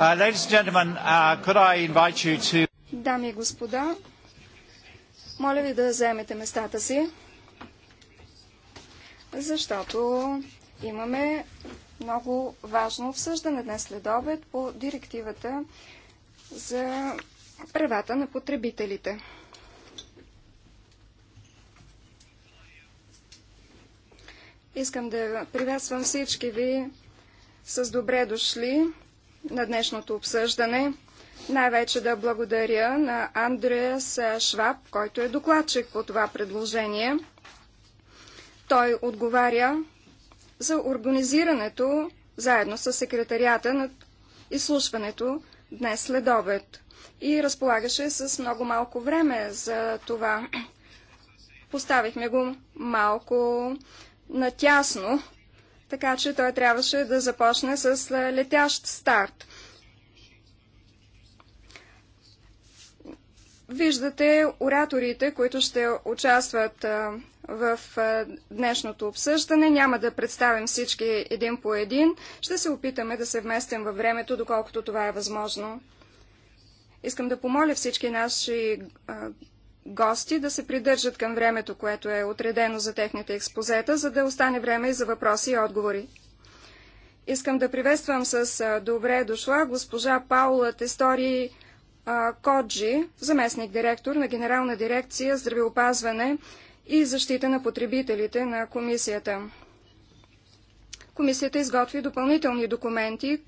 Uh, uh, Дами и господа, моля ви да вземете местата си, защото имаме много важно обсъждане днес след обед по директивата за правата на потребителите. Искам да приветствам всички ви с добре дошли на днешното обсъждане. Най-вече да благодаря на Андреас Шваб, който е докладчик по това предложение. Той отговаря за организирането заедно с секретарията на изслушването днес след обед и разполагаше с много малко време за това. Поставихме го малко натясно така че той трябваше да започне с летящ старт. Виждате ораторите, които ще участват в днешното обсъждане. Няма да представим всички един по един. Ще се опитаме да се вместим във времето, доколкото това е възможно. Искам да помоля всички наши гости да се придържат към времето, което е отредено за техните експозета, за да остане време и за въпроси и отговори. Искам да приветствам с добре дошла госпожа Паула Тестори Коджи, заместник директор на Генерална дирекция здравеопазване и защита на потребителите на комисията. Комисията изготви допълнителни документи,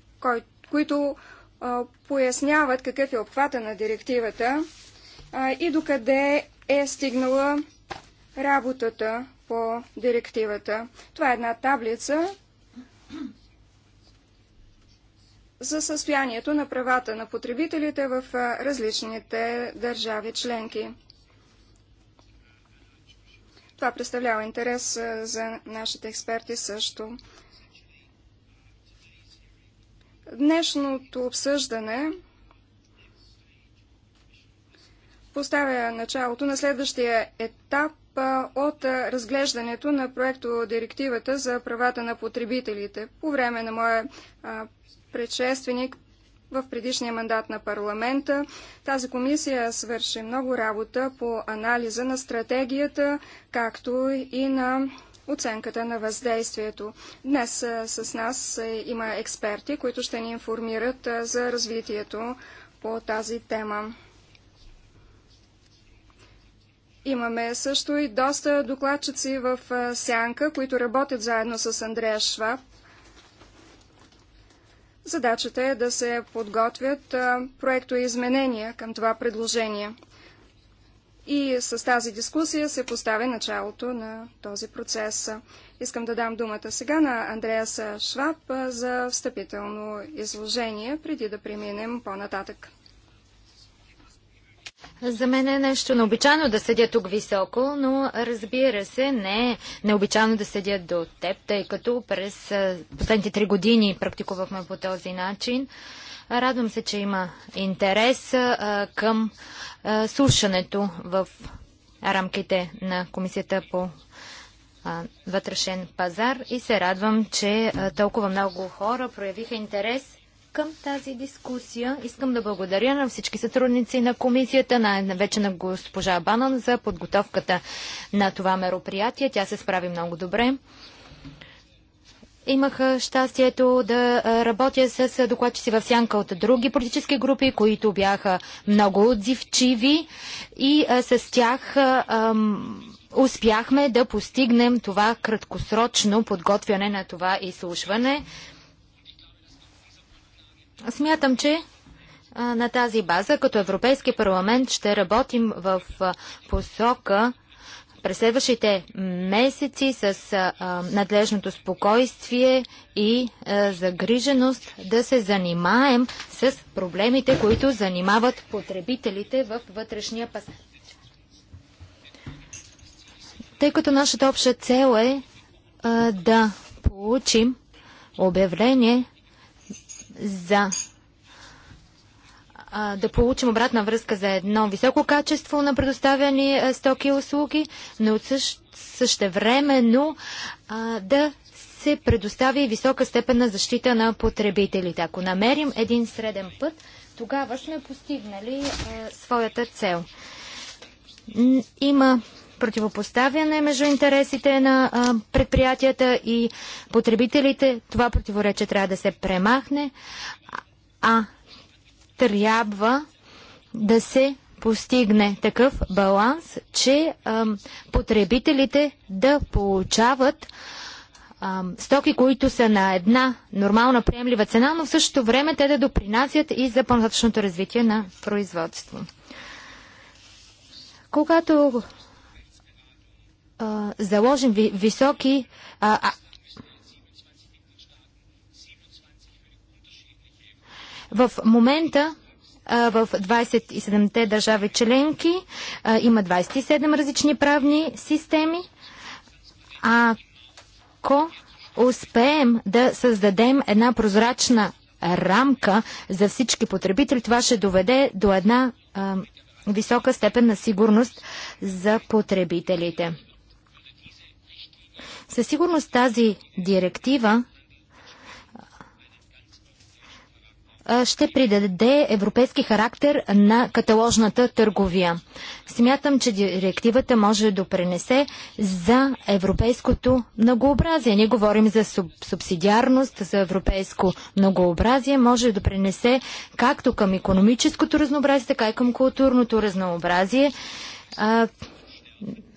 които а, поясняват какъв е обхвата на директивата и докъде е стигнала работата по директивата. Това е една таблица за състоянието на правата на потребителите в различните държави членки. Това представлява интерес за нашите експерти също. Днешното обсъждане поставя началото на следващия етап от разглеждането на проекто Директивата за правата на потребителите. По време на моя предшественик в предишния мандат на парламента. Тази комисия свърши много работа по анализа на стратегията, както и на оценката на въздействието. Днес с нас има експерти, които ще ни информират за развитието по тази тема. Имаме също и доста докладчици в Сянка, които работят заедно с Андрея Шваб. Задачата е да се подготвят проекто изменения към това предложение. И с тази дискусия се поставя началото на този процес. Искам да дам думата сега на Андреас Шваб за встъпително изложение, преди да преминем по-нататък. За мен е нещо необичайно да седя тук високо, но разбира се, не е необичайно да седя до теб, тъй като през последните три години практикувахме по този начин. Радвам се, че има интерес към слушането в рамките на Комисията по вътрешен пазар и се радвам, че толкова много хора проявиха интерес към тази дискусия. Искам да благодаря на всички сътрудници на комисията, най-вече на госпожа Банан за подготовката на това мероприятие. Тя се справи много добре. Имах щастието да работя с докладчици в сянка от други политически групи, които бяха много отзивчиви и с тях успяхме да постигнем това краткосрочно подготвяне на това изслушване. Смятам, че на тази база, като Европейски парламент, ще работим в посока през следващите месеци с надлежното спокойствие и загриженост да се занимаем с проблемите, които занимават потребителите в вътрешния пазар. Тъй като нашата обща цел е да получим обявление за да получим обратна връзка за едно високо качество на предоставяни стоки и услуги, но от същ, същевременно да се предостави висока степен на защита на потребителите. Ако намерим един среден път, тогава сме постигнали своята цел. Има противопоставяне между интересите на предприятията и потребителите. Това противоречие трябва да се премахне, а трябва да се постигне такъв баланс, че а, потребителите да получават а, стоки, които са на една нормална приемлива цена, но в същото време те да допринасят и за по развитие на производство. Когато а, заложим ви, високи а, а, в момента а, в 27-те държави членки а, има 27 различни правни системи. Ако успеем да създадем една прозрачна рамка за всички потребители, това ще доведе до една а, висока степен на сигурност за потребителите. Със сигурност тази директива ще придаде европейски характер на каталожната търговия. Смятам, че директивата може да допренесе за европейското многообразие. Ние говорим за суб субсидиарност, за европейско многообразие. Може да пренесе както към економическото разнообразие, така и към културното разнообразие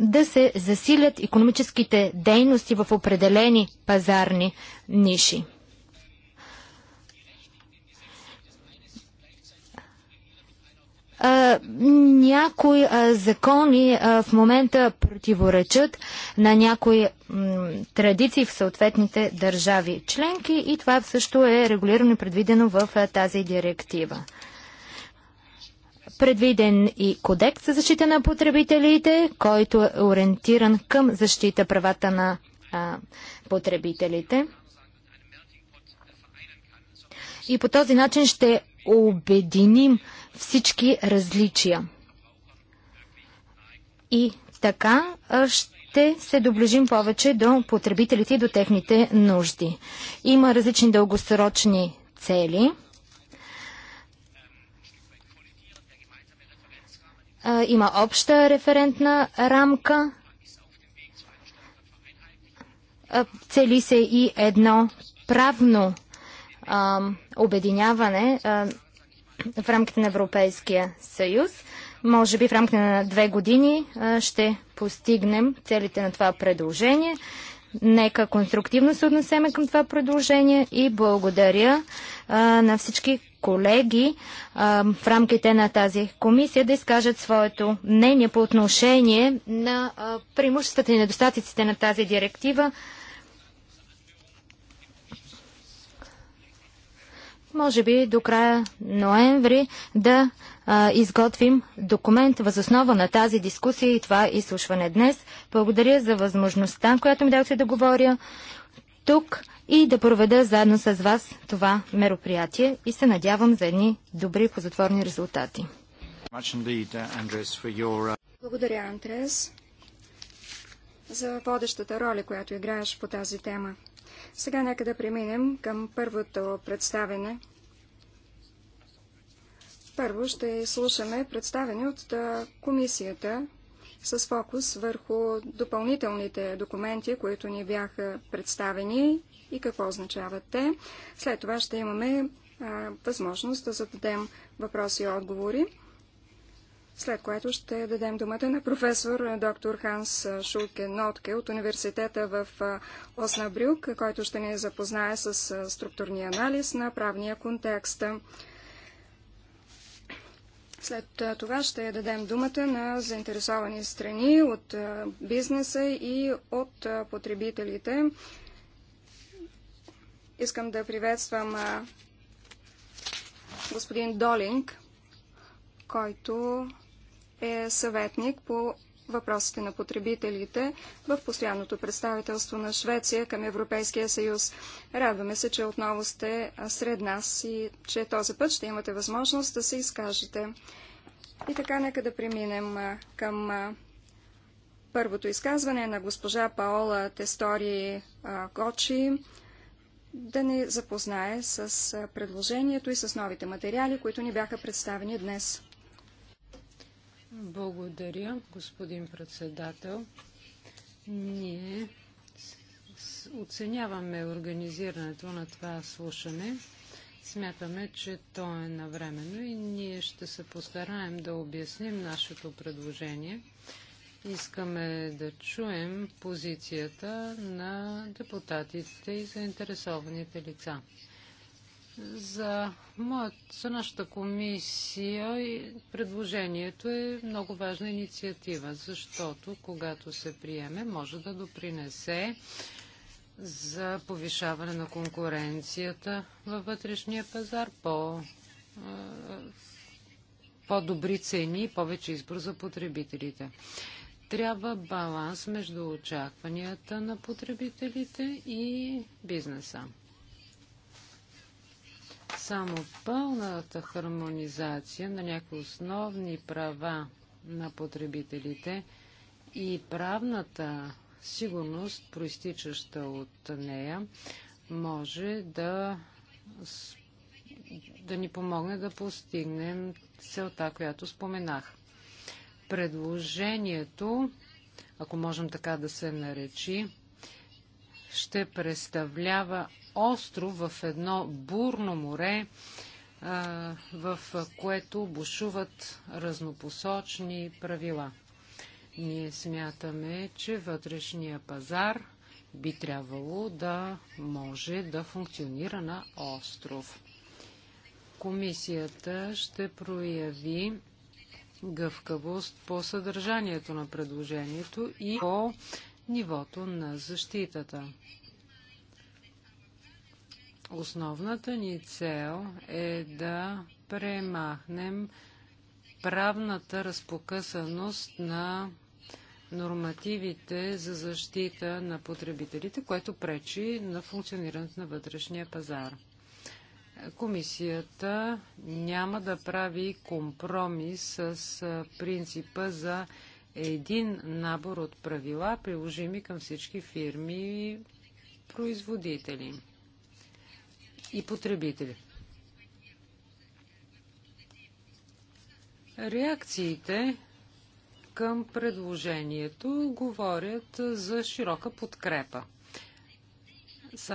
да се засилят економическите дейности в определени пазарни ниши. А, някои а, закони а, в момента противоречат на някои м, традиции в съответните държави членки и това също е регулирано и предвидено в а, тази директива предвиден и кодекс за защита на потребителите, който е ориентиран към защита правата на а, потребителите. И по този начин ще обединим всички различия. И така ще се доближим повече до потребителите и до техните нужди. Има различни дългосрочни цели – има обща референтна рамка. цели се и едно правно а, обединяване а, в рамките на Европейския съюз. Може би в рамките на две години а, ще постигнем целите на това предложение. Нека конструктивно се отнесеме към това предложение и благодаря а, на всички колеги а, в рамките на тази комисия да изкажат своето мнение по отношение на преимуществата и недостатъците на тази директива може би до края ноември да а, изготвим документ възоснова на тази дискусия и това изслушване днес. Благодаря за възможността, която ми дадохте да говоря тук и да проведа заедно с вас това мероприятие и се надявам за едни добри и позатворни резултати. Uh, uh, Благодаря, Андрес, за водещата роля, която играеш по тази тема. Сега нека да преминем към първото представене. Първо ще слушаме представене от комисията с фокус върху допълнителните документи, които ни бяха представени и какво означават те. След това ще имаме възможност да зададем въпроси и отговори след което ще дадем думата на професор е, доктор Ханс е, Шулке Нотке от университета в е, Оснабрюк, който ще ни запознае с структурния анализ на правния контекст. След това ще дадем думата на заинтересовани страни от бизнеса и от потребителите. Искам да приветствам господин Долинг, който е съветник по въпросите на потребителите в постоянното представителство на Швеция към Европейския съюз. Радваме се, че отново сте сред нас и че този път ще имате възможност да се изкажете. И така, нека да преминем към първото изказване на госпожа Паола Тестори Гочи да ни запознае с предложението и с новите материали, които ни бяха представени днес. Благодаря, господин председател. Ние оценяваме организирането на това слушане. Смятаме, че то е навременно и ние ще се постараем да обясним нашето предложение. Искаме да чуем позицията на депутатите и заинтересованите лица. За, моят, за нашата комисия предложението е много важна инициатива, защото когато се приеме, може да допринесе за повишаване на конкуренцията във вътрешния пазар по по-добри цени и повече избор за потребителите. Трябва баланс между очакванията на потребителите и бизнеса. Само пълната хармонизация на някои основни права на потребителите и правната сигурност, проистичаща от нея, може да, да ни помогне да постигнем целта, която споменах. Предложението, ако можем така да се наречи, ще представлява остров в едно бурно море, в което бушуват разнопосочни правила. Ние смятаме, че вътрешния пазар би трябвало да може да функционира на остров. Комисията ще прояви гъвкавост по съдържанието на предложението и по нивото на защитата. Основната ни цел е да премахнем правната разпокъсаност на нормативите за защита на потребителите, което пречи на функционирането на вътрешния пазар. Комисията няма да прави компромис с принципа за един набор от правила, приложими към всички фирми и производители и потребители. Реакциите към предложението говорят за широка подкрепа.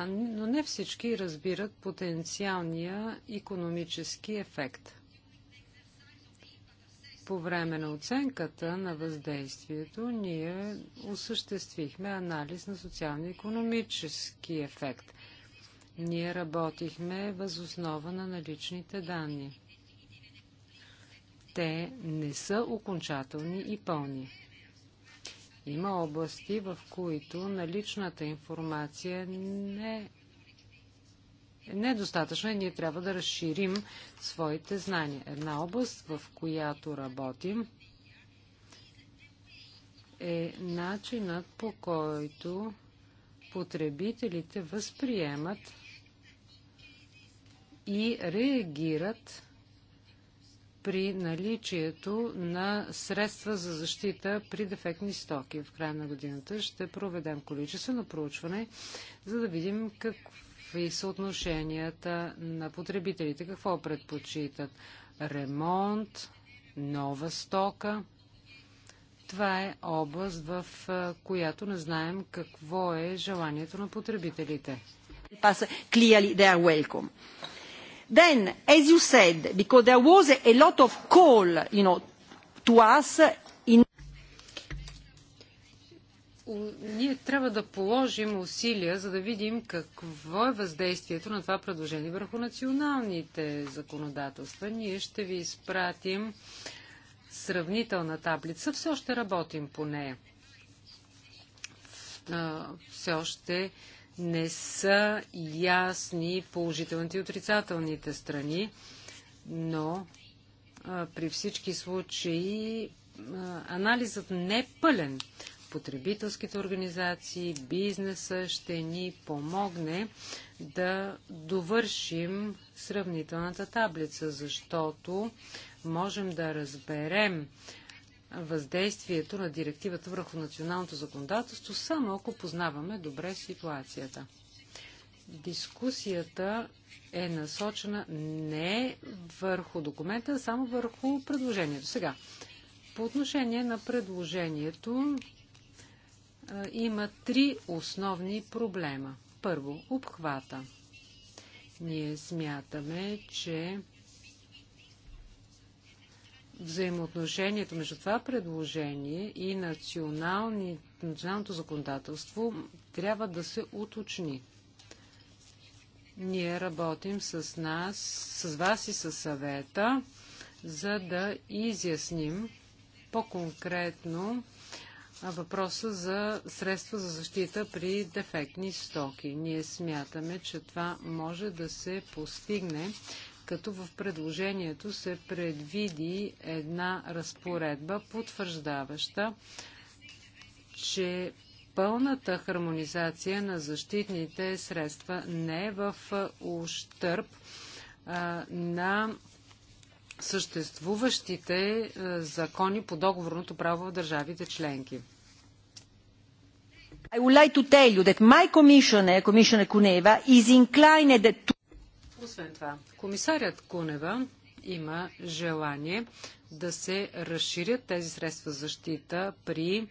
Но не всички разбират потенциалния економически ефект – по време на оценката на въздействието ние осъществихме анализ на социално-економически ефект. Ние работихме възоснова на наличните данни. Те не са окончателни и пълни. Има области, в които наличната информация не е недостатъчно и ние трябва да разширим своите знания. Една област, в която работим, е начинът по който потребителите възприемат и реагират при наличието на средства за защита при дефектни стоки. В края на годината ще проведем количествено проучване, за да видим какво какви са отношенията на потребителите, какво предпочитат. Ремонт, нова стока. Това е област, в която не знаем какво е желанието на потребителите. Then, as you said, because there was a lot of call, you know, to us ние трябва да положим усилия, за да видим какво е въздействието на това предложение върху националните законодателства. Ние ще ви изпратим сравнителна таблица. Все още работим по нея. Все още не са ясни положителните и отрицателните страни, но при всички случаи анализът не е пълен потребителските организации, бизнеса ще ни помогне да довършим сравнителната таблица, защото можем да разберем въздействието на директивата върху националното законодателство, само ако познаваме добре ситуацията. Дискусията е насочена не върху документа, а само върху предложението. Сега, по отношение на предложението, има три основни проблема. Първо, обхвата. Ние смятаме, че взаимоотношението между това предложение и национални, националното законодателство трябва да се уточни. Ние работим с нас, с вас и с съвета, за да изясним по-конкретно въпроса за средства за защита при дефектни стоки. Ние смятаме, че това може да се постигне, като в предложението се предвиди една разпоредба, потвърждаваща, че пълната хармонизация на защитните средства не е в ущърп на съществуващите е, закони по договорното право в държавите членки. Освен това, комисарят Кунева има желание да се разширят тези средства защита при е,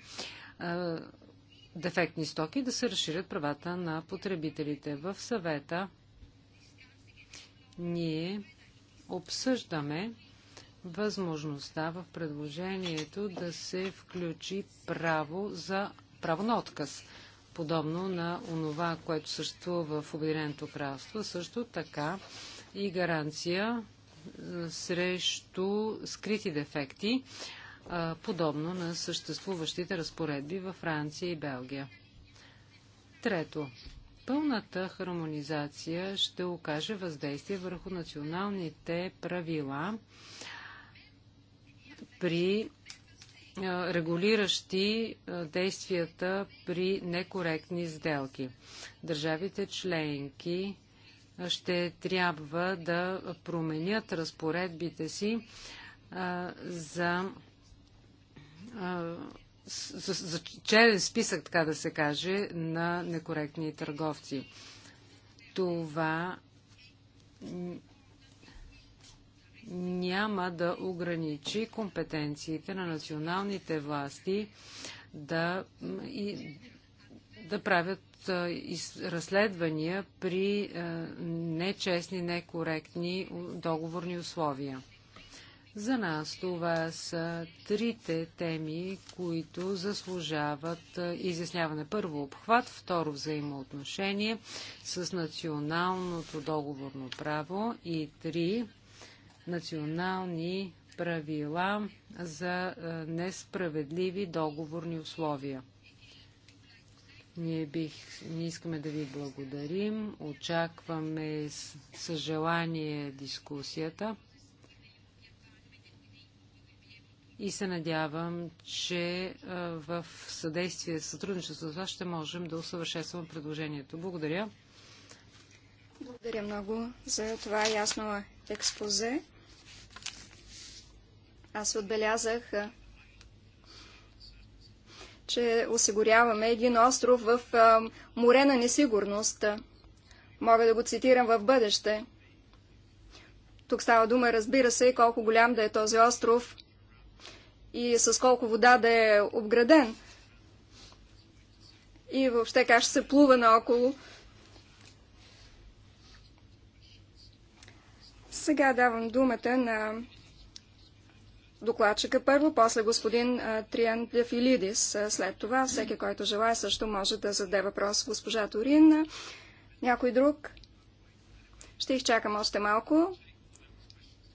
дефектни стоки, да се разширят правата на потребителите. В съвета ние обсъждаме възможността в предложението да се включи право за право на отказ, подобно на онова, което съществува в Обединеното кралство, също така и гаранция срещу скрити дефекти, подобно на съществуващите разпоредби във Франция и Белгия. Трето, пълната хармонизация ще окаже въздействие върху националните правила при регулиращи действията при некоректни сделки. Държавите членки ще трябва да променят разпоредбите си за за, черен списък, така да се каже, на некоректни търговци. Това няма да ограничи компетенциите на националните власти да, и, да правят а, из, разследвания при а, нечестни, некоректни договорни условия. За нас това са трите теми, които заслужават изясняване. Първо обхват, второ взаимоотношение с националното договорно право и три национални правила за несправедливи договорни условия. Ние, бих, ние искаме да ви благодарим. Очакваме с, с желание дискусията. и се надявам, че в съдействие, сътрудничество с вас ще можем да усъвършенстваме предложението. Благодаря. Благодаря много за това ясно експозе. Аз отбелязах, че осигуряваме един остров в море на несигурност. Мога да го цитирам в бъдеще. Тук става дума, разбира се, колко голям да е този остров – и с колко вода да е обграден. И въобще как ще се плува наоколо. Сега давам думата на докладчика първо, после господин Триан Дефилидис. След това всеки, който желая, също може да зададе въпрос госпожа Торин. Някой друг? Ще изчакам още малко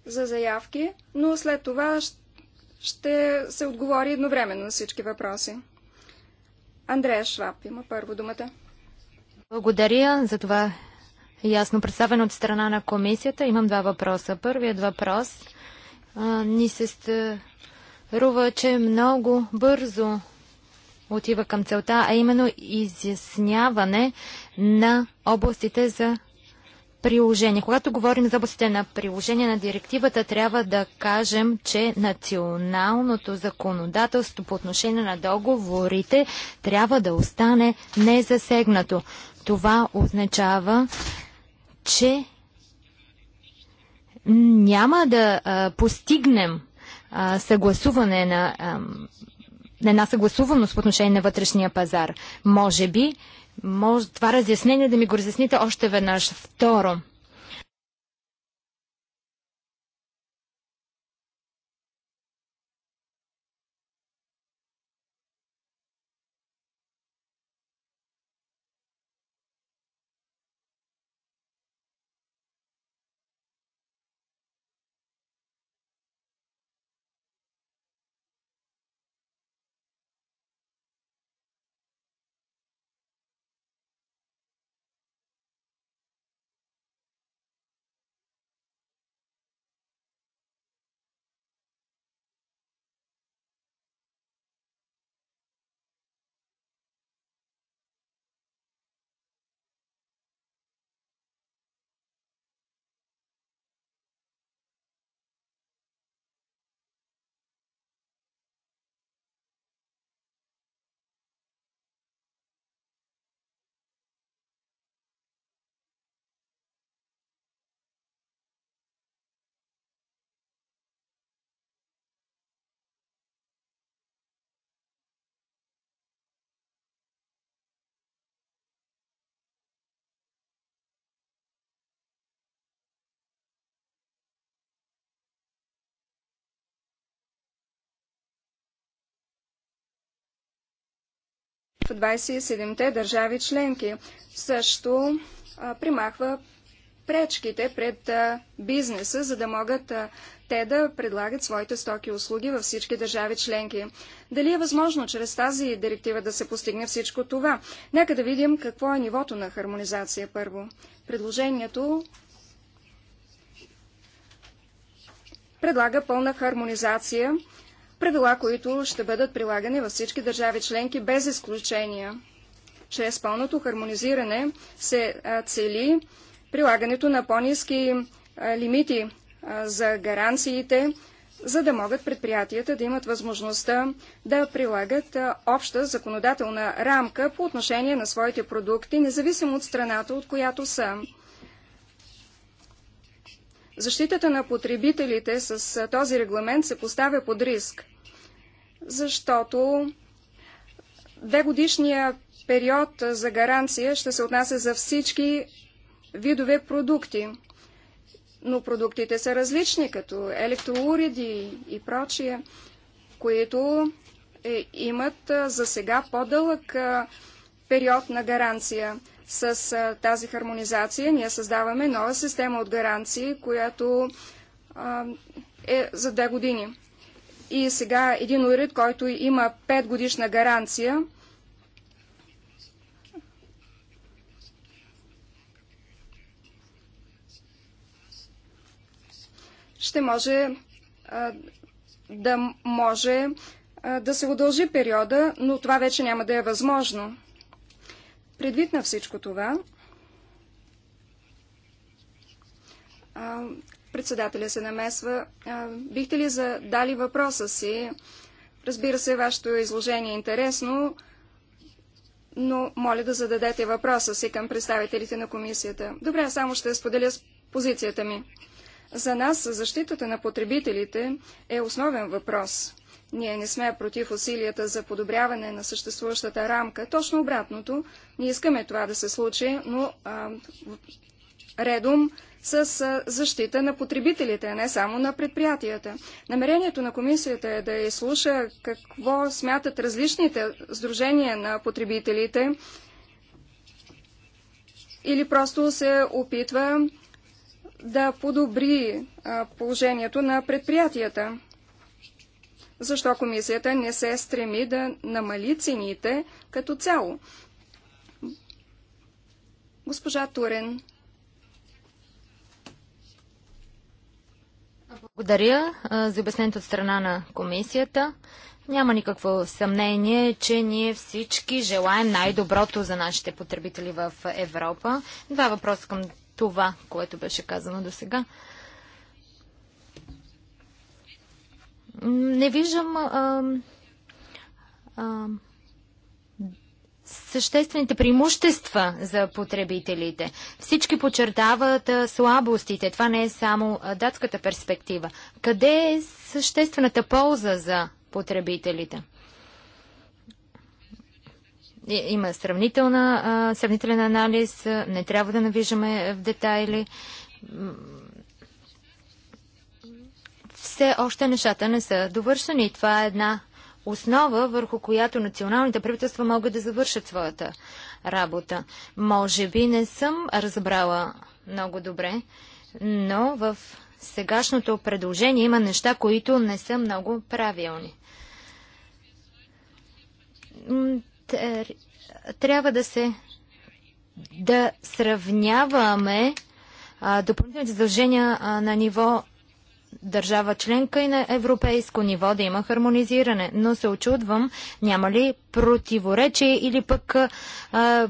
за заявки, но след това ще ще се отговори едновременно на всички въпроси. Андрея Шваб има първо думата. Благодаря за това ясно представено от страна на комисията. Имам два въпроса. Първият въпрос а, ни се струва, че много бързо отива към целта, а именно изясняване на областите за приложение. Когато говорим за областите на приложение на директивата, трябва да кажем, че националното законодателство по отношение на договорите трябва да остане незасегнато. Това означава, че няма да а, постигнем а, съгласуване на, а, на една съгласуваност по отношение на вътрешния пазар. Може би може това разяснение да ми го разясните още веднъж. Второ, В 27-те държави членки. Също а, примахва пречките пред а, бизнеса, за да могат а, те да предлагат своите стоки и услуги във всички държави членки. Дали е възможно чрез тази директива да се постигне всичко това? Нека да видим какво е нивото на хармонизация първо. Предложението предлага пълна хармонизация правила, които ще бъдат прилагани във всички държави членки без изключения. Чрез пълното хармонизиране се цели прилагането на по-низки лимити за гаранциите, за да могат предприятията да имат възможността да прилагат обща законодателна рамка по отношение на своите продукти, независимо от страната, от която са. Защитата на потребителите с този регламент се поставя под риск защото две годишния период за гаранция ще се отнася за всички видове продукти. Но продуктите са различни, като електроуреди и прочие, които е, имат за сега по-дълъг период на гаранция. С тази хармонизация ние създаваме нова система от гаранции, която е за две години. И сега един уред, който има 5 годишна гаранция, ще може а, да може а, да се удължи периода, но това вече няма да е възможно. Предвид на всичко това, Председателя се намесва. Бихте ли задали въпроса си? Разбира се, вашето изложение е интересно, но моля да зададете въпроса си към представителите на комисията. Добре, само ще споделя с позицията ми. За нас защитата на потребителите е основен въпрос. Ние не сме против усилията за подобряване на съществуващата рамка. Точно обратното, ние искаме това да се случи, но а, редом с защита на потребителите, не само на предприятията. Намерението на комисията е да изслуша какво смятат различните сдружения на потребителите или просто се опитва да подобри положението на предприятията. Защо комисията не се стреми да намали цените като цяло? Госпожа Турен. Благодаря за обяснението от страна на комисията. Няма никакво съмнение, че ние всички желаем най-доброто за нашите потребители в Европа. Два въпроса към това, което беше казано до сега. Не виждам а, а, съществените преимущества за потребителите. Всички подчертават а, слабостите. Това не е само а, датската перспектива. Къде е съществената полза за потребителите? И, има сравнителна, а, сравнителен анализ, не трябва да навижаме в детайли. Все още нещата не са довършени. Това е една основа, върху която националните правителства могат да завършат своята работа. Може би не съм разбрала много добре, но в сегашното предложение има неща, които не са много правилни. Трябва да се да сравняваме допълнителните задължения на ниво държава членка и на европейско ниво да има хармонизиране. Но се очудвам, няма ли противоречие или пък а,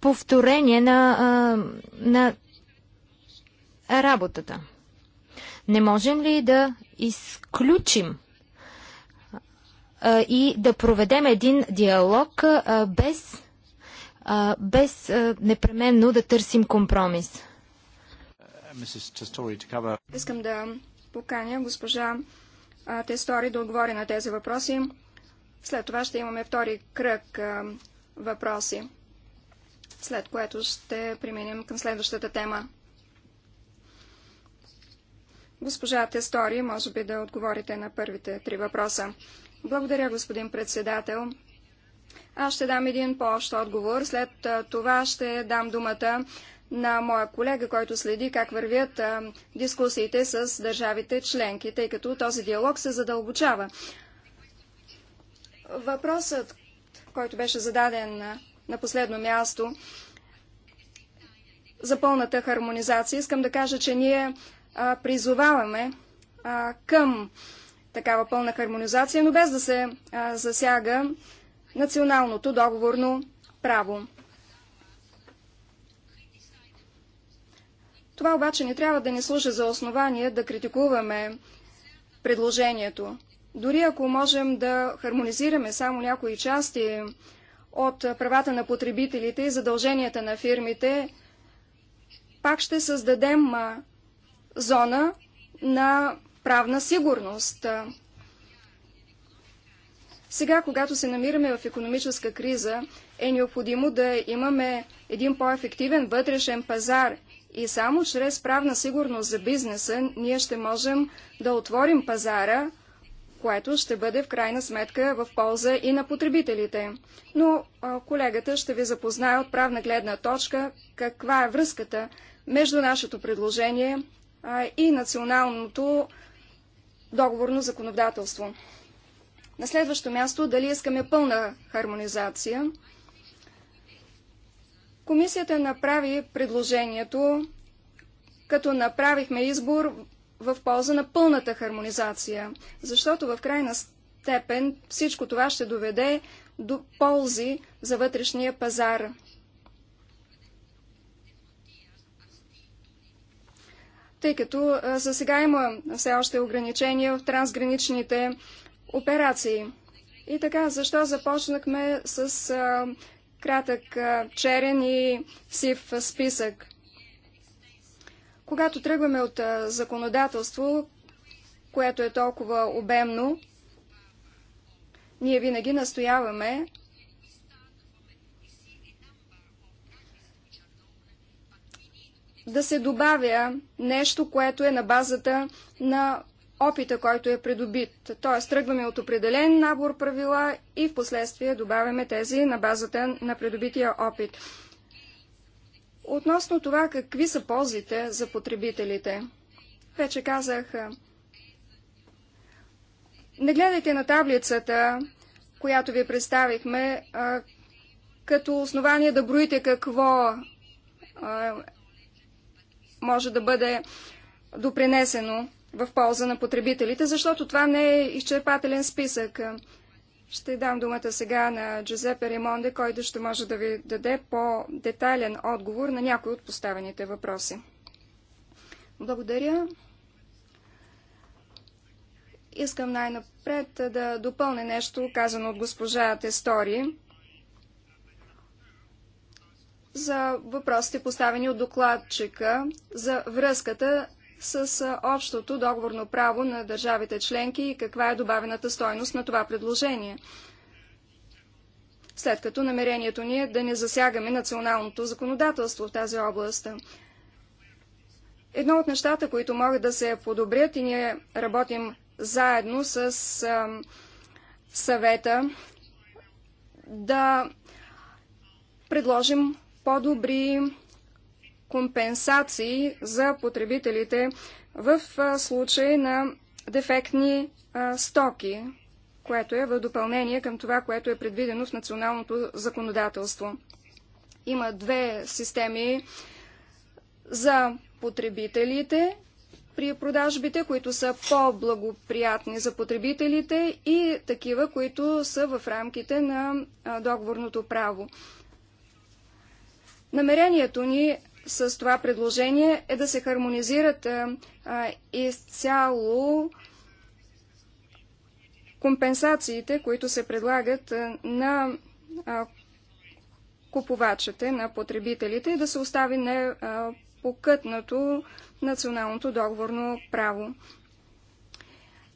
повторение на, а, на работата. Не можем ли да изключим а, и да проведем един диалог а, без, а, без а, непременно да търсим компромис? cover... Искам да поканя госпожа Тестори да отговори на тези въпроси. След това ще имаме втори кръг въпроси, след което ще преминем към следващата тема. Госпожа Тестори, може би да отговорите на първите три въпроса. Благодаря, господин председател. Аз ще дам един по-общ отговор. След това ще дам думата на моя колега, който следи как вървят а, дискусиите с държавите членки, тъй като този диалог се задълбочава. Въпросът, който беше зададен на, на последно място за пълната хармонизация, искам да кажа, че ние а, призоваваме а, към такава пълна хармонизация, но без да се а, засяга националното договорно право. Това обаче не трябва да ни служи за основание да критикуваме предложението. Дори ако можем да хармонизираме само някои части от правата на потребителите и задълженията на фирмите, пак ще създадем зона на правна сигурност. Сега, когато се намираме в економическа криза, е необходимо да имаме един по-ефективен вътрешен пазар – и само чрез правна сигурност за бизнеса ние ще можем да отворим пазара, което ще бъде в крайна сметка в полза и на потребителите. Но а, колегата ще ви запознае от правна гледна точка каква е връзката между нашето предложение а, и националното договорно законодателство. На следващо място, дали искаме пълна хармонизация – Комисията направи предложението, като направихме избор в полза на пълната хармонизация, защото в крайна степен всичко това ще доведе до ползи за вътрешния пазар. Тъй като за сега има все още ограничения в трансграничните операции. И така, защо започнахме с кратък, черен и сив списък. Когато тръгваме от законодателство, което е толкова обемно, ние винаги настояваме да се добавя нещо, което е на базата на опита, който е придобит. Т.е. тръгваме от определен набор правила и в последствие добавяме тези на базата на придобития опит. Относно това, какви са ползите за потребителите, вече казах, не гледайте на таблицата, която ви представихме, а, като основание да броите какво а, може да бъде допринесено в полза на потребителите, защото това не е изчерпателен списък. Ще дам думата сега на Джузепе Ремонде, който ще може да ви даде по-детайлен отговор на някои от поставените въпроси. Благодаря. Искам най-напред да допълня нещо, казано от госпожа Тестори, за въпросите поставени от докладчика за връзката с общото договорно право на държавите членки и каква е добавената стойност на това предложение. След като намерението ни е да не засягаме националното законодателство в тази област. Едно от нещата, които могат да се подобрят и ние работим заедно с а, съвета да предложим по-добри компенсации за потребителите в случай на дефектни стоки, което е в допълнение към това, което е предвидено в националното законодателство. Има две системи за потребителите при продажбите, които са по-благоприятни за потребителите и такива, които са в рамките на договорното право. Намерението ни с това предложение е да се хармонизират а, изцяло компенсациите, които се предлагат а, на а, купувачите, на потребителите и да се остави непокътнато националното договорно право.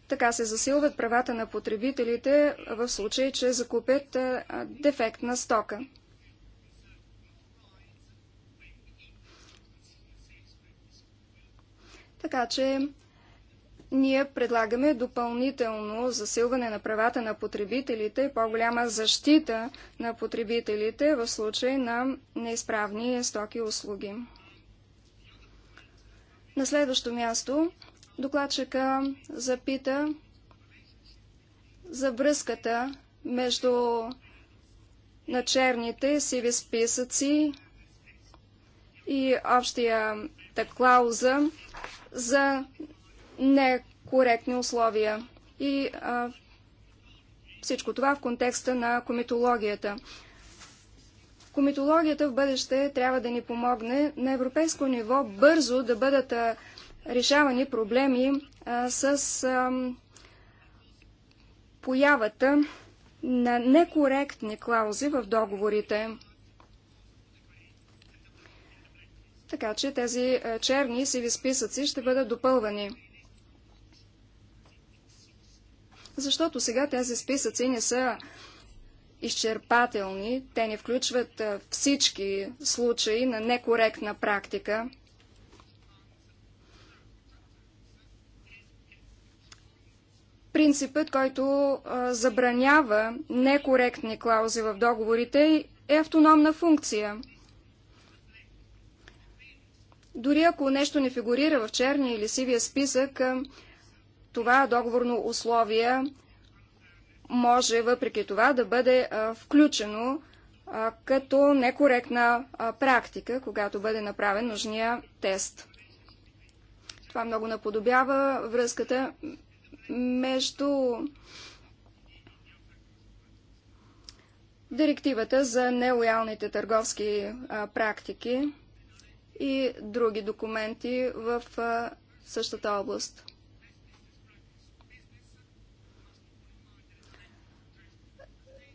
Така се засилват правата на потребителите в случай, че закупят дефектна стока. Така че ние предлагаме допълнително засилване на правата на потребителите, по-голяма защита на потребителите в случай на неизправни стоки и услуги. На следващо място докладчика запита за връзката между начерните сиви списъци и общия клауза за некоректни условия. И а, всичко това в контекста на комитологията. Комитологията в бъдеще трябва да ни помогне на европейско ниво бързо да бъдат а, решавани проблеми а, с а, появата на некоректни клаузи в договорите. Така че тези е, черни сиви списъци ще бъдат допълвани. Защото сега тези списъци не са изчерпателни, те не включват е, всички случаи на некоректна практика. Принципът, който е, забранява некоректни клаузи в договорите, е автономна функция – дори ако нещо не фигурира в черния или сивия списък, това договорно условие може въпреки това да бъде включено като некоректна практика, когато бъде направен нужния тест. Това много наподобява връзката между директивата за нелоялните търговски практики и други документи в същата област.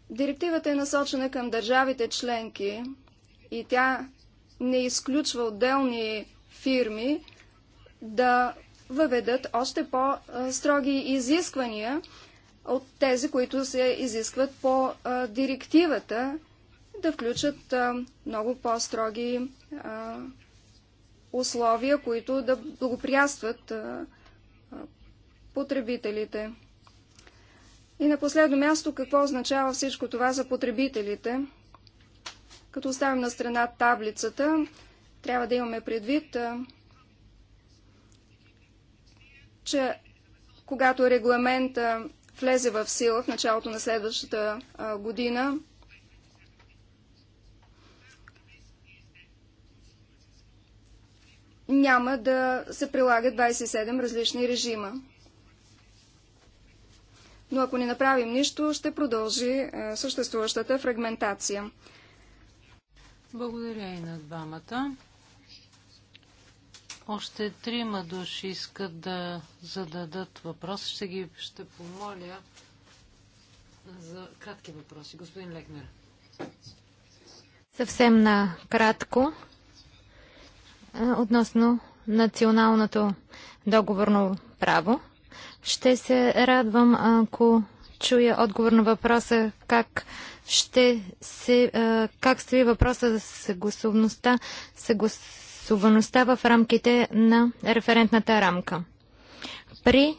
Директивата е насочена към държавите членки и тя не изключва отделни фирми да въведат още по-строги изисквания от тези, които се изискват по директивата, да включат много по-строги условия, които да благоприятстват потребителите. И на последно място, какво означава всичко това за потребителите? Като оставим на страна таблицата, трябва да имаме предвид, че когато регламент влезе в сила в началото на следващата година, няма да се прилагат 27 различни режима. Но ако не направим нищо, ще продължи е, съществуващата фрагментация. Благодаря и на двамата. Още трима души искат да зададат въпрос. Ще ги ще помоля за кратки въпроси. Господин Лекнер. Съвсем на кратко относно националното договорно право. Ще се радвам, ако чуя отговор на въпроса как ще се, как стои въпроса за съгласуваността, съгласуваността в рамките на референтната рамка. При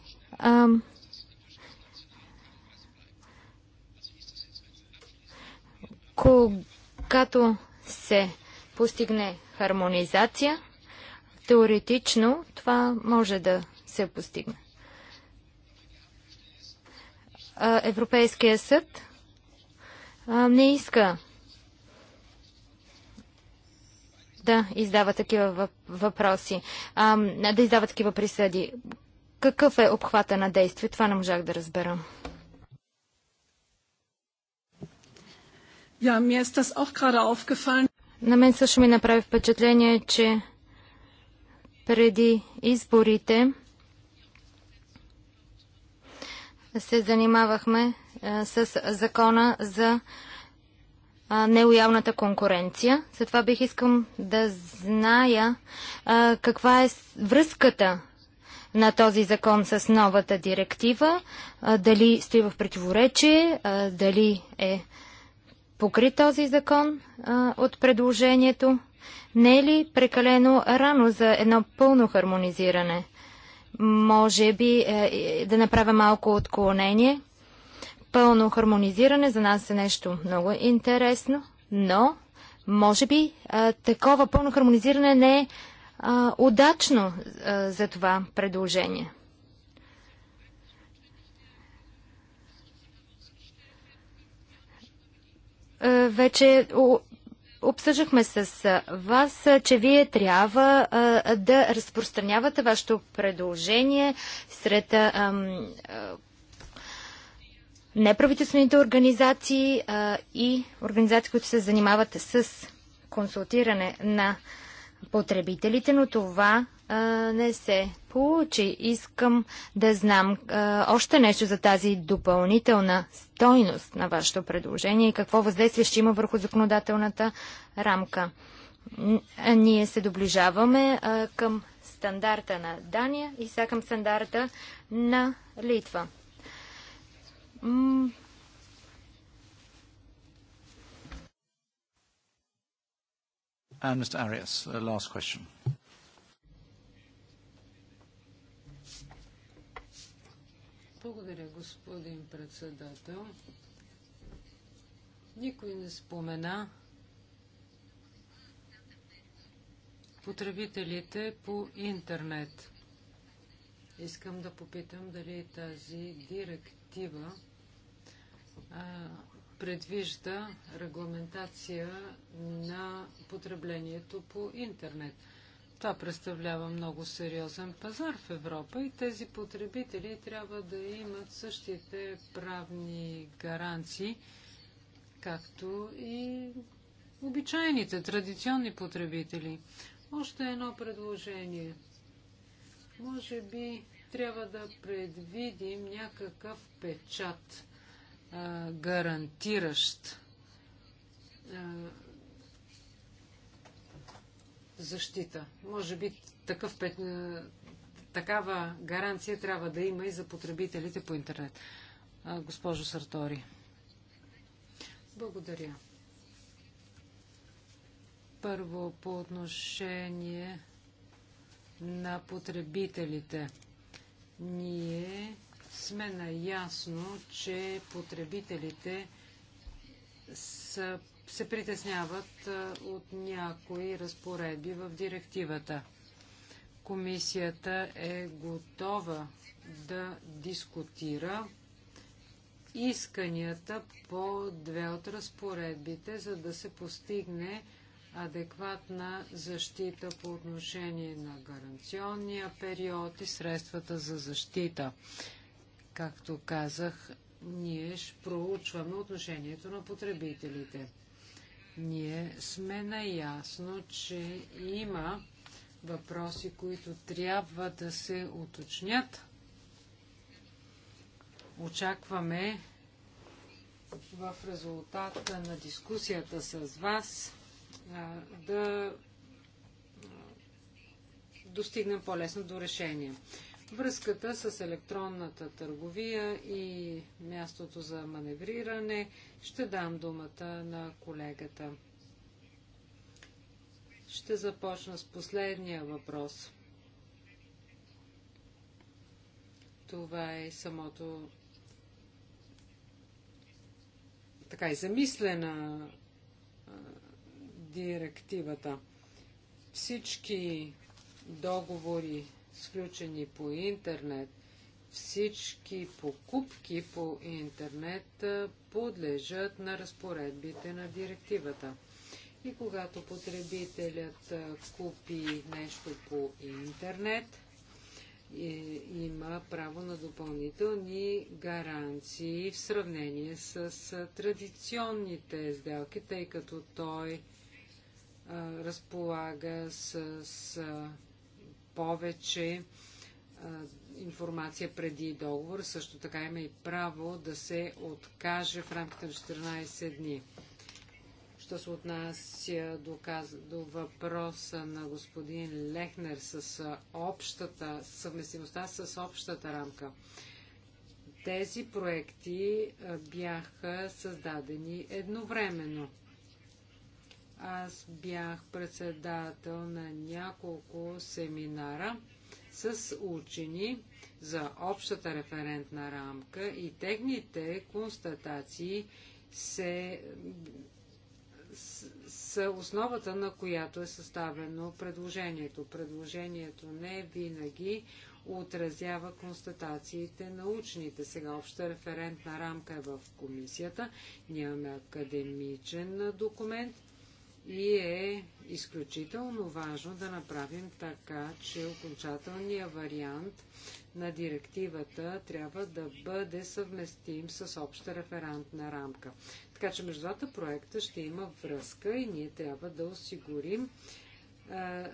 когато се постигне хармонизация, теоретично това може да се постигне. Европейския съд не иска да издава такива въпроси, да издава такива присъди. Какъв е обхвата на действие? Това не можах да разбера. Ja, mir ist das auch gerade aufgefallen. На мен също ми направи впечатление, че преди изборите се занимавахме а, с закона за а, нелоялната конкуренция. Затова бих искам да зная а, каква е връзката на този закон с новата директива, дали стои в противоречие, дали е покри този закон а, от предложението? Не е ли прекалено рано за едно пълно хармонизиране? Може би е, е да направя малко отклонение. Пълно хармонизиране за нас е нещо много интересно, но може би е, такова пълно хармонизиране не е е удачно е, за това предложение. Е, вече обсъждахме с вас, че вие трябва да разпространявате вашето предложение сред неправителствените организации и организации, които се занимават с консултиране на потребителите, но това не се получи. Искам да знам а, още нещо за тази допълнителна стойност на вашето предложение и какво въздействие ще има върху законодателната рамка. А, ние се доближаваме а, към стандарта на Дания и сега към стандарта на Литва. М And Mr. Arias, uh, last question. Благодаря, господин председател. Никой не спомена потребителите по интернет. Искам да попитам дали тази директива а, предвижда регламентация на потреблението по интернет. Това представлява много сериозен пазар в Европа и тези потребители трябва да имат същите правни гаранции, както и обичайните, традиционни потребители. Още едно предложение. Може би трябва да предвидим някакъв печат, а, гарантиращ а, защита. Може би такъв, такава гаранция трябва да има и за потребителите по интернет. Госпожо Сартори. Благодаря. Първо по отношение на потребителите. Ние сме наясно, че потребителите са се притесняват от някои разпоредби в директивата. Комисията е готова да дискутира исканията по две от разпоредбите, за да се постигне адекватна защита по отношение на гаранционния период и средствата за защита. Както казах, ние ще проучваме отношението на потребителите. Ние сме наясно, че има въпроси, които трябва да се уточнят. Очакваме в резултата на дискусията с вас да достигнем по-лесно до решение връзката с електронната търговия и мястото за маневриране. Ще дам думата на колегата. Ще започна с последния въпрос. Това е самото така и замислена директивата. Всички договори сключени по интернет, всички покупки по интернет подлежат на разпоредбите на директивата. И когато потребителят купи нещо по интернет, е, има право на допълнителни гаранции в сравнение с, традиционните сделки, тъй като той а, разполага с, с повече информация преди договор. Също така има и право да се откаже в рамките на 14 дни. Що се отнася до, каз... до въпроса на господин Лехнер с общата съвместимостта с общата рамка. Тези проекти бяха създадени едновременно. Аз бях председател на няколко семинара с учени за общата референтна рамка и техните констатации се, са основата, на която е съставено предложението. Предложението не винаги отразява констатациите на учените. Сега обща референтна рамка е в комисията. Ние имаме академичен документ и е изключително важно да направим така, че окончателният вариант на директивата трябва да бъде съвместим с обща референтна рамка. Така че между двата проекта ще има връзка и ние трябва да осигурим е,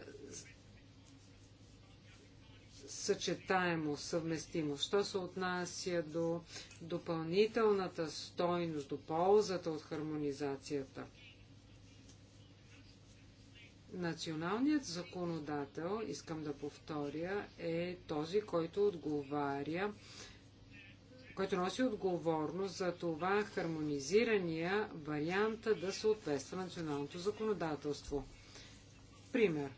съчетаемост, съвместимост. Що се отнася до допълнителната стойност, до ползата от хармонизацията – Националният законодател, искам да повторя, е този, който отговаря, който носи отговорност за това хармонизирания варианта да съответства националното законодателство. Пример.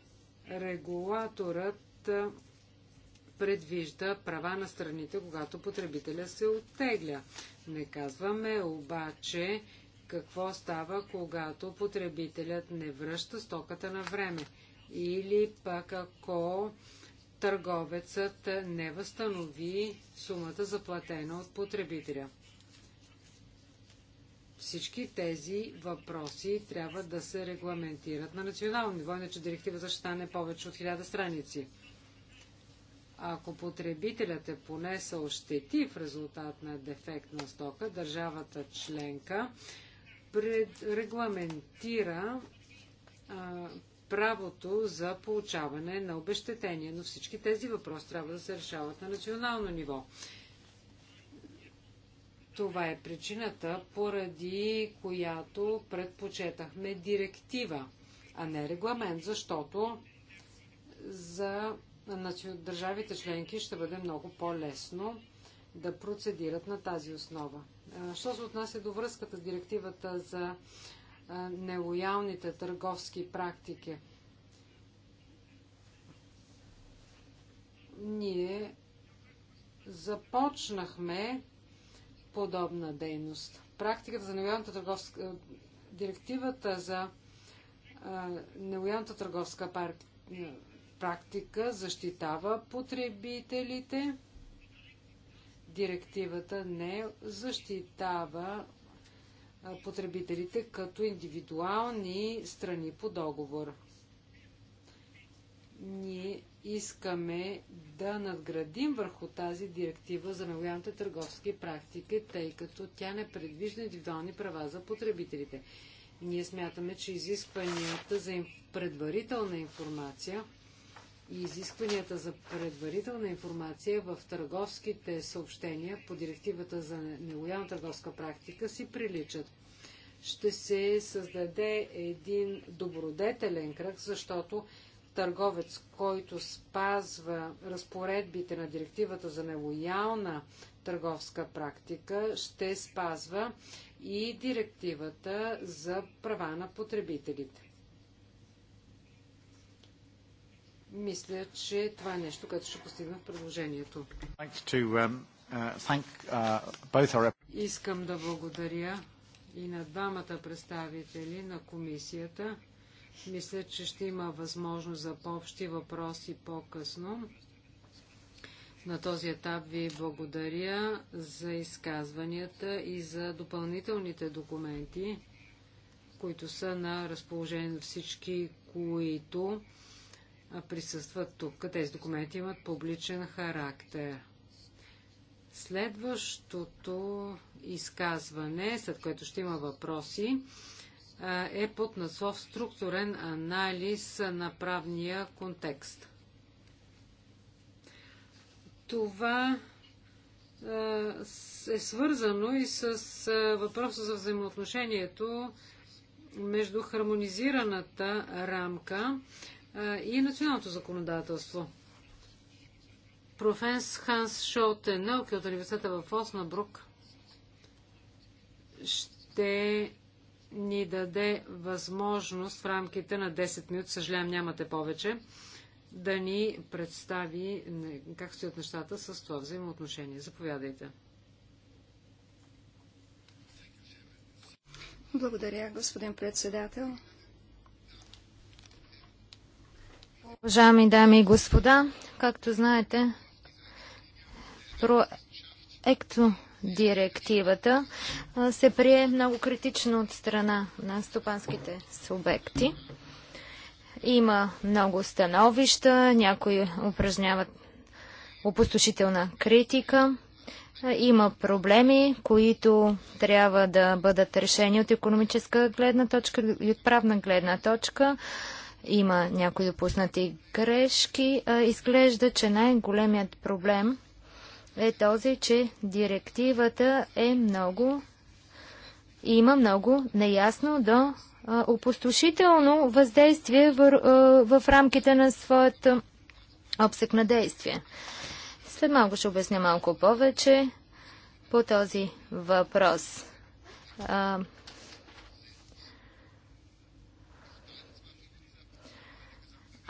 Регулаторът предвижда права на страните, когато потребителя се оттегля. Не казваме обаче, какво става, когато потребителят не връща стоката на време или пък ако търговецът не възстанови сумата заплатена от потребителя. Всички тези въпроси трябва да се регламентират на национално ниво, иначе за ще не повече от 1000 страници. Ако потребителят е понесъл щети в резултат на дефект на стока, държавата членка пред, регламентира а, правото за получаване на обещетение, но всички тези въпроси трябва да се решават на национално ниво. Това е причината, поради която предпочетахме директива, а не регламент, защото за държавите членки ще бъде много по-лесно да процедират на тази основа. Що се отнася до връзката с директивата за нелоялните търговски практики? Ние започнахме подобна дейност. Практиката за нелоялната търговска... Директивата за нелоялната търговска практика защитава потребителите директивата не защитава потребителите като индивидуални страни по договор. Ние искаме да надградим върху тази директива за нелоялните търговски практики, тъй като тя не предвижда индивидуални права за потребителите. Ние смятаме, че изискванията за предварителна информация – и изискванията за предварителна информация в търговските съобщения по директивата за нелоялна търговска практика си приличат. Ще се създаде един добродетелен кръг, защото търговец, който спазва разпоредбите на директивата за нелоялна търговска практика, ще спазва и директивата за права на потребителите. Мисля, че това е нещо, което ще постигна в предложението. Um, uh, uh, Искам да благодаря и на двамата представители на комисията. Мисля, че ще има възможност за по-общи въпроси по-късно. На този етап ви благодаря за изказванията и за допълнителните документи, които са на разположение на всички, които присъстват тук. Тези документи имат публичен характер. Следващото изказване, след което ще има въпроси, е под наслов структурен анализ на правния контекст. Това е свързано и с въпроса за взаимоотношението между хармонизираната рамка и националното законодателство. Профенс Ханс Шолте науки от университета в Оснабрук ще ни даде възможност в рамките на 10 минути, съжалявам нямате повече, да ни представи как стоят нещата с това взаимоотношение. Заповядайте. Благодаря, господин председател. Уважаеми дами и господа, както знаете, проекто директивата се прие много критично от страна на стопанските субекти. Има много становища, някои упражняват опустошителна критика. Има проблеми, които трябва да бъдат решени от економическа гледна точка и от правна гледна точка. Има някои допуснати грешки. Изглежда, че най-големият проблем е този, че директивата е много и има много неясно до опустошително въздействие в рамките на своята обсек на действие. След малко ще обясня малко повече по този въпрос.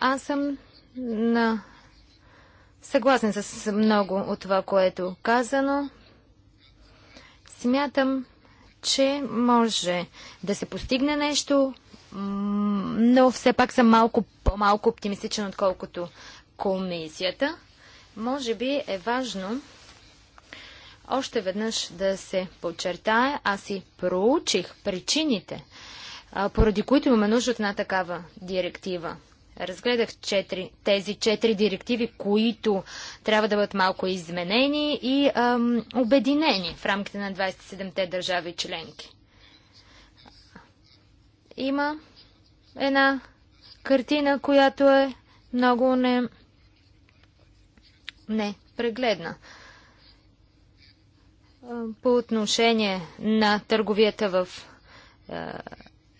Аз съм на... съгласен с много от това, което е казано. Смятам, че може да се постигне нещо, но все пак съм малко по-малко оптимистичен, отколкото комисията. Може би е важно още веднъж да се подчертая, аз и проучих причините, поради които имаме нужда от една такава директива. Разгледах четири, тези четири директиви, които трябва да бъдат малко изменени и ам, обединени в рамките на 27-те държави членки. Има една картина, която е много не, не прегледна по отношение на търговията в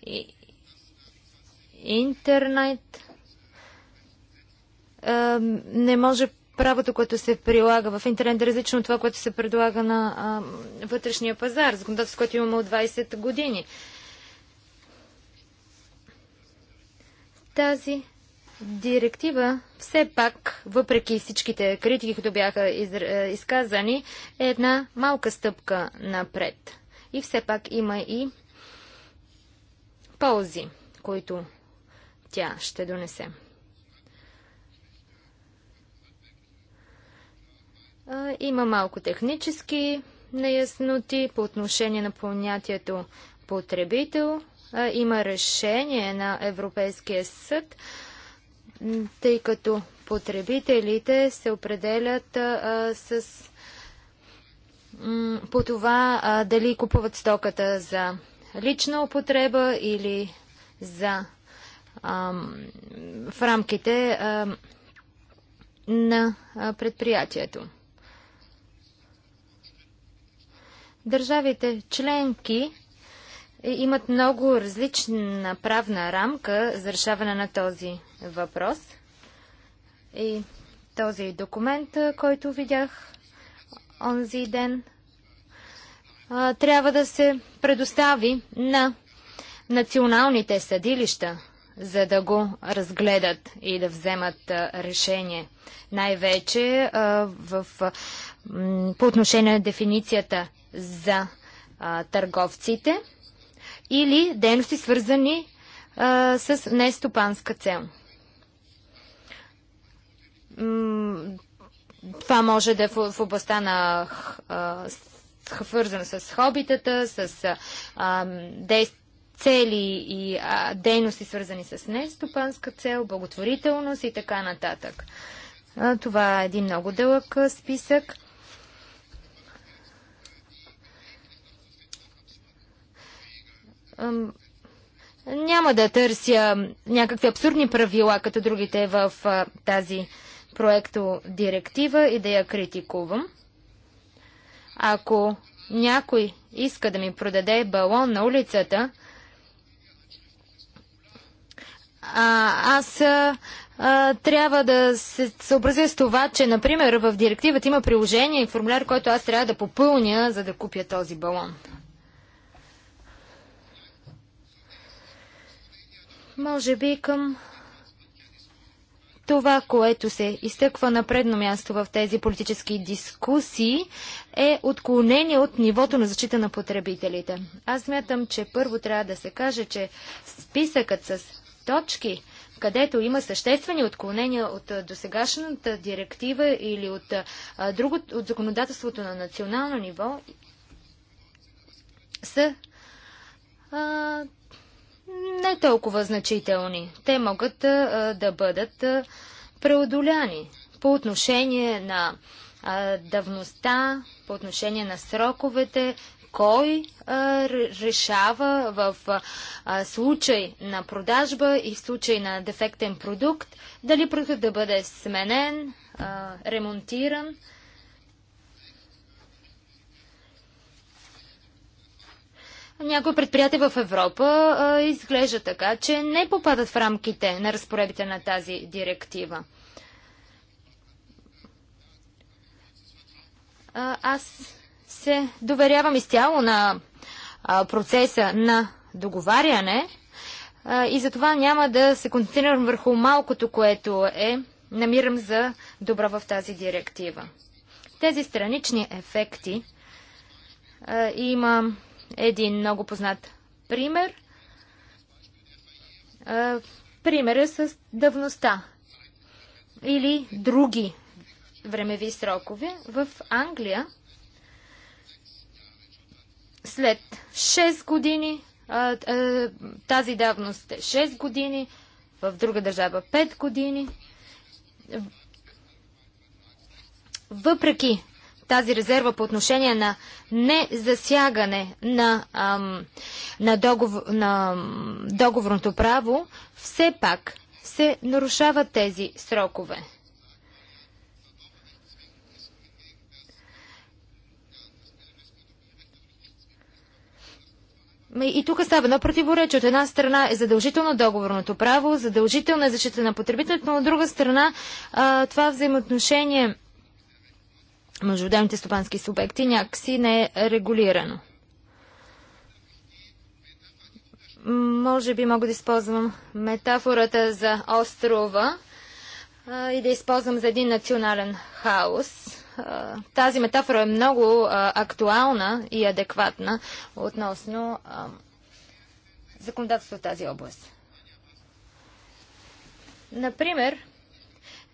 е, интернет не може правото, което се прилага в интернет, е различно от това, което се предлага на а, вътрешния пазар, законодателство, което имаме от 20 години. Тази директива все пак, въпреки всичките критики, които бяха из... Е, изказани, е една малка стъпка напред. И все пак има и ползи, които тя ще донесе. има малко технически неясноти по отношение на понятието потребител. има решение на Европейския съд, тъй като потребителите се определят а, с по това а, дали купуват стоката за лична употреба или за а, в рамките а, на предприятието. Държавите членки имат много различна правна рамка за решаване на този въпрос. И този документ, който видях онзи ден, трябва да се предостави на националните съдилища, за да го разгледат и да вземат решение. Най-вече в, по отношение на дефиницията за а, търговците или дейности свързани а, с нестопанска цел. Това може да е в, в областта на свързано с хобитата, с а, действия цели и а, дейности, свързани с нестопанска цел, благотворителност и така нататък. А, това е един много дълъг списък. няма да търся някакви абсурдни правила, като другите в тази проекто директива и да я критикувам. Ако някой иска да ми продаде балон на улицата, а, аз а, трябва да се съобразя с това, че, например, в директивата има приложение и формуляр, който аз трябва да попълня, за да купя този балон. Може би към това, което се изтъква на предно място в тези политически дискусии, е отклонение от нивото на защита на потребителите. Аз мятам, че първо трябва да се каже, че списъкът с точки, където има съществени отклонения от досегашната директива или от, друго, от законодателството на национално ниво, са а, не толкова значителни. Те могат а, да бъдат а, преодоляни по отношение на а, давността, по отношение на сроковете, кой а, решава в а, случай на продажба и в случай на дефектен продукт дали продукт да бъде сменен, а, ремонтиран Някои предприятия в Европа а, изглежда така, че не попадат в рамките на разпоредбите на тази директива. А, аз се доверявам изцяло на а, процеса на договаряне а, и затова няма да се концентрирам върху малкото, което е намирам за добра в тази директива. Тези странични ефекти а, има един много познат пример. Примера с давността или други времеви срокове. В Англия след 6 години, тази давност е 6 години, в друга държава 5 години. Въпреки тази резерва по отношение на незасягане на, ам, на, договор, на договорното право, все пак се нарушават тези срокове. И тук става едно противоречие. От една страна е задължително договорното право, задължителна е защита на потребителите, но от друга страна това взаимоотношение между отделните стопански субекти някакси не е регулирано. Може би мога да използвам метафората за острова а, и да използвам за един национален хаос. А, тази метафора е много а, актуална и адекватна относно законодателството в тази област. Например,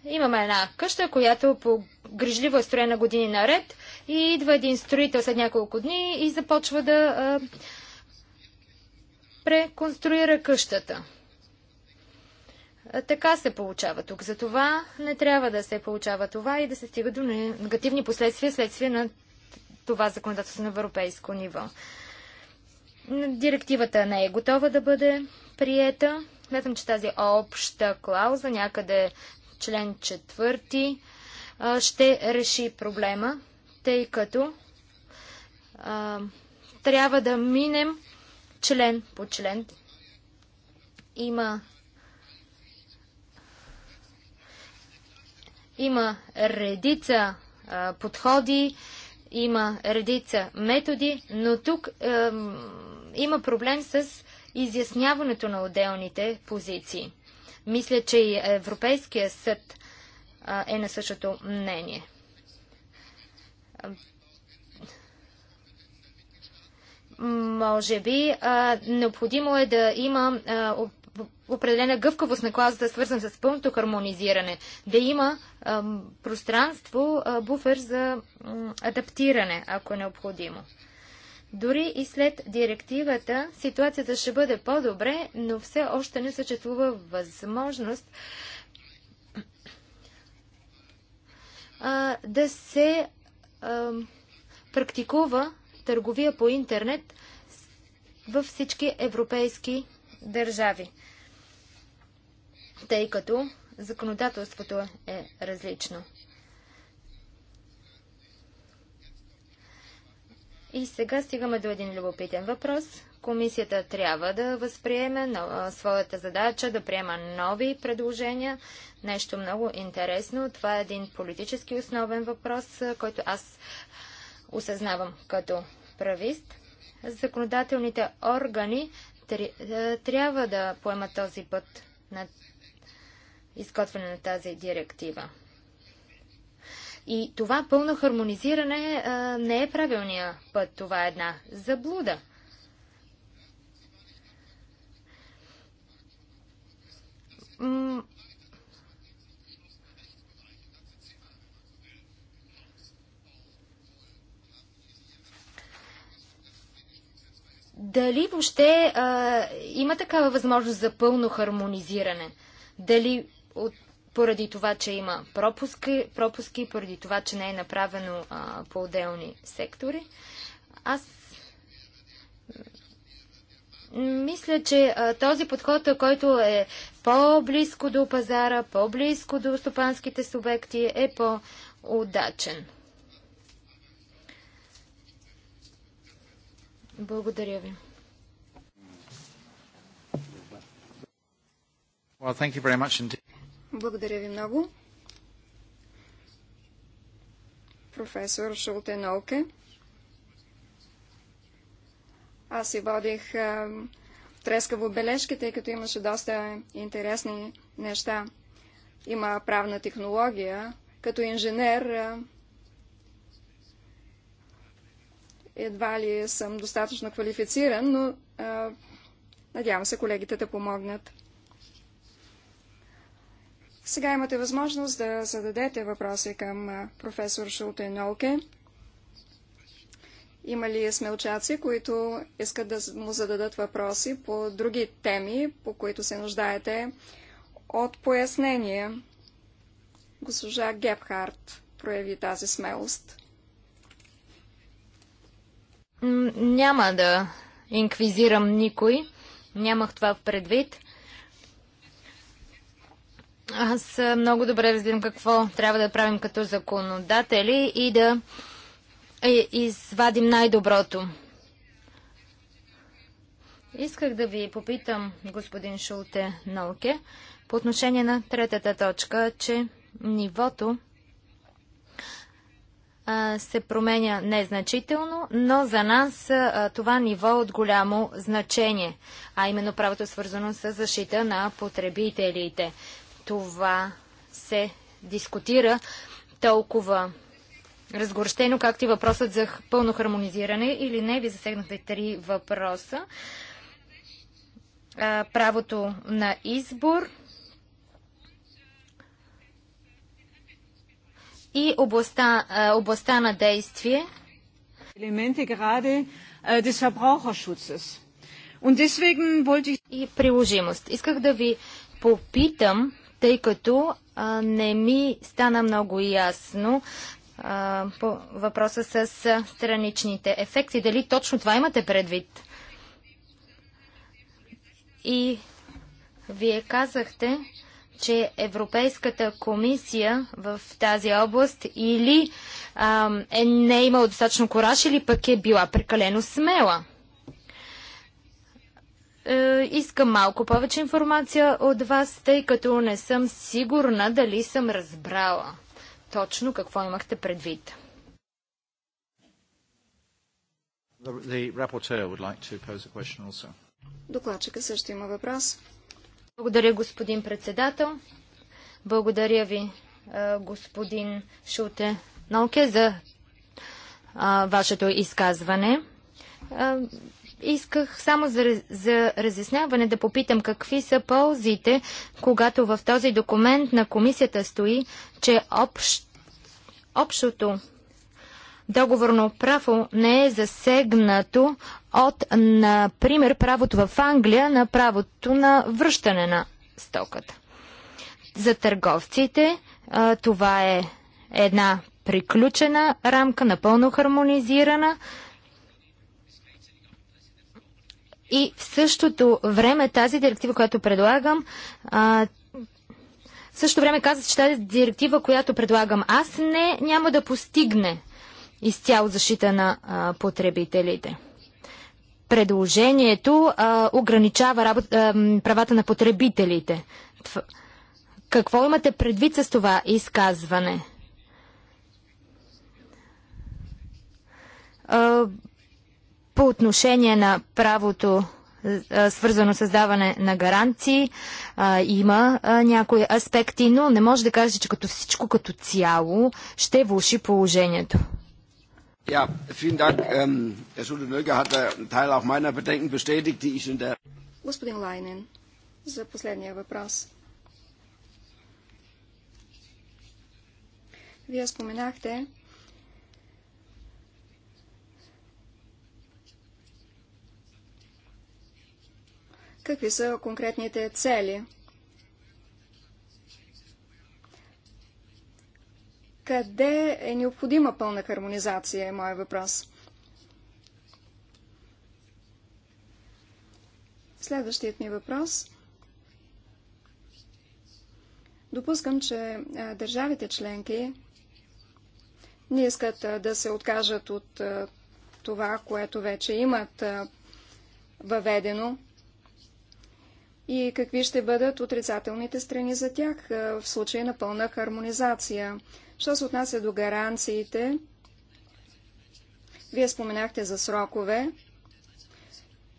Имаме една къща, която по грижливо е строена години наред и идва един строител след няколко дни и започва да а, преконструира къщата. така се получава тук. Затова не трябва да се получава това и да се стига до негативни последствия следствие на това законодателство на европейско ниво. Директивата не е готова да бъде приета. Смятам, че тази обща клауза някъде член 4 ще реши проблема, тъй като а, трябва да минем член по член. Има има редица а, подходи, има редица методи, но тук а, има проблем с изясняването на отделните позиции. Мисля, че и Европейския съд е на същото мнение. Може би необходимо е да има определена гъвкавост на клаузата, свързан с пълното хармонизиране, да има пространство, буфер за адаптиране, ако е необходимо. Дори и след директивата ситуацията ще бъде по-добре, но все още не съществува възможност а, да се а, практикува търговия по интернет във всички европейски държави, тъй като законодателството е различно. И сега стигаме до един любопитен въпрос. Комисията трябва да възприеме своята задача, да приема нови предложения. Нещо много интересно. Това е един политически основен въпрос, който аз осъзнавам като правист. Законодателните органи трябва да поемат този път на изготвяне на тази директива. И това пълно хармонизиране а, не е правилния път. Това е една заблуда. М дали въобще а, има такава възможност за пълно хармонизиране? Дали от поради това, че има пропуски, пропуски поради това, че не е направено а, по отделни сектори. Аз мисля, че а, този подход, който е по-близко до пазара, по-близко до стопанските субекти, е по-удачен. Благодаря ви. Well, благодаря ви много. Професор Шултенолке. Аз си водих а, трескаво бележки, тъй като имаше доста интересни неща. Има правна технология. Като инженер а, едва ли съм достатъчно квалифициран, но а, надявам се колегите да помогнат. Сега имате възможност да зададете въпроси към професор Шулте Нолке. Има ли смелчаци, които искат да му зададат въпроси по други теми, по които се нуждаете от пояснение? Госпожа Гепхарт прояви тази смелост. Няма да инквизирам никой. Нямах това в предвид. Аз много добре разбирам какво трябва да правим като законодатели и да е, извадим най-доброто. Исках да ви попитам, господин Шулте Нолке, по отношение на третата точка, че нивото се променя незначително, но за нас това ниво е от голямо значение, а именно правото свързано с защита на потребителите това се дискутира толкова разгорещено, както и въпросът за пълно хармонизиране или не. Ви засегнахте три въпроса. А, правото на избор и областта, а, областта на действие. Елементи граде, И приложимост. Исках да ви попитам тъй като не ми стана много ясно по въпроса с страничните ефекти. Дали точно това имате предвид? И вие казахте, че Европейската комисия в тази област или а, е, не е имала достатъчно кораж, или пък е била прекалено смела. Е, искам малко повече информация от вас, тъй като не съм сигурна дали съм разбрала точно какво имахте предвид. Докладчика също има въпрос. Благодаря, господин председател. Благодаря ви, е, господин Шуте Нолке, за а, вашето изказване. Е, Исках само за, за разясняване да попитам какви са ползите, когато в този документ на комисията стои, че общ, общото договорно право не е засегнато от, например, правото в Англия на правото на връщане на стоката. За търговците а, това е една приключена рамка, напълно хармонизирана, и в същото време тази директива, която предлагам, а, в същото време каза, че тази директива, която предлагам аз, не, няма да постигне изцяло защита на а, потребителите. Предложението а, ограничава работ, а, правата на потребителите. Тв... Какво имате предвид с това изказване? По отношение на правото свързано с даване на гаранции. има някои аспекти, но не може да кажа, че като всичко като цяло ще влуши положението. Ja, vielen Dank. Ähm, Herr nölke hat einen Teil auch meiner Bedenken bestätigt, die ich in der... Господин Лайнен, за последния въпрос. Вие споменахте, Какви са конкретните цели? Къде е необходима пълна хармонизация, е моят въпрос. Следващият ми въпрос. Допускам, че държавите членки не искат да се откажат от това, което вече имат въведено и какви ще бъдат отрицателните страни за тях в случай на пълна хармонизация. Що се отнася до гаранциите, вие споменахте за срокове.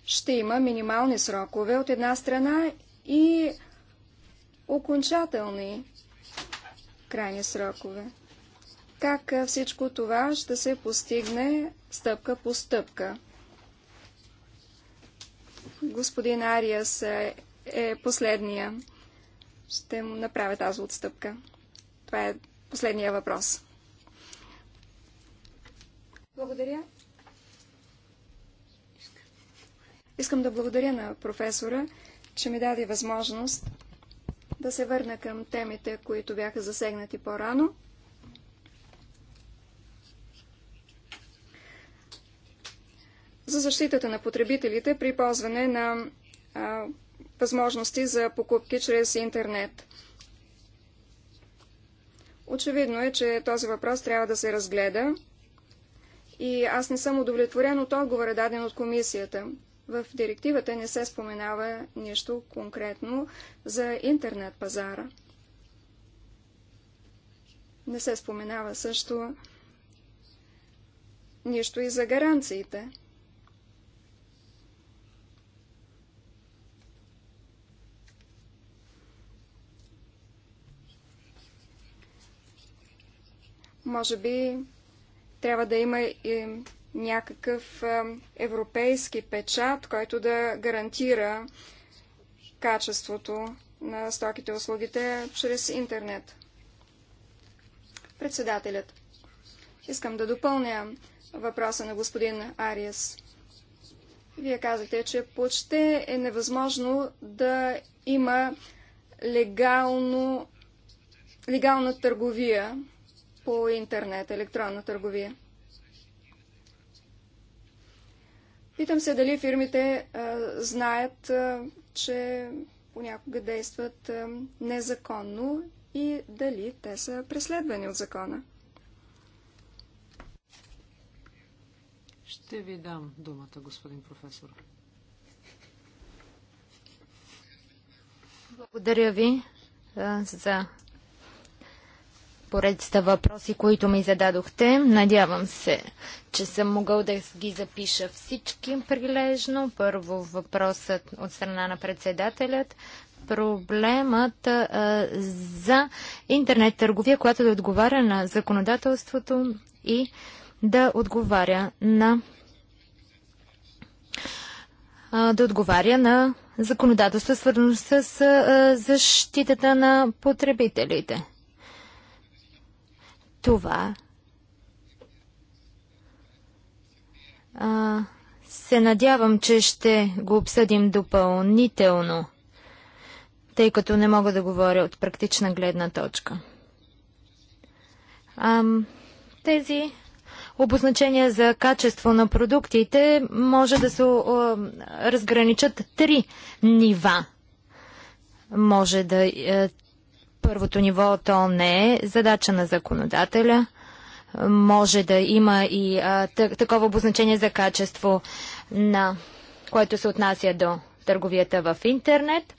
Ще има минимални срокове от една страна и окончателни крайни срокове. Как всичко това ще се постигне стъпка по стъпка? Господин Ариас е последния. Ще му направя тази отстъпка. Това е последния въпрос. Благодаря. Искам да благодаря на професора, че ми даде възможност да се върна към темите, които бяха засегнати по-рано. За защитата на потребителите при ползване на а, възможности за покупки чрез интернет. Очевидно е, че този въпрос трябва да се разгледа и аз не съм удовлетворен от отговора, даден от комисията. В директивата не се споменава нищо конкретно за интернет пазара. Не се споменава също нищо и за гаранциите. Може би трябва да има и някакъв европейски печат, който да гарантира качеството на стоките и услугите чрез интернет. Председателят. Искам да допълня въпроса на господин Ариес. Вие казахте, че почти е невъзможно да има легално, легална търговия по интернет, електронна търговия. Питам се дали фирмите а, знаят, а, че понякога действат а, незаконно и дали те са преследвани от закона. Ще ви дам думата, господин професор. Благодаря ви а, за поредицата въпроси, които ми зададохте. Надявам се, че съм могъл да ги запиша всички прилежно. Първо въпросът от страна на председателят. Проблемът а, за интернет търговия, която да отговаря на законодателството и да отговаря на а, да отговаря на законодателство, свързано с а, защитата на потребителите това а, се надявам, че ще го обсъдим допълнително, тъй като не мога да говоря от практична гледна точка. А, тези обозначения за качество на продуктите може да се разграничат три нива. Може да е, Първото ниво то не е задача на законодателя. Може да има и а, такова обозначение за качество, на което се отнася до търговията в интернет,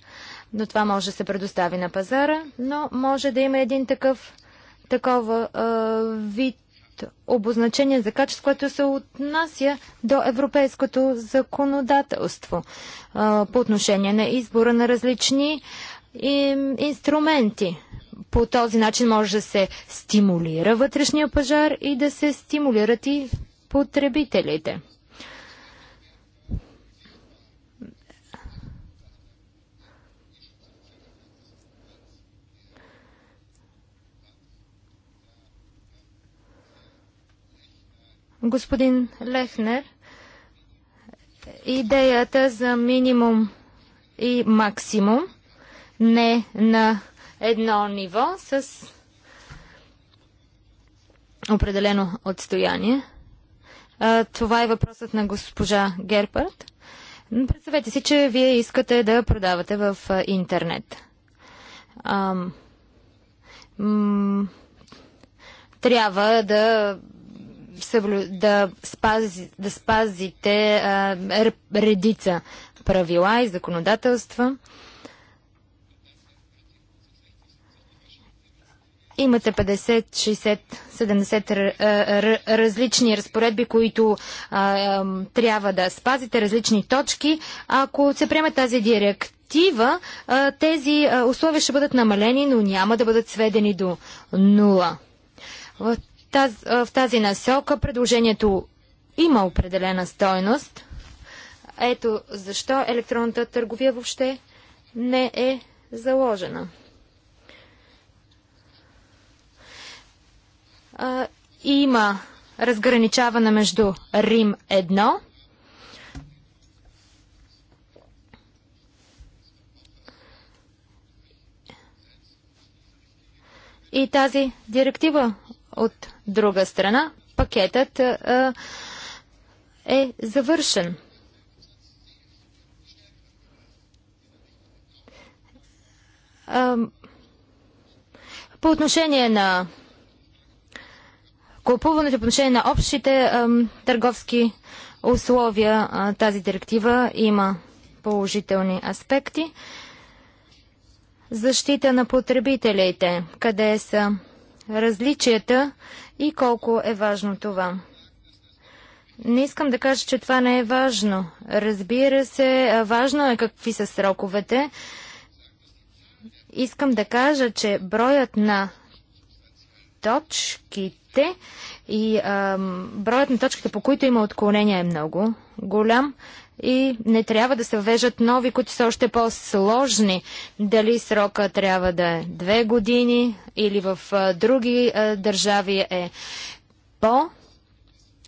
но това може да се предостави на пазара, но може да има един такъв такова а, вид обозначение за качество, което се отнася до европейското законодателство а, по отношение на избора на различни и, инструменти. По този начин може да се стимулира вътрешния пазар и да се стимулират и потребителите. Господин Лехнер, идеята за минимум и максимум – не на едно ниво с определено отстояние. Това е въпросът на госпожа Герпард. Представете си, че вие искате да продавате в интернет. Ам, трябва да, да, спази, да спазите а, редица правила и законодателства. Имате 50, 60, 70 различни разпоредби, които а, трябва да спазите, различни точки. Ако се приеме тази директива, тези условия ще бъдат намалени, но няма да бъдат сведени до нула. В тази, в тази насока предложението има определена стойност. Ето защо електронната търговия въобще не е заложена. а, има разграничаване между Рим 1 и тази директива от друга страна. Пакетът а, е завършен. А, по отношение на купуването по отношение на общите търговски условия тази директива има положителни аспекти. Защита на потребителите, къде са различията и колко е важно това. Не искам да кажа, че това не е важно. Разбира се, важно е какви са сроковете. Искам да кажа, че броят на точките и ам, броят на точките, по които има отклонения е много голям и не трябва да се ввежат нови, които са още по-сложни. Дали срока трябва да е две години или в а, други а, държави е по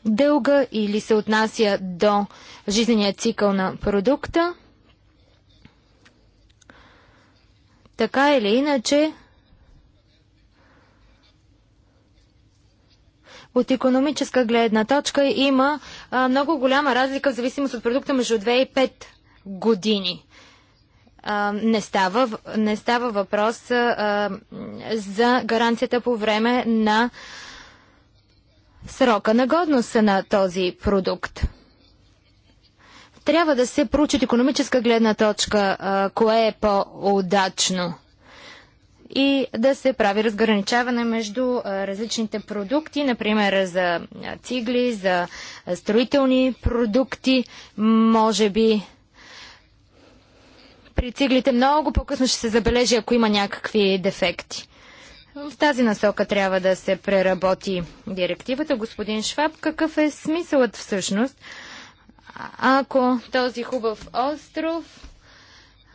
дълга или се отнася до жизнения цикъл на продукта. Така или иначе, От економическа гледна точка има а, много голяма разлика в зависимост от продукта между 2 и 5 години. А, не, става, не става въпрос а, за гаранцията по време на срока на годност на този продукт трябва да се от економическа гледна точка, а, кое е по-удачно и да се прави разграничаване между различните продукти, например за цигли, за строителни продукти, може би при циглите много по-късно ще се забележи, ако има някакви дефекти. В тази насока трябва да се преработи директивата. Господин Шваб, какъв е смисълът всъщност, ако този хубав остров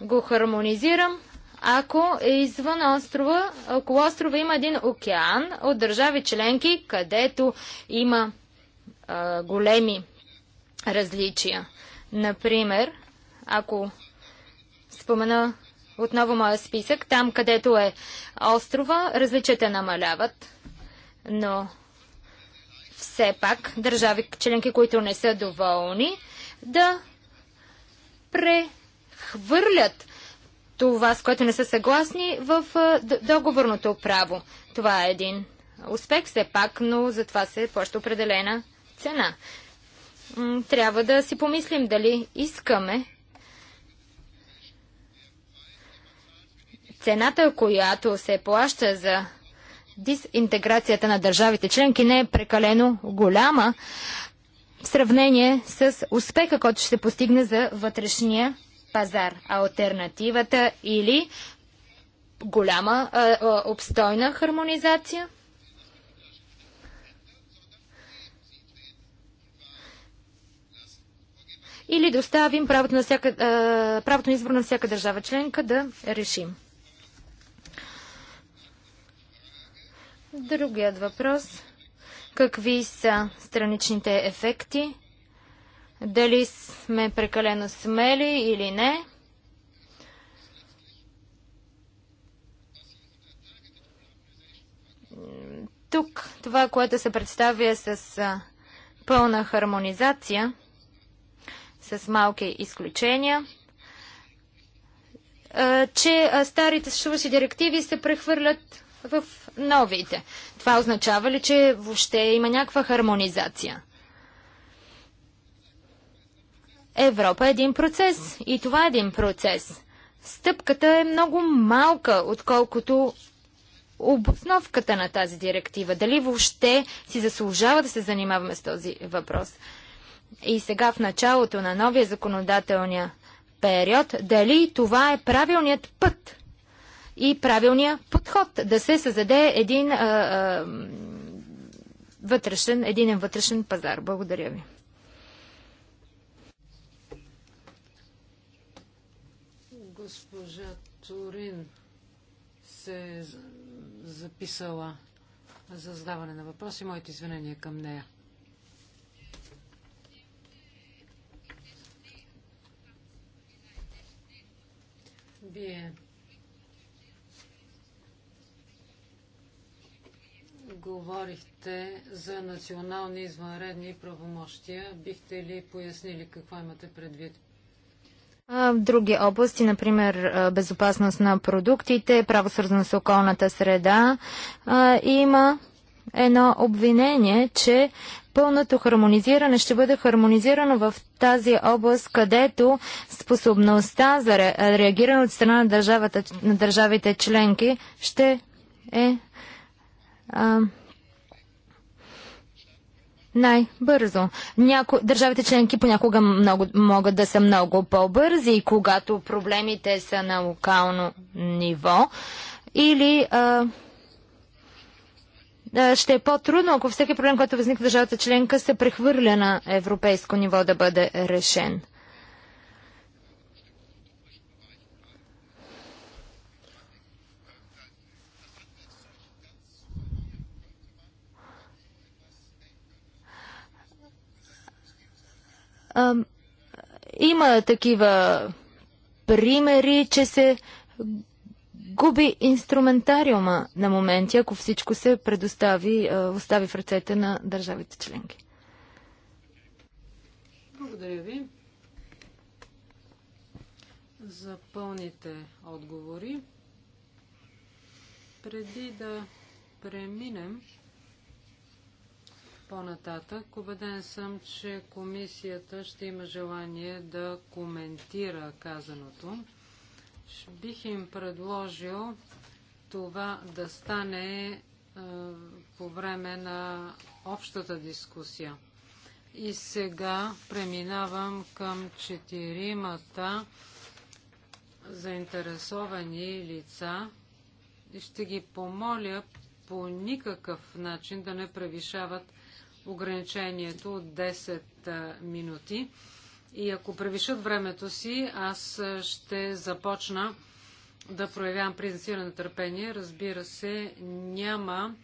го хармонизирам ако е извън острова, около острова има един океан от държави членки, където има а, големи различия. Например, ако спомена отново моя списък, там където е острова, различията намаляват, но все пак държави членки, които не са доволни, да прехвърлят това, с което не са съгласни в договорното право. Това е един успех все пак, но за това се плаща определена цена. Трябва да си помислим дали искаме цената, която се плаща за дисинтеграцията на държавите членки не е прекалено голяма в сравнение с успеха, който ще постигне за вътрешния пазар. Альтернативата или голяма а, а, обстойна хармонизация. Или доставим правото на, всяка, а, правото на избор на всяка държава членка да решим. Другият въпрос. Какви са страничните ефекти? Дали сме прекалено смели или не. Тук това, което се представя с пълна хармонизация, с малки изключения, че старите съществуващи директиви се прехвърлят в новите. Това означава ли, че въобще има някаква хармонизация? Европа е един процес и това е един процес. Стъпката е много малка, отколкото обосновката на тази директива. Дали въобще си заслужава да се занимаваме с този въпрос? И сега в началото на новия законодателния период, дали това е правилният път и правилният подход да се създаде един а, а, вътрешен, един вътрешен пазар. Благодаря ви. Турин се е записала за задаване на въпроси. Моите извинения към нея. Вие говорихте за национални извънредни правомощия. Бихте ли пояснили какво имате предвид? В други области, например безопасност на продуктите, право свързано с околната среда, има едно обвинение, че пълното хармонизиране ще бъде хармонизирано в тази област, където способността за реагиране от страна на, на държавите членки ще е а, най-бързо. Няко... Държавите членки понякога много... могат да са много по-бързи, когато проблемите са на локално ниво. Или а... а ще е по-трудно, ако всеки проблем, който възникне в държавата членка, се прехвърля на европейско ниво да бъде решен. А, има такива примери, че се губи инструментариума на моменти, ако всичко се предостави, а, остави в ръцете на държавите членки. Благодаря ви за пълните отговори. Преди да преминем по-нататък. Обеден съм, че комисията ще има желание да коментира казаното. Бих им предложил това да стане е, по време на общата дискусия. И сега преминавам към четиримата заинтересовани лица и ще ги помоля по никакъв начин да не превишават ограничението от 10 минути. И ако превишат времето си, аз ще започна да проявявам признаци на търпение. Разбира се, няма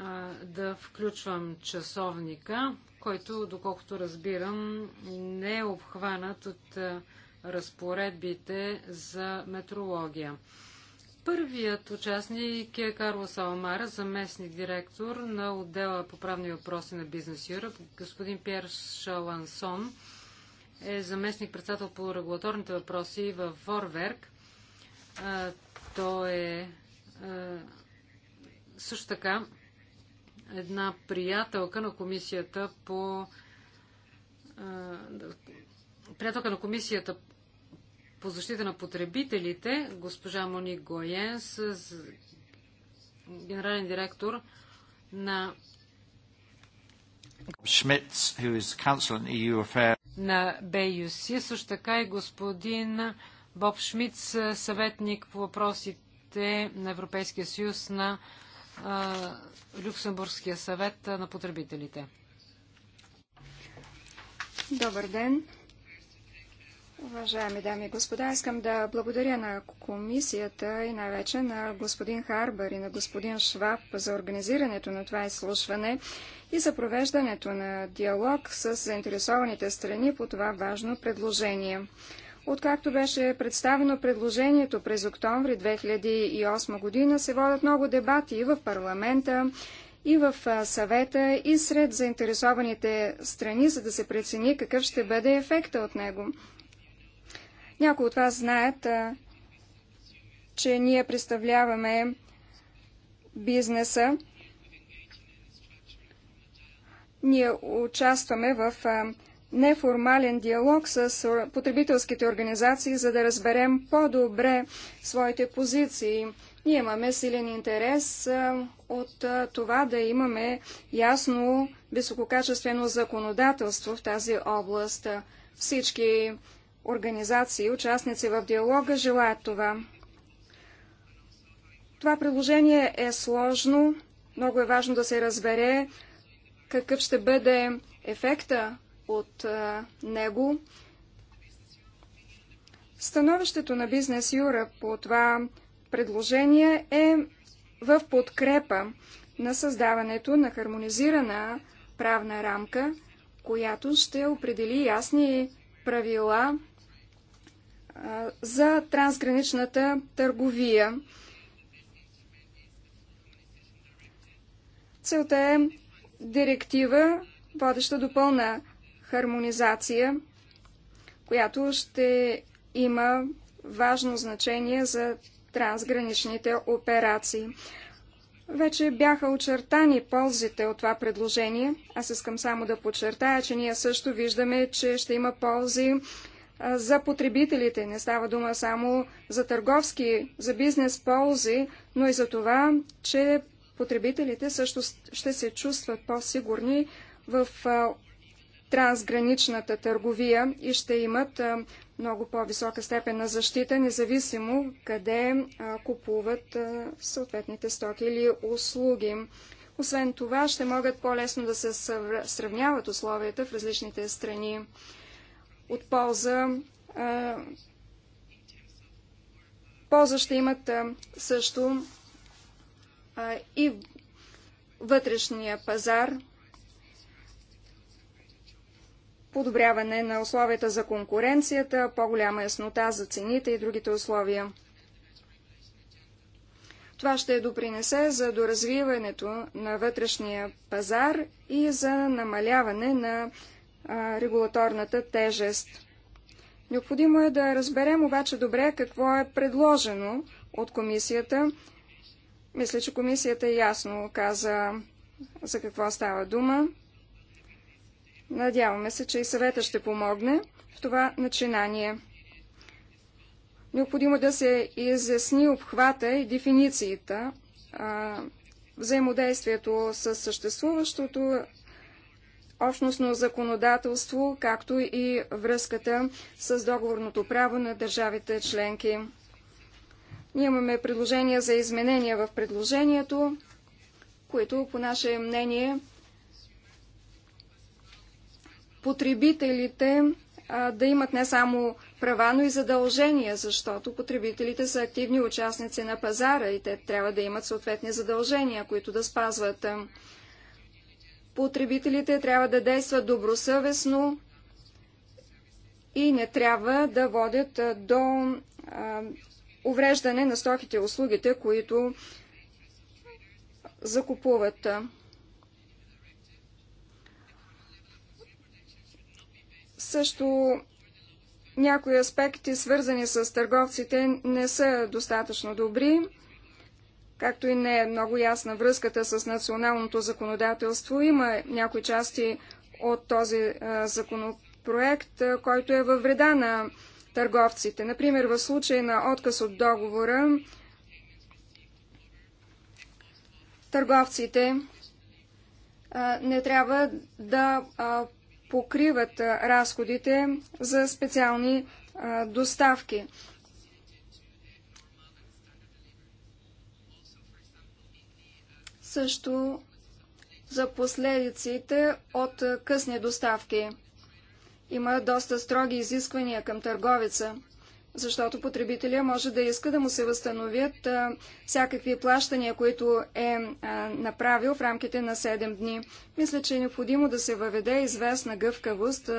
а, да включвам часовника, който, доколкото разбирам, не е обхванат от а, разпоредбите за метрология. Първият участник е Карлос Алмара, заместник директор на отдела по правни въпроси на Бизнес Юра. Господин Пьер Шалансон е заместник председател по регулаторните въпроси в Ворверк. той е също така една приятелка на комисията по приятелка на комисията по защита на потребителите, госпожа Мони Гоен, с генерален директор на Schmitz, who is counsel in EU e Affairs. на BUC, също така и господин Боб Шмидц, съветник по въпросите на Европейския съюз на а, Люксембургския съвет на потребителите. Добър ден! Уважаеми дами и господа, искам да благодаря на комисията и най-вече на господин Харбър и на господин Шваб за организирането на това изслушване и за провеждането на диалог с заинтересованите страни по това важно предложение. Откакто беше представено предложението през октомври 2008 година, се водят много дебати и в парламента, и в съвета, и сред заинтересованите страни, за да се прецени какъв ще бъде ефекта от него. Някои от вас знаят, че ние представляваме бизнеса. Ние участваме в неформален диалог с потребителските организации, за да разберем по-добре своите позиции. Ние имаме силен интерес от това да имаме ясно висококачествено законодателство в тази област. Всички организации, участници в диалога желаят това. Това приложение е сложно. Много е важно да се разбере какъв ще бъде ефекта от а, него. Становището на Бизнес Юра по това предложение е в подкрепа на създаването на хармонизирана правна рамка, която ще определи ясни правила за трансграничната търговия. Целта е директива, водеща до пълна хармонизация, която ще има важно значение за трансграничните операции. Вече бяха очертани ползите от това предложение. Аз искам само да подчертая, че ние също виждаме, че ще има ползи за потребителите. Не става дума само за търговски, за бизнес ползи, но и за това, че потребителите също ще се чувстват по-сигурни в трансграничната търговия и ще имат много по-висока степен на защита, независимо къде купуват съответните стоки или услуги. Освен това, ще могат по-лесно да се сравняват условията в различните страни от полза. Полза ще имат също и вътрешния пазар, подобряване на условията за конкуренцията, по-голяма яснота за цените и другите условия. Това ще допринесе за доразвиването на вътрешния пазар и за намаляване на регулаторната тежест. Необходимо е да разберем обаче добре какво е предложено от комисията. Мисля, че комисията ясно каза за какво става дума. Надяваме се, че и съвета ще помогне в това начинание. Необходимо да се изясни обхвата и дефиницията, взаимодействието с съществуващото общностно законодателство, както и връзката с договорното право на държавите членки. Ние имаме предложения за изменения в предложението, които по наше мнение потребителите а, да имат не само права, но и задължения, защото потребителите са активни участници на пазара и те трябва да имат съответни задължения, които да спазват. Потребителите трябва да действат добросъвестно и не трябва да водят до увреждане на стоките и услугите, които закупуват. Също някои аспекти, свързани с търговците, не са достатъчно добри както и не е много ясна връзката с националното законодателство. Има някои части от този законопроект, който е във вреда на търговците. Например, в случай на отказ от договора, търговците не трябва да покриват разходите за специални доставки. също за последиците от късни доставки. Има доста строги изисквания към търговеца, защото потребителя може да иска да му се възстановят всякакви плащания, които е направил в рамките на 7 дни. Мисля, че е необходимо да се въведе известна гъвкавост,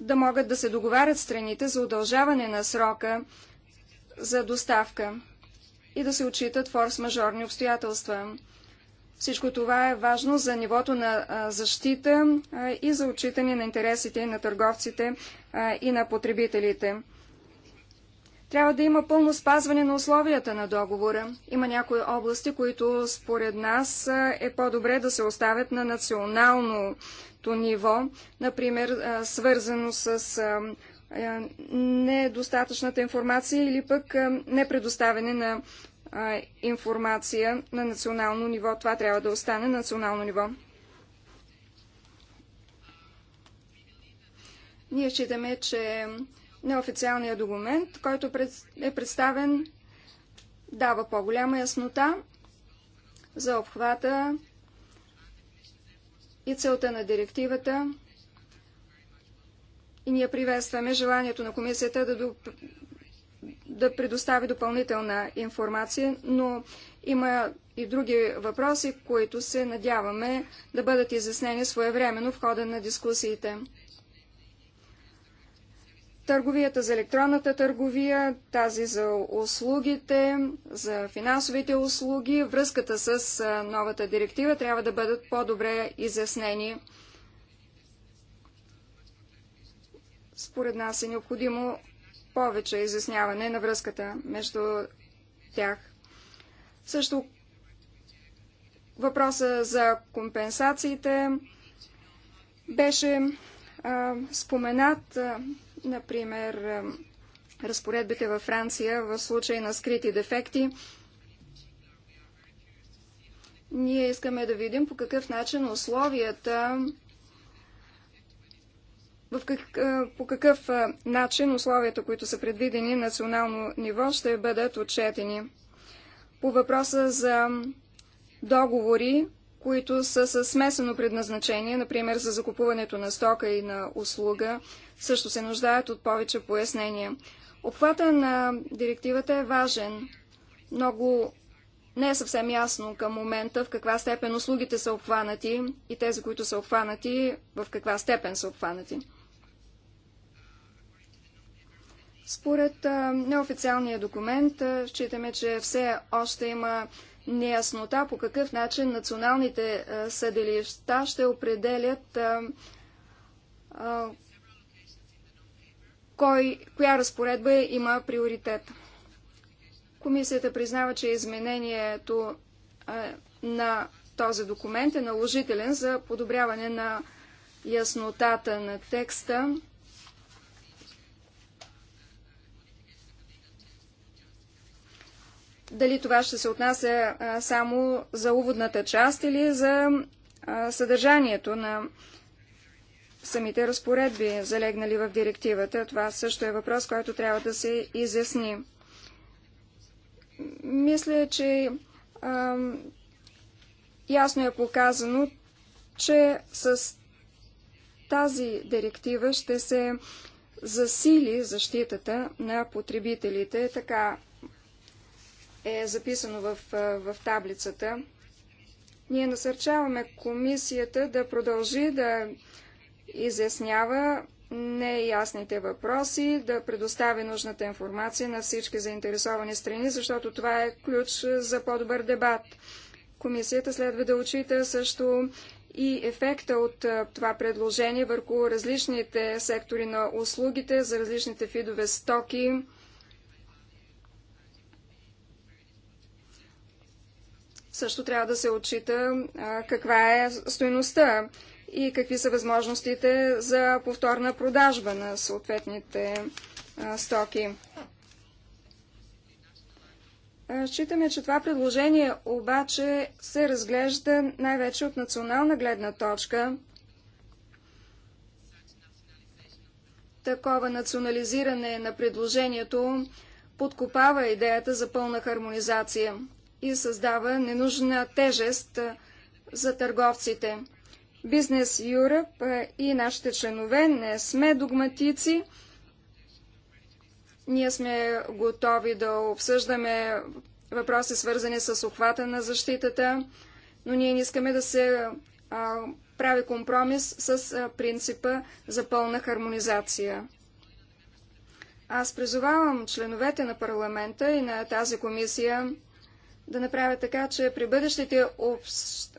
да могат да се договарят страните за удължаване на срока за доставка и да се отчитат форс-мажорни обстоятелства. Всичко това е важно за нивото на защита и за отчитане на интересите на търговците и на потребителите. Трябва да има пълно спазване на условията на договора. Има някои области, които според нас е по-добре да се оставят на националното ниво, например свързано с недостатъчната информация или пък непредоставяне на а, информация на национално ниво. Това трябва да остане на национално ниво. Ние считаме, че неофициалният документ, който е представен, дава по-голяма яснота за обхвата и целта на директивата. И ние приветстваме желанието на комисията да да предостави допълнителна информация, но има и други въпроси, които се надяваме да бъдат изяснени своевременно в хода на дискусиите. Търговията за електронната търговия, тази за услугите, за финансовите услуги, връзката с новата директива трябва да бъдат по-добре изяснени. Според нас е необходимо повече изясняване на връзката между тях. Също въпроса за компенсациите беше а, споменат, а, например, а, разпоредбите във Франция в случай на скрити дефекти. Ние искаме да видим по какъв начин условията в как, по какъв начин условията, които са предвидени национално ниво, ще бъдат отчетени. По въпроса за договори, които са със смесено предназначение, например за закупуването на стока и на услуга, също се нуждаят от повече пояснения. Обхвата на директивата е важен. Много не е съвсем ясно към момента в каква степен услугите са обхванати и тези, които са обхванати, в каква степен са обхванати. Според неофициалния документ, считаме, че все още има неяснота по какъв начин националните съдилища ще определят кой, коя разпоредба има приоритет. Комисията признава, че изменението на този документ е наложителен за подобряване на яснотата на текста дали това ще се отнася само за уводната част или за съдържанието на самите разпоредби, залегнали в директивата. Това също е въпрос, който трябва да се изясни. Мисля, че а, ясно е показано, че с тази директива ще се засили защитата на потребителите, така е записано в, в таблицата. Ние насърчаваме комисията да продължи да изяснява неясните въпроси, да предостави нужната информация на всички заинтересовани страни, защото това е ключ за по-добър дебат. Комисията следва да очита също и ефекта от това предложение върху различните сектори на услугите, за различните видове стоки, Също трябва да се отчита каква е стоеността и какви са възможностите за повторна продажба на съответните стоки. Считаме, че това предложение обаче се разглежда най-вече от национална гледна точка. Такова национализиране на предложението подкопава идеята за пълна хармонизация и създава ненужна тежест за търговците. Бизнес Юръп и нашите членове не сме догматици. Ние сме готови да обсъждаме въпроси, свързани с охвата на защитата, но ние не искаме да се а, прави компромис с а, принципа за пълна хармонизация. Аз призовавам членовете на парламента и на тази комисия да направя така, че при бъдещите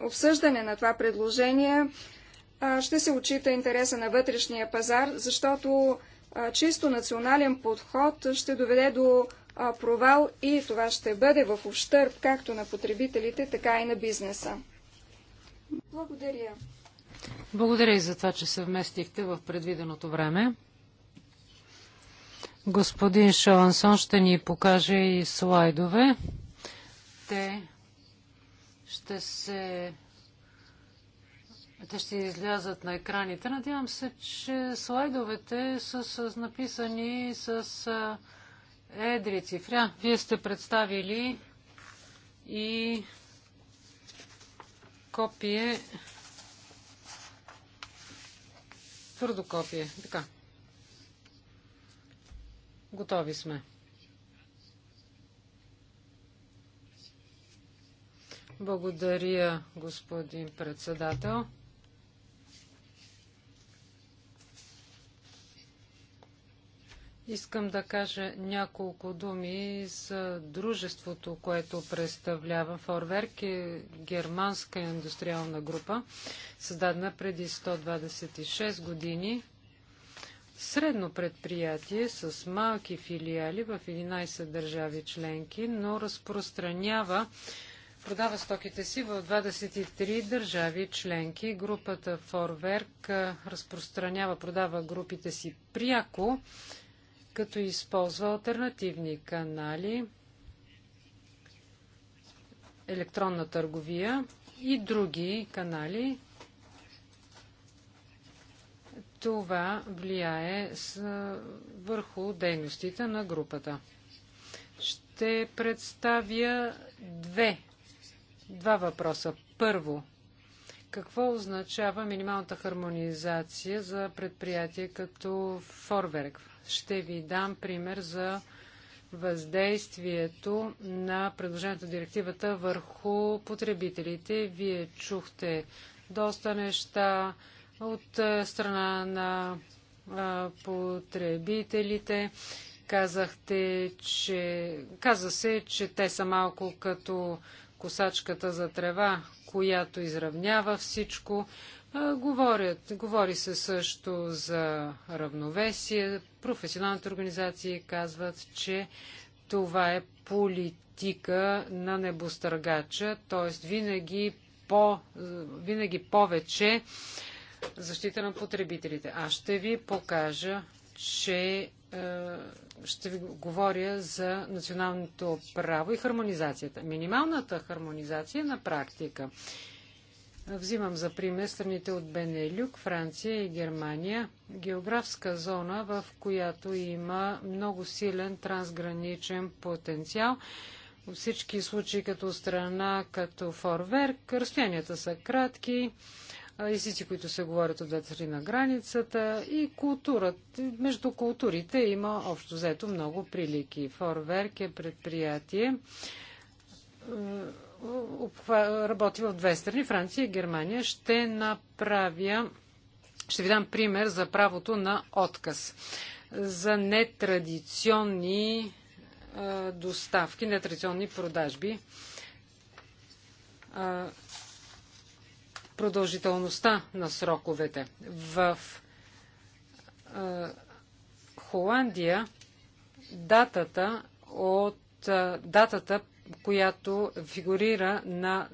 обсъждане на това предложение ще се очита интереса на вътрешния пазар, защото чисто национален подход ще доведе до провал и това ще бъде в ущърп както на потребителите, така и на бизнеса. Благодаря. Благодаря и за това, че се вместихте в предвиденото време. Господин Шалансон ще ни покаже и слайдове те ще се те ще излязат на екраните. Надявам се, че слайдовете са, с написани с едри цифри. Вие сте представили и копие, твърдо копие. Така. Готови сме. Благодаря, господин председател. Искам да кажа няколко думи за дружеството, което представлява Форверк, е германска индустриална група, създадена преди 126 години. Средно предприятие с малки филиали в 11 държави членки, но разпространява продава стоките си в 23 държави членки. Групата Форверк разпространява, продава групите си пряко, като използва альтернативни канали, електронна търговия и други канали. Това влияе върху дейностите на групата ще представя две два въпроса. Първо, какво означава минималната хармонизация за предприятие като Форверк? Ще ви дам пример за въздействието на предложението директивата върху потребителите. Вие чухте доста неща от страна на потребителите. Казахте, че... Каза се, че те са малко като косачката за трева, която изравнява всичко. Говорят, говори се също за равновесие. Професионалните организации казват, че това е политика на небостъргача, т.е. винаги, по, винаги повече защита на потребителите. Аз ще ви покажа, че е, ще ви говоря за националното право и хармонизацията. Минималната хармонизация на практика. Взимам за пример страните от Бенелюк, Франция и Германия. Географска зона, в която има много силен трансграничен потенциал. В всички случаи като страна, като форверк, разстоянията са кратки езици, които се говорят от двете на границата и културата. Между културите има общо взето много прилики. Форверк е предприятие, е, работи в две страни, Франция и Германия. Ще направя, ще ви дам пример за правото на отказ за нетрадиционни е, доставки, нетрадиционни продажби е, продължителността на сроковете. В Холандия датата от датата, която фигурира на,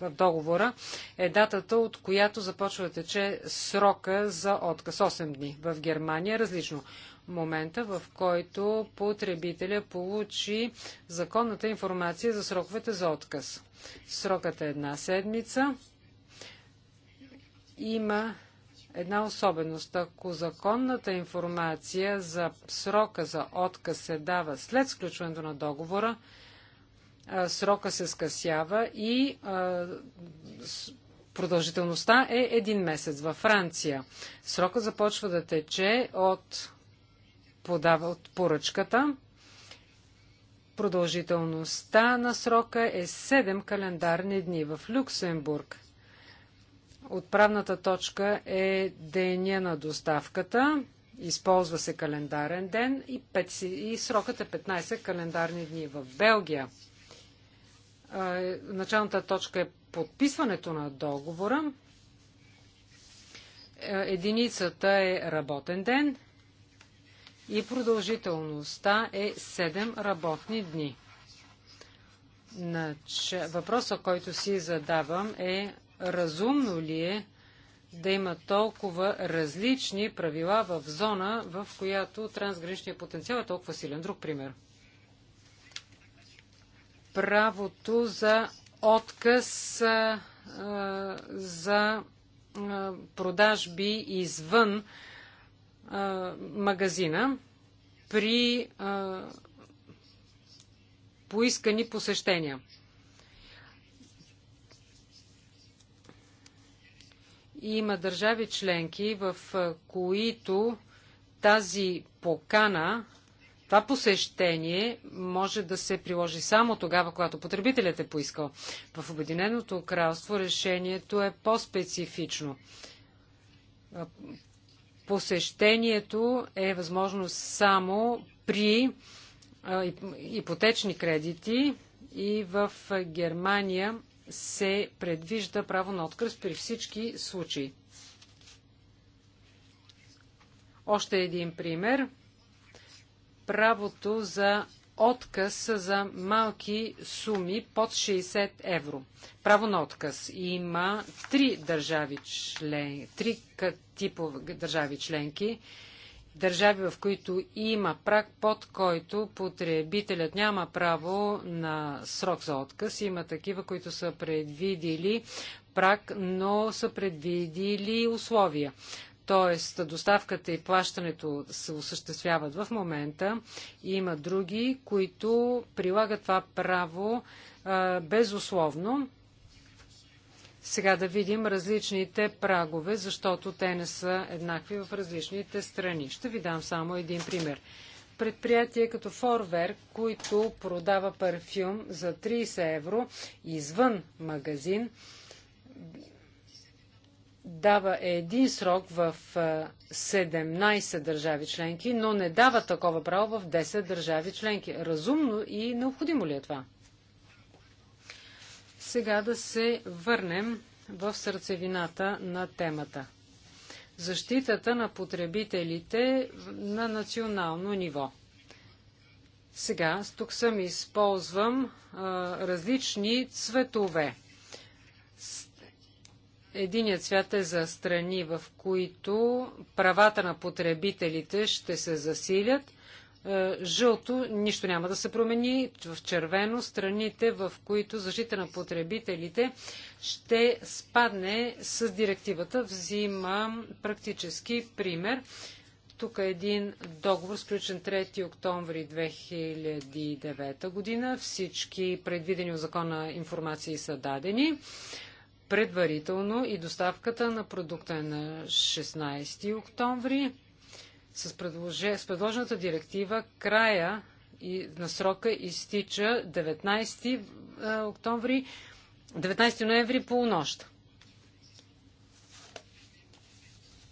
в договора, е датата, от която започва да тече срока за отказ 8 дни. В Германия е различно. Момента, в който потребителя получи законната информация за сроковете за отказ. Срокът е една седмица има една особеност. Ако законната информация за срока за отказ се дава след сключването на договора, срока се скъсява и продължителността е един месец. Във Франция срока започва да тече от, подава, от поръчката. Продължителността на срока е 7 календарни дни. В Люксембург Отправната точка е деня на доставката. Използва се календарен ден и, 5, и срокът е 15 календарни дни. В Белгия началната точка е подписването на договора. Е, единицата е работен ден и продължителността е 7 работни дни. Въпросът, който си задавам е разумно ли е да има толкова различни правила в зона, в която трансграничният потенциал е толкова силен. Друг пример. Правото за отказ а, за а, продажби извън а, магазина при поискани посещения. Има държави членки, в които тази покана, това посещение може да се приложи само тогава, когато потребителят е поискал. В Обединеното кралство решението е по-специфично. Посещението е възможно само при ипотечни кредити и в Германия се предвижда право на откръст при всички случаи. Още един пример. Правото за отказ за малки суми под 60 евро. Право на отказ. Има три държави член, три типов държави членки, държави, в които има прак, под който потребителят няма право на срок за отказ. Има такива, които са предвидили прак, но са предвидили условия. Тоест, доставката и плащането се осъществяват в момента. Има други, които прилагат това право безусловно сега да видим различните прагове, защото те не са еднакви в различните страни. Ще ви дам само един пример. Предприятие като Форвер, който продава парфюм за 30 евро извън магазин, дава един срок в 17 държави членки, но не дава такова право в 10 държави членки. Разумно и необходимо ли е това? сега да се върнем в сърцевината на темата. Защитата на потребителите на национално ниво. Сега тук съм използвам а, различни цветове. Единият цвят е за страни, в които правата на потребителите ще се засилят – е, жълто нищо няма да се промени. В червено страните, в които защита на потребителите ще спадне с директивата. Взимам практически пример. Тук е един договор, сключен 3 октомври 2009 година. Всички предвидени от закона информации са дадени предварително и доставката на продукта е на 16 октомври с, предложе, с предложената директива края и на срока изтича 19 е, октомври, 19 ноември полунощ.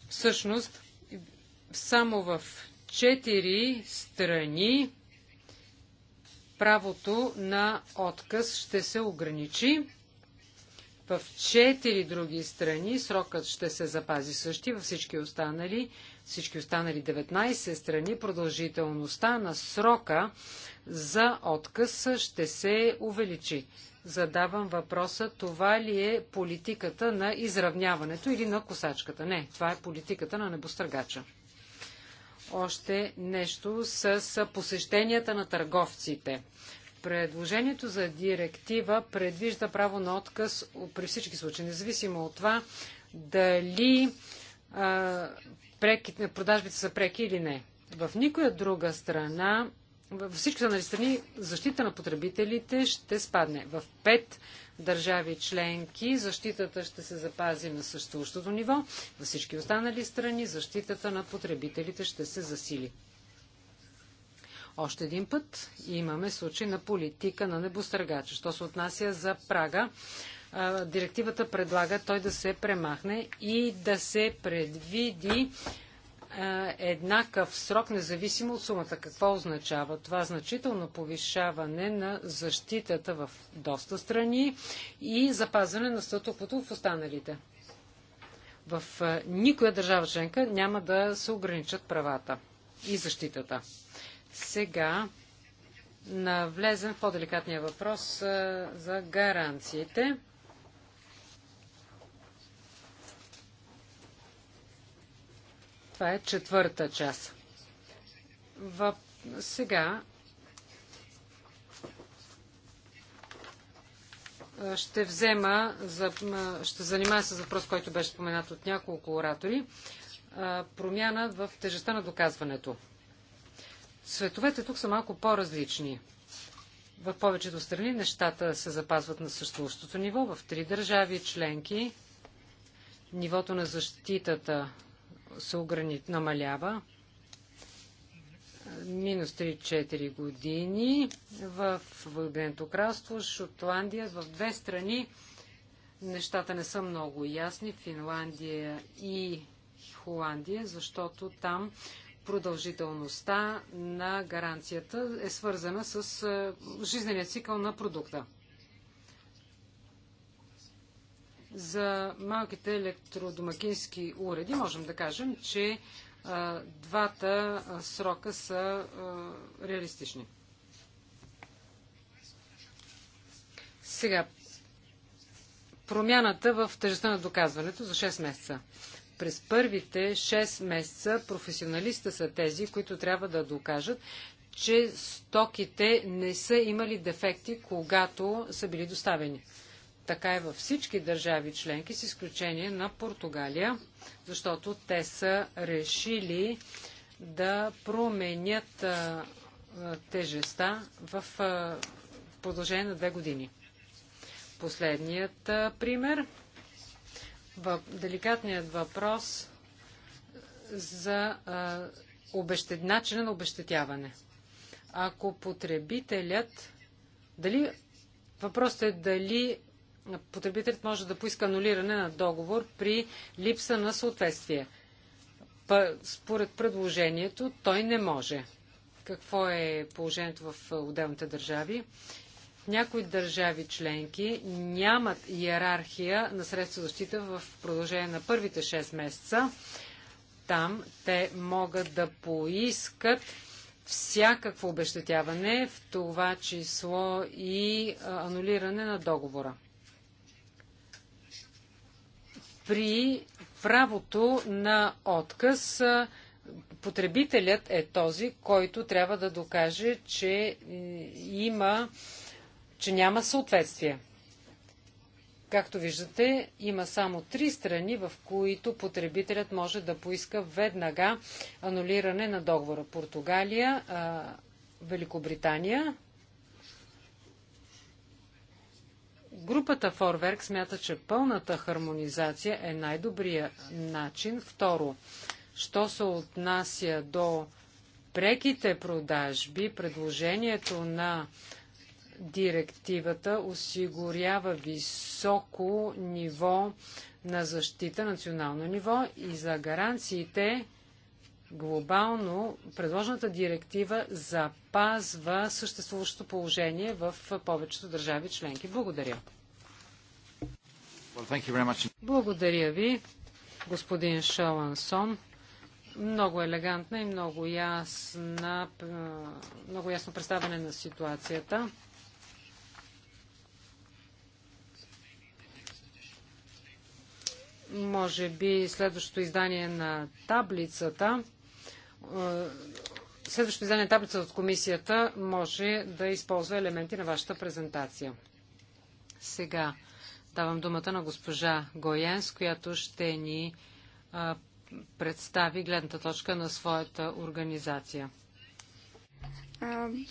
Всъщност, само в 4 страни правото на отказ ще се ограничи. В 4 други страни срокът ще се запази същи, във всички останали всички останали 19 страни, продължителността на срока за отказ ще се увеличи. Задавам въпроса, това ли е политиката на изравняването или на косачката? Не, това е политиката на небостъргача. Още нещо с посещенията на търговците. Предложението за директива предвижда право на отказ при всички случаи, независимо от това дали а, преки, продажбите са преки или не. В никоя друга страна, във всички останали страни, защита на потребителите ще спадне. В пет държави членки защитата ще се запази на съществуващото ниво. Във всички останали страни защитата на потребителите ще се засили. Още един път имаме случай на политика на небостъргача. Що се отнася за прага, директивата предлага той да се премахне и да се предвиди еднакъв срок, независимо от сумата. Какво означава? Това значително повишаване на защитата в доста страни и запазване на статуквото в останалите. В никоя държава членка няма да се ограничат правата и защитата. Сега навлезем в по-деликатния въпрос за гаранциите. Това е четвърта част. Въп... Сега ще взема, за, ще занимая с въпрос, който беше споменат от няколко оратори, промяна в тежестта на доказването. Световете тук са малко по-различни. В повечето страни нещата се запазват на съществуващото ниво. В три държави членки нивото на защитата се ограни, намалява. Минус 3-4 години в Въединеното кралство, Шотландия, в две страни нещата не са много ясни. Финландия и Холандия, защото там продължителността на гаранцията е свързана с е, жизнения цикъл на продукта. За малките електродомакински уреди можем да кажем, че двата срока са реалистични. Сега, промяната в тежестта на доказването за 6 месеца. През първите 6 месеца професионалиста са тези, които трябва да докажат, че стоките не са имали дефекти, когато са били доставени. Така е във всички държави членки, с изключение на Португалия, защото те са решили да променят а, тежеста в, а, в продължение на две години. Последният а, пример. Въп, деликатният въпрос за обещет, начина на обещетяване. Ако потребителят, дали, въпросът е дали потребителят може да поиска анулиране на договор при липса на съответствие. Според предложението той не може. Какво е положението в отделните държави? В някои държави членки нямат иерархия на средства защита в продължение на първите 6 месеца. Там те могат да поискат всякакво обещетяване, в това число и анулиране на договора. при правото на отказ потребителят е този, който трябва да докаже, че има, че няма съответствие. Както виждате, има само три страни, в които потребителят може да поиска веднага анулиране на договора. Португалия, Великобритания Групата Форверк смята, че пълната хармонизация е най-добрия начин. Второ, що се отнася до преките продажби, предложението на директивата осигурява високо ниво на защита национално ниво и за гаранциите Глобално предложената директива запазва съществуващото положение в повечето държави членки. Благодаря. Well, Благодаря ви, господин Шолансон. Много елегантна и много, ясна, много ясно представяне на ситуацията. може би следващото издание на таблицата е, следващото издание таблица от комисията може да използва елементи на вашата презентация. Сега давам думата на госпожа Гоенс, която ще ни е, представи гледната точка на своята организация.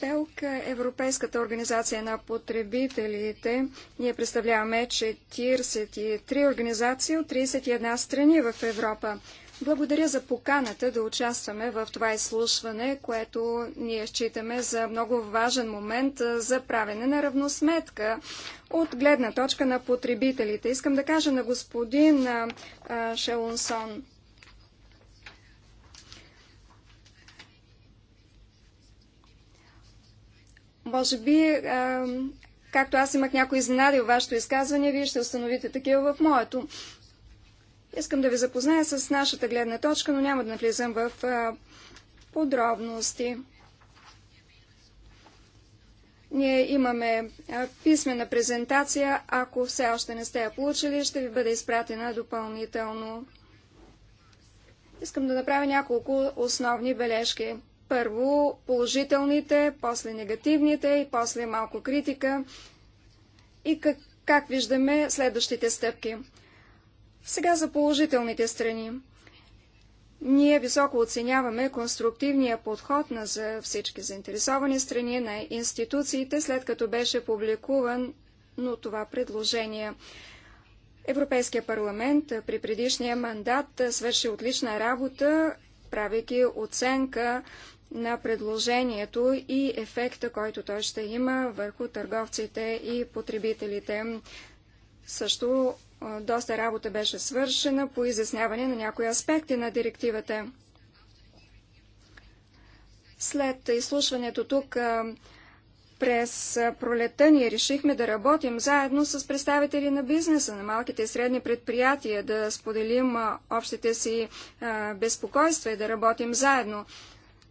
Белка, Европейската организация на потребителите, ние представляваме 43 организации от 31 страни в Европа. Благодаря за поканата да участваме в това изслушване, което ние считаме за много важен момент за правене на равносметка от гледна точка на потребителите. Искам да кажа на господин Шелунсон. Може би, както аз имах някои изненади в вашето изказване, вие ще установите такива в моето. Искам да ви запозная с нашата гледна точка, но няма да навлизам в подробности. Ние имаме писмена презентация. Ако все още не сте я получили, ще ви бъде изпратена допълнително. Искам да направя няколко основни бележки. Първо положителните, после негативните и после малко критика. И как, как виждаме следващите стъпки. Сега за положителните страни. Ние високо оценяваме конструктивния подход на за всички заинтересовани страни на институциите, след като беше публикувано това предложение. Европейския парламент при предишния мандат свърши отлична работа, правейки оценка на предложението и ефекта, който той ще има върху търговците и потребителите. Също е, доста работа беше свършена по изясняване на някои аспекти на директивата. След изслушването тук е, през пролета ние решихме да работим заедно с представители на бизнеса, на малките и средни предприятия, да споделим е, общите си безпокойства и да работим заедно.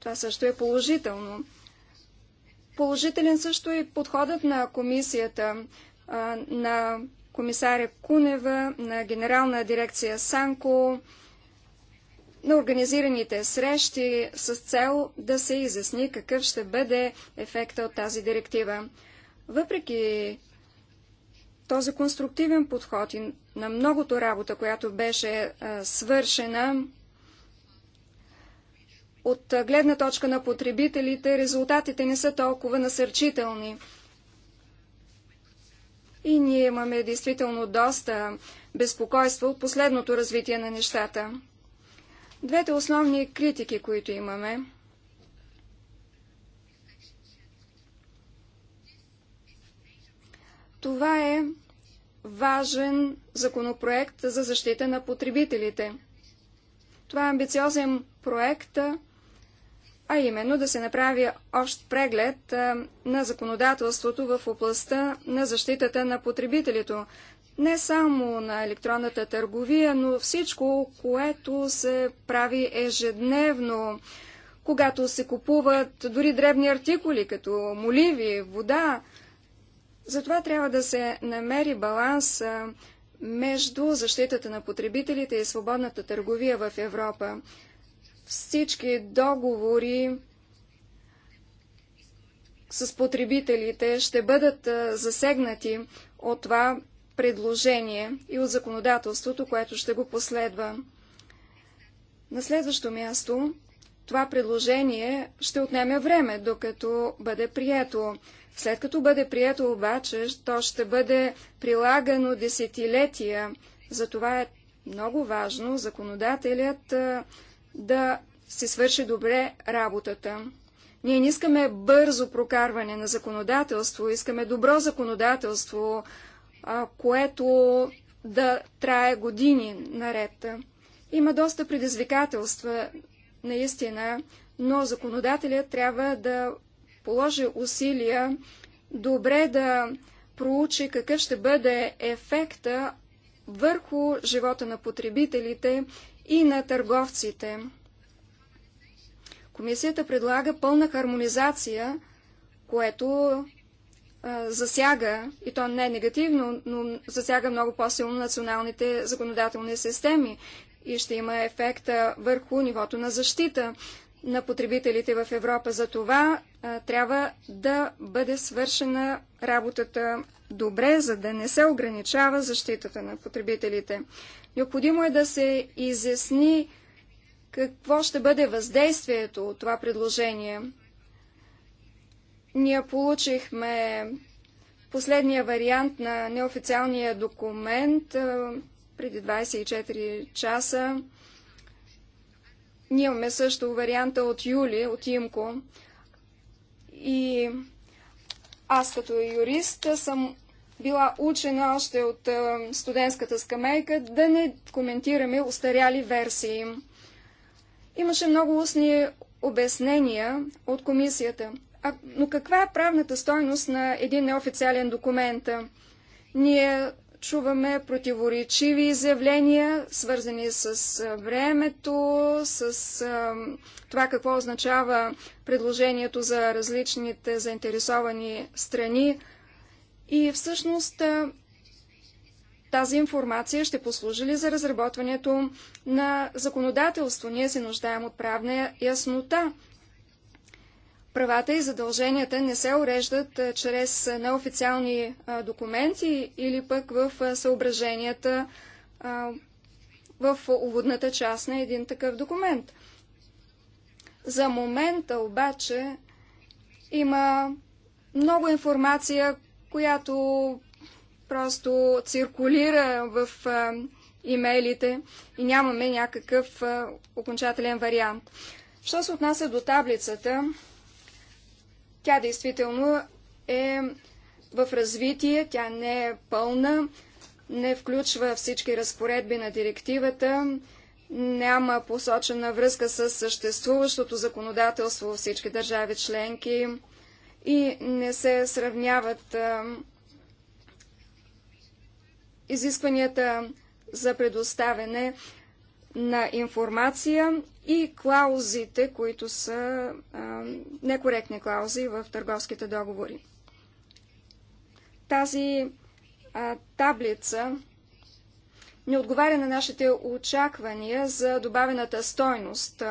Това също е положително. Положителен също е подходът на комисията на комисаря Кунева, на генерална дирекция Санко, на организираните срещи с цел да се изясни какъв ще бъде ефекта от тази директива. Въпреки този конструктивен подход и на многото работа, която беше а, свършена, от гледна точка на потребителите резултатите не са толкова насърчителни. И ние имаме действително доста безпокойство от последното развитие на нещата. Двете основни критики, които имаме, това е важен законопроект за защита на потребителите. Това е амбициозен проект, а именно да се направи общ преглед на законодателството в областта на защитата на потребителите. Не само на електронната търговия, но всичко, което се прави ежедневно, когато се купуват дори дребни артикули, като моливи, вода. Затова трябва да се намери баланс между защитата на потребителите и свободната търговия в Европа всички договори с потребителите ще бъдат засегнати от това предложение и от законодателството, което ще го последва. На следващо място, това предложение ще отнеме време, докато бъде прието. След като бъде прието обаче, то ще бъде прилагано десетилетия. Затова е много важно законодателят да си свърши добре работата. Ние не искаме бързо прокарване на законодателство, искаме добро законодателство, което да трае години наред. Има доста предизвикателства, наистина, но законодателят трябва да положи усилия добре да проучи какъв ще бъде ефекта върху живота на потребителите и на търговците. Комисията предлага пълна хармонизация, което а, засяга, и то не е негативно, но засяга много по-силно националните законодателни системи и ще има ефекта върху нивото на защита на потребителите в Европа. За това а, трябва да бъде свършена работата добре, за да не се ограничава защитата на потребителите. Необходимо е да се изясни какво ще бъде въздействието от това предложение. Ние получихме последния вариант на неофициалния документ преди 24 часа. Ние имаме също варианта от Юли, от Имко. И аз като юрист съм била учена още от е, студентската скамейка да не коментираме устаряли версии. Имаше много устни обяснения от комисията. А, но каква е правната стойност на един неофициален документ? Ние чуваме противоречиви изявления, свързани с времето, с това какво означава предложението за различните заинтересовани страни. И всъщност тази информация ще послужи ли за разработването на законодателство? Ние се нуждаем от правна яснота Правата и задълженията не се уреждат чрез неофициални документи или пък в съображенията в уводната част на един такъв документ. За момента обаче има много информация, която просто циркулира в имейлите и нямаме някакъв окончателен вариант. Що се отнася до таблицата, тя действително е в развитие, тя не е пълна, не включва всички разпоредби на директивата, няма посочена връзка с съществуващото законодателство във всички държави членки и не се сравняват а, изискванията за предоставяне на информация и клаузите, които са а, некоректни клаузи в търговските договори. Тази а, таблица не отговаря на нашите очаквания за добавената стойност.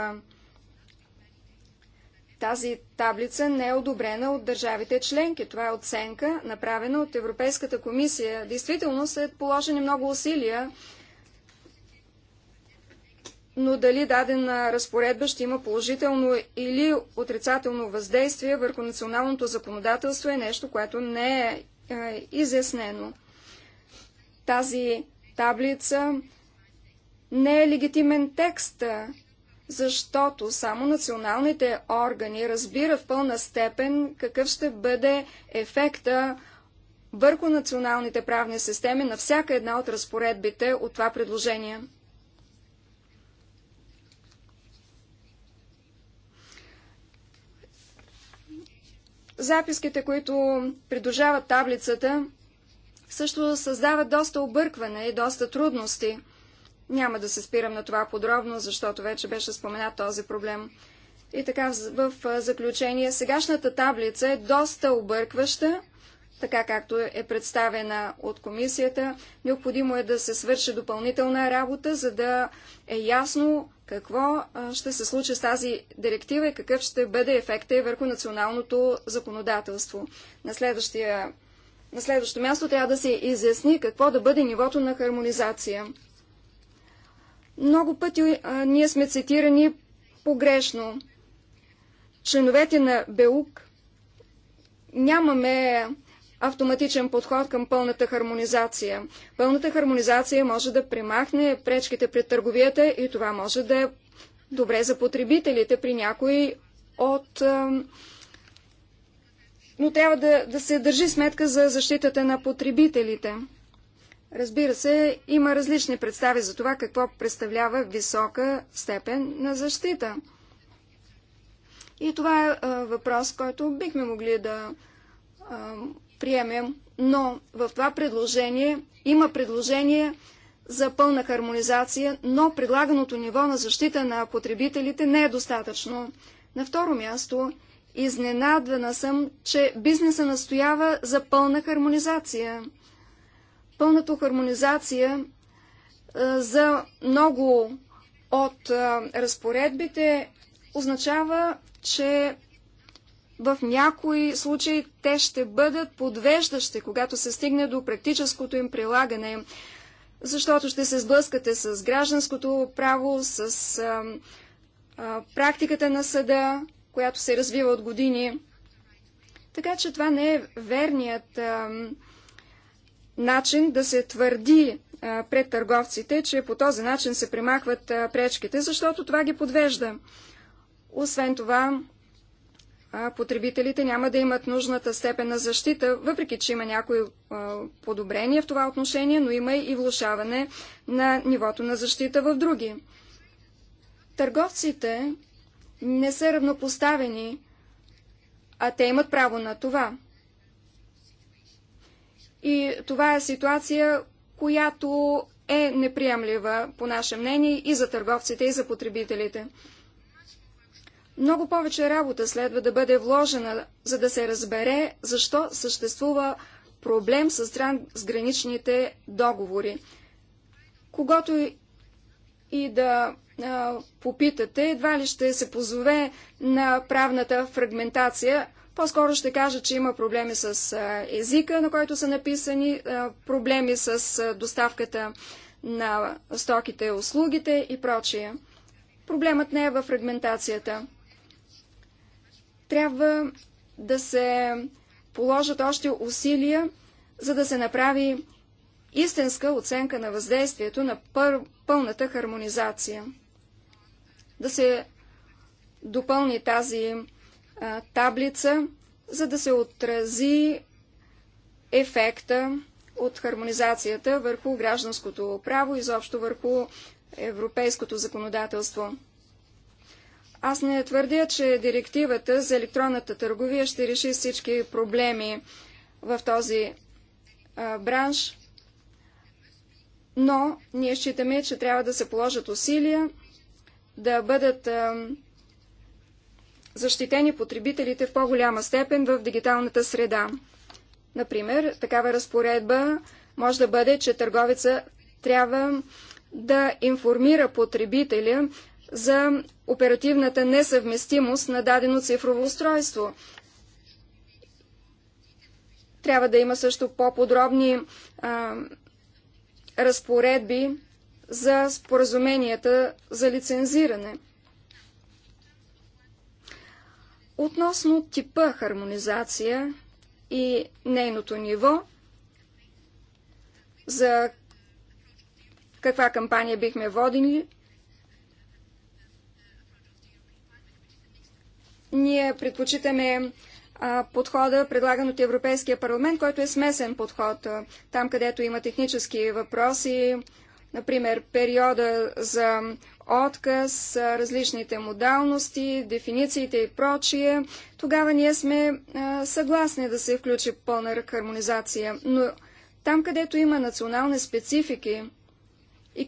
Тази таблица не е одобрена от държавите членки. Това е оценка, направена от Европейската комисия. Действително са положени много усилия но дали дадена разпоредба ще има положително или отрицателно въздействие върху националното законодателство е нещо, което не е, е изяснено. Тази таблица не е легитимен текст, защото само националните органи разбира в пълна степен какъв ще бъде ефекта върху националните правни системи на всяка една от разпоредбите от това предложение. Записките, които придружават таблицата, също създават доста объркване и доста трудности. Няма да се спирам на това подробно, защото вече беше споменат този проблем. И така, в заключение, сегашната таблица е доста объркваща така както е представена от комисията. Необходимо е да се свърши допълнителна работа, за да е ясно какво ще се случи с тази директива и какъв ще бъде ефекта върху националното законодателство. На, на следващото място трябва да се изясни какво да бъде нивото на хармонизация. Много пъти а, ние сме цитирани погрешно. Членовете на БЕУК нямаме автоматичен подход към пълната хармонизация. Пълната хармонизация може да премахне пречките пред търговията и това може да е добре за потребителите при някои от... Но трябва да, да се държи сметка за защитата на потребителите. Разбира се, има различни представи за това какво представлява висока степен на защита. И това е въпрос, който бихме могли да приемем, но в това предложение има предложение за пълна хармонизация, но предлаганото ниво на защита на потребителите не е достатъчно. На второ място, изненадвана съм, че бизнеса настоява за пълна хармонизация. Пълната хармонизация за много от разпоредбите означава, че в някои случаи те ще бъдат подвеждащи, когато се стигне до практическото им прилагане, защото ще се сблъскате с гражданското право, с а, а, практиката на съда, която се развива от години. Така че това не е верният а, начин да се твърди а, пред търговците, че по този начин се примахват а, пречките, защото това ги подвежда. Освен това, потребителите няма да имат нужната степен на защита, въпреки че има някои подобрения в това отношение, но има и влушаване на нивото на защита в други. Търговците не са равнопоставени, а те имат право на това. И това е ситуация, която е неприемлива, по наше мнение, и за търговците, и за потребителите. Много повече работа следва да бъде вложена, за да се разбере защо съществува проблем с трансграничните договори. Когато и да а, попитате, едва ли ще се позове на правната фрагментация. По-скоро ще кажа, че има проблеми с а, езика, на който са написани, а, проблеми с а, доставката на стоките, услугите и прочие. Проблемът не е в фрагментацията трябва да се положат още усилия, за да се направи истинска оценка на въздействието на пър... пълната хармонизация. Да се допълни тази а, таблица, за да се отрази ефекта от хармонизацията върху гражданското право, изобщо върху европейското законодателство. Аз не твърдя, че директивата за електронната търговия ще реши всички проблеми в този а, бранш, но ние считаме, че трябва да се положат усилия да бъдат а, защитени потребителите в по-голяма степен в дигиталната среда. Например, такава разпоредба може да бъде, че търговеца трябва да информира потребителя за оперативната несъвместимост на дадено цифрово устройство. Трябва да има също по-подробни разпоредби за споразуменията за лицензиране. Относно типа хармонизация и нейното ниво, за каква кампания бихме водили, Ние предпочитаме подхода, предлаган от Европейския парламент, който е смесен подход. Там, където има технически въпроси, например, периода за отказ, различните модалности, дефинициите и прочие, тогава ние сме съгласни да се включи пълна хармонизация. Но там, където има национални специфики,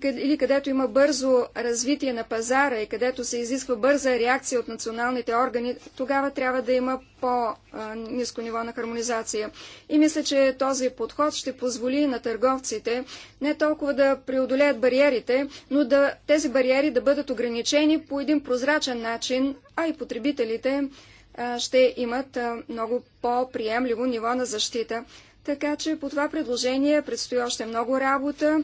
или където има бързо развитие на пазара и където се изисква бърза реакция от националните органи, тогава трябва да има по-низко ниво на хармонизация. И мисля, че този подход ще позволи на търговците не толкова да преодолеят бариерите, но да тези бариери да бъдат ограничени по един прозрачен начин, а и потребителите а, ще имат а, много по-приемливо ниво на защита. Така че по това предложение предстои още много работа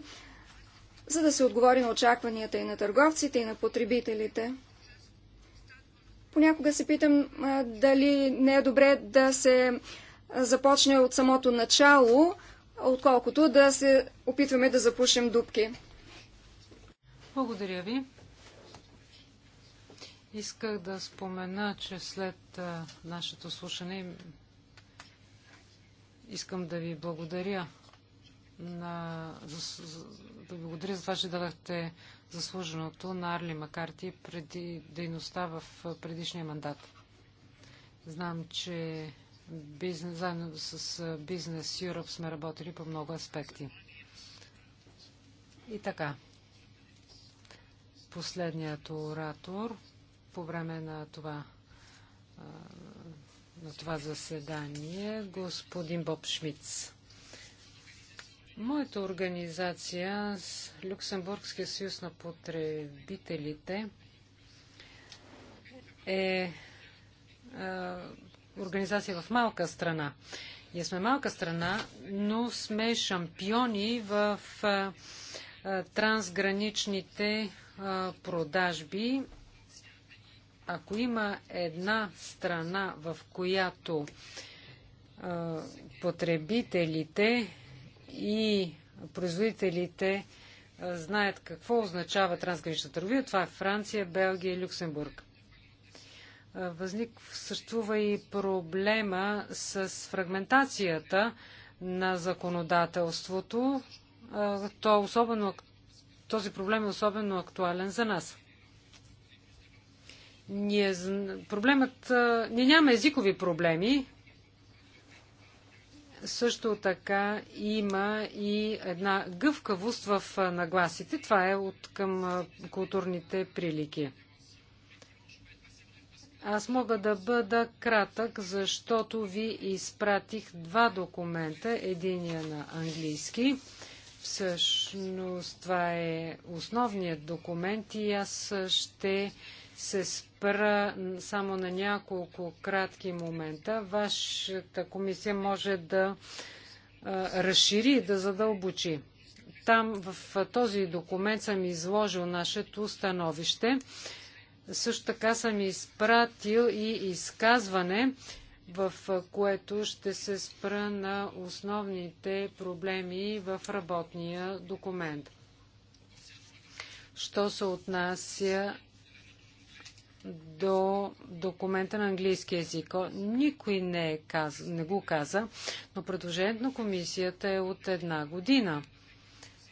за да се отговори на очакванията и на търговците, и на потребителите. Понякога се питам дали не е добре да се започне от самото начало, отколкото да се опитваме да запушим дубки. Благодаря ви. Исках да спомена, че след нашето слушане искам да ви благодаря на, за, да благодаря за това, че дадахте заслуженото на Арли Макарти преди дейността в предишния мандат. Знам, че бизнес, заедно с Бизнес Юръп сме работили по много аспекти. И така. Последният оратор по време на това, на това заседание, господин Боб Шмиц. Моята организация с Люксембургския съюз на потребителите е, е, организация в малка страна. Ние сме малка страна, но сме шампиони в е, е, трансграничните продажби. Ако има една страна, в която потребителите и производителите знаят какво означава трансгранична търговия. Това е Франция, Белгия и Люксембург. Възник, съществува и проблема с фрагментацията на законодателството. То особено, този проблем е особено актуален за нас. Ние, проблемът, ние нямаме езикови проблеми, също така има и една гъвкавост в нагласите. Това е от към културните прилики. Аз мога да бъда кратък, защото ви изпратих два документа. Единия на английски. Всъщност това е основният документ и аз ще се спра само на няколко кратки момента. Вашата комисия може да разшири, да задълбочи. Там в този документ съм изложил нашето становище. Също така съм изпратил и изказване, в което ще се спра на основните проблеми в работния документ. Що се отнася до документа на английски язик. Никой не, е каз... не го каза, но предложението на комисията е от една година.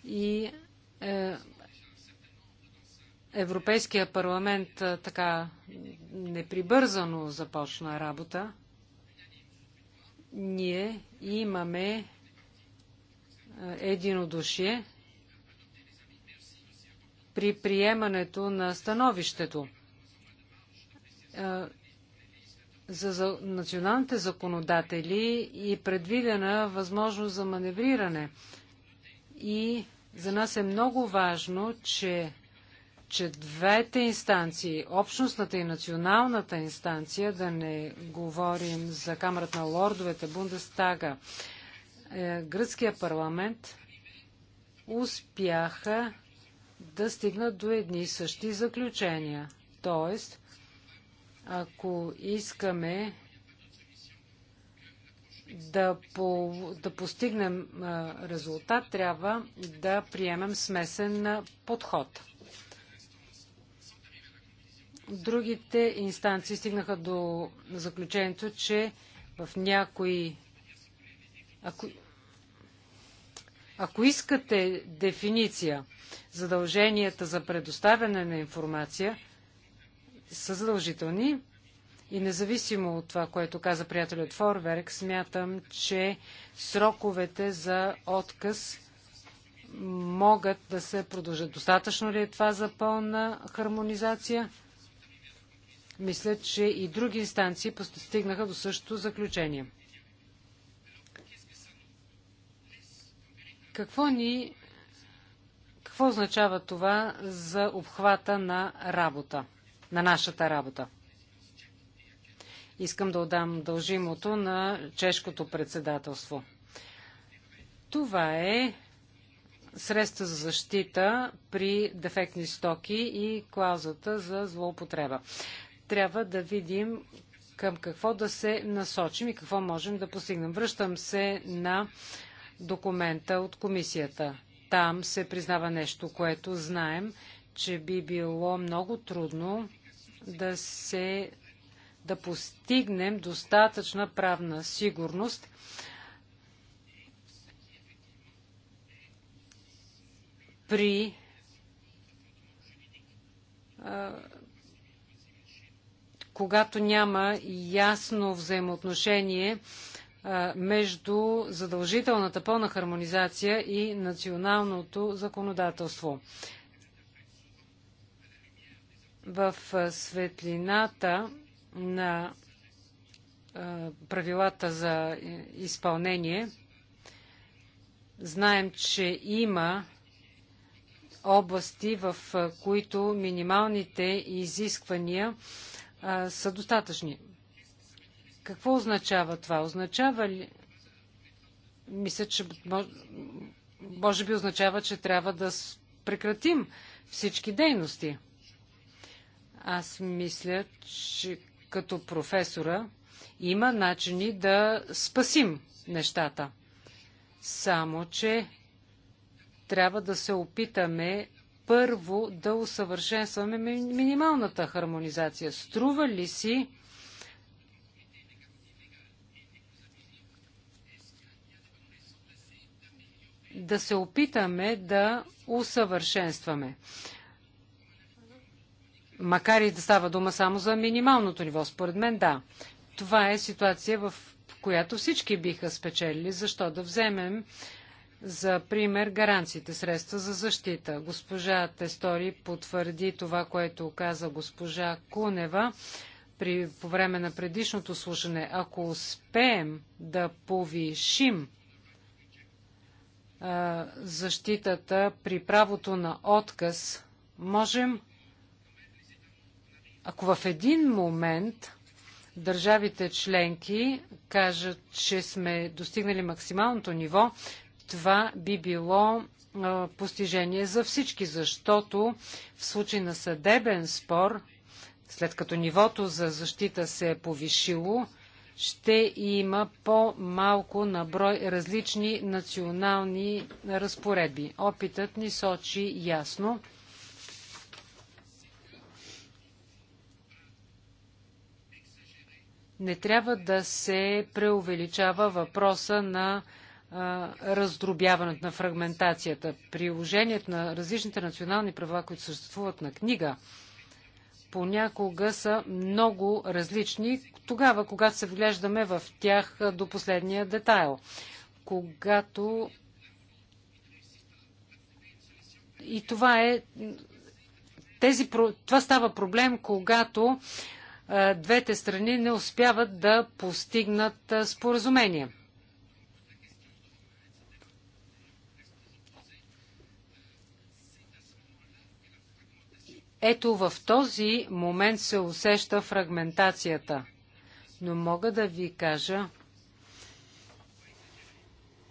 И е, Европейския парламент е, така неприбързано започна работа. Ние имаме е, единодушие при приемането на становището. Е, за националните законодатели и предвидена възможност за маневриране. И за нас е много важно, че, че двете инстанции, общностната и националната инстанция, да не говорим за Камерата на лордовете, Бундестага, е, гръцкия парламент, успяха да стигнат до едни и същи заключения. Тоест, ако искаме да, по, да постигнем резултат, трябва да приемем смесен подход. Другите инстанции стигнаха до заключението, че в някои. Ако, ако искате дефиниция задълженията за предоставяне на информация, са задължителни. И независимо от това, което каза приятел от Форверк, смятам, че сроковете за отказ могат да се продължат. Достатъчно ли е това за пълна хармонизация? Мисля, че и други инстанции постигнаха до същото заключение. Какво ни... Какво означава това за обхвата на работа? на нашата работа. Искам да отдам дължимото на чешкото председателство. Това е средства за защита при дефектни стоки и клаузата за злоупотреба. Трябва да видим към какво да се насочим и какво можем да постигнем. Връщам се на документа от комисията. Там се признава нещо, което знаем, че би било много трудно да се да постигнем достатъчна правна сигурност. при когато няма ясно взаимоотношение между задължителната пълна хармонизация и националното законодателство в светлината на правилата за е, изпълнение. Знаем, че има области, в които минималните изисквания са достатъчни. Какво означава това? Означава ли... Мисля, че може би означава, че трябва да прекратим всички дейности. Аз мисля, че като професора има начини да спасим нещата. Само, че трябва да се опитаме първо да усъвършенстваме минималната хармонизация. Струва ли си да се опитаме да усъвършенстваме? Макар и да става дума само за минималното ниво, според мен да. Това е ситуация, в която всички биха спечелили. Защо да вземем за пример гаранциите, средства за защита. Госпожа Тестори потвърди това, което каза госпожа Кунева при, по време на предишното слушане. Ако успеем да повишим а, защитата при правото на отказ, можем ако в един момент държавите членки кажат, че сме достигнали максималното ниво, това би било постижение за всички, защото в случай на съдебен спор, след като нивото за защита се е повишило, ще има по-малко наброй различни национални разпоредби. Опитът ни сочи ясно, не трябва да се преувеличава въпроса на раздробяването на фрагментацията. Приложението на различните национални права, които съществуват на книга, понякога са много различни, тогава, когато се вглеждаме в тях до последния детайл. Когато и това е тези, това става проблем, когато е, двете страни не успяват да постигнат е, споразумение. Ето в този момент се усеща фрагментацията. Но мога да ви кажа,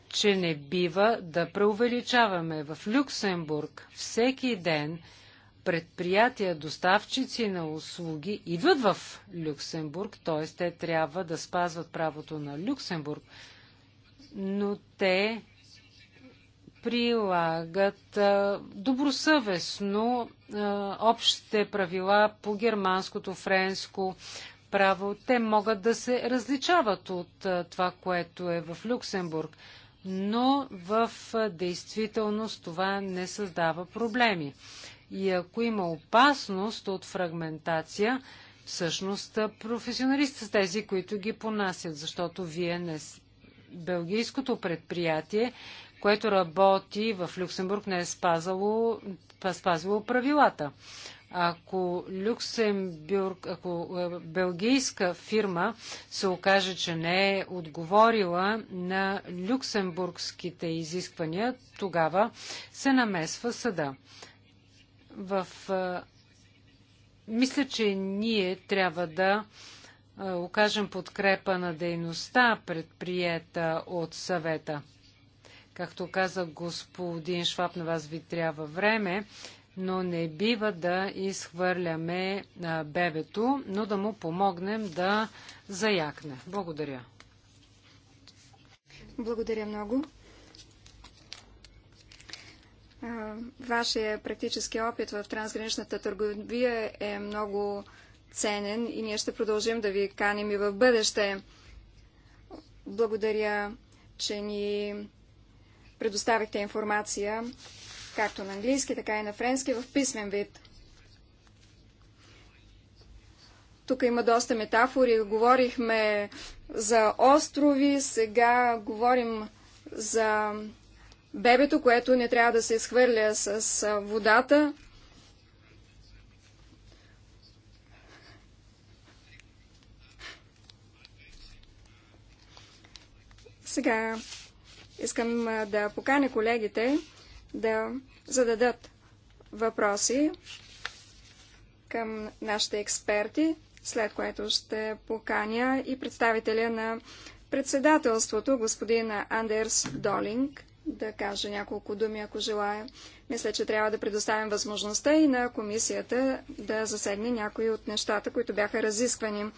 че не бива да преувеличаваме. В Люксембург всеки ден предприятия, доставчици на услуги идват в Люксембург, т.е. те трябва да спазват правото на Люксембург, но те прилагат добросъвестно общите правила по германското, френско право. Те могат да се различават от това, което е в Люксембург, но в действителност това не създава проблеми. И ако има опасност от фрагментация, всъщност професионалисти са тези, които ги понасят, защото вие не... Белгийското предприятие, което работи в Люксембург, не е спазало, спазвало правилата. Ако, Люксембург, ако е, белгийска фирма се окаже, че не е отговорила на люксембургските изисквания, тогава се намесва съда в... Мисля, че ние трябва да окажем подкрепа на дейността, предприета от съвета. Както каза господин Шваб, на вас ви трябва време, но не бива да изхвърляме бебето, но да му помогнем да заякне. Благодаря. Благодаря много. Вашия практически опит в трансграничната търговия е много ценен и ние ще продължим да ви каним и в бъдеще. Благодаря, че ни предоставихте информация както на английски, така и на френски в писмен вид. Тук има доста метафори. Говорихме за острови, сега говорим за бебето, което не трябва да се изхвърля с водата. Сега искам да поканя колегите да зададат въпроси към нашите експерти, след което ще поканя и представителя на председателството, господин Андерс Долинг да кажа няколко думи, ако желая. Мисля, че трябва да предоставим възможността и на комисията да засегне някои от нещата, които бяха разисквани.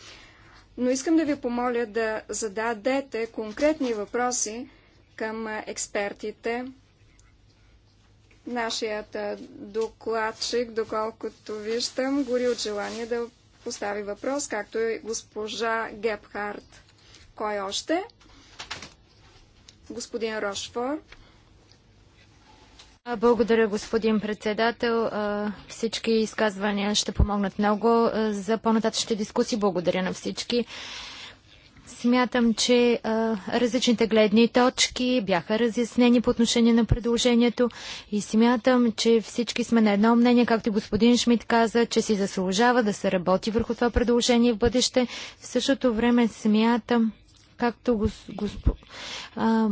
Но искам да ви помоля да зададете конкретни въпроси към експертите. Нашият докладчик, доколкото виждам, гори от желание да постави въпрос, както и госпожа Гепхарт. Кой още? господин Рошфор. Благодаря, господин председател. Всички изказвания ще помогнат много за по-нататъчните дискусии. Благодаря на всички. Смятам, че а, различните гледни точки бяха разяснени по отношение на предложението и смятам, че всички сме на едно мнение, както и господин Шмидт каза, че си заслужава да се работи върху това предложение в бъдеще. В същото време смятам, както гос, госп... а,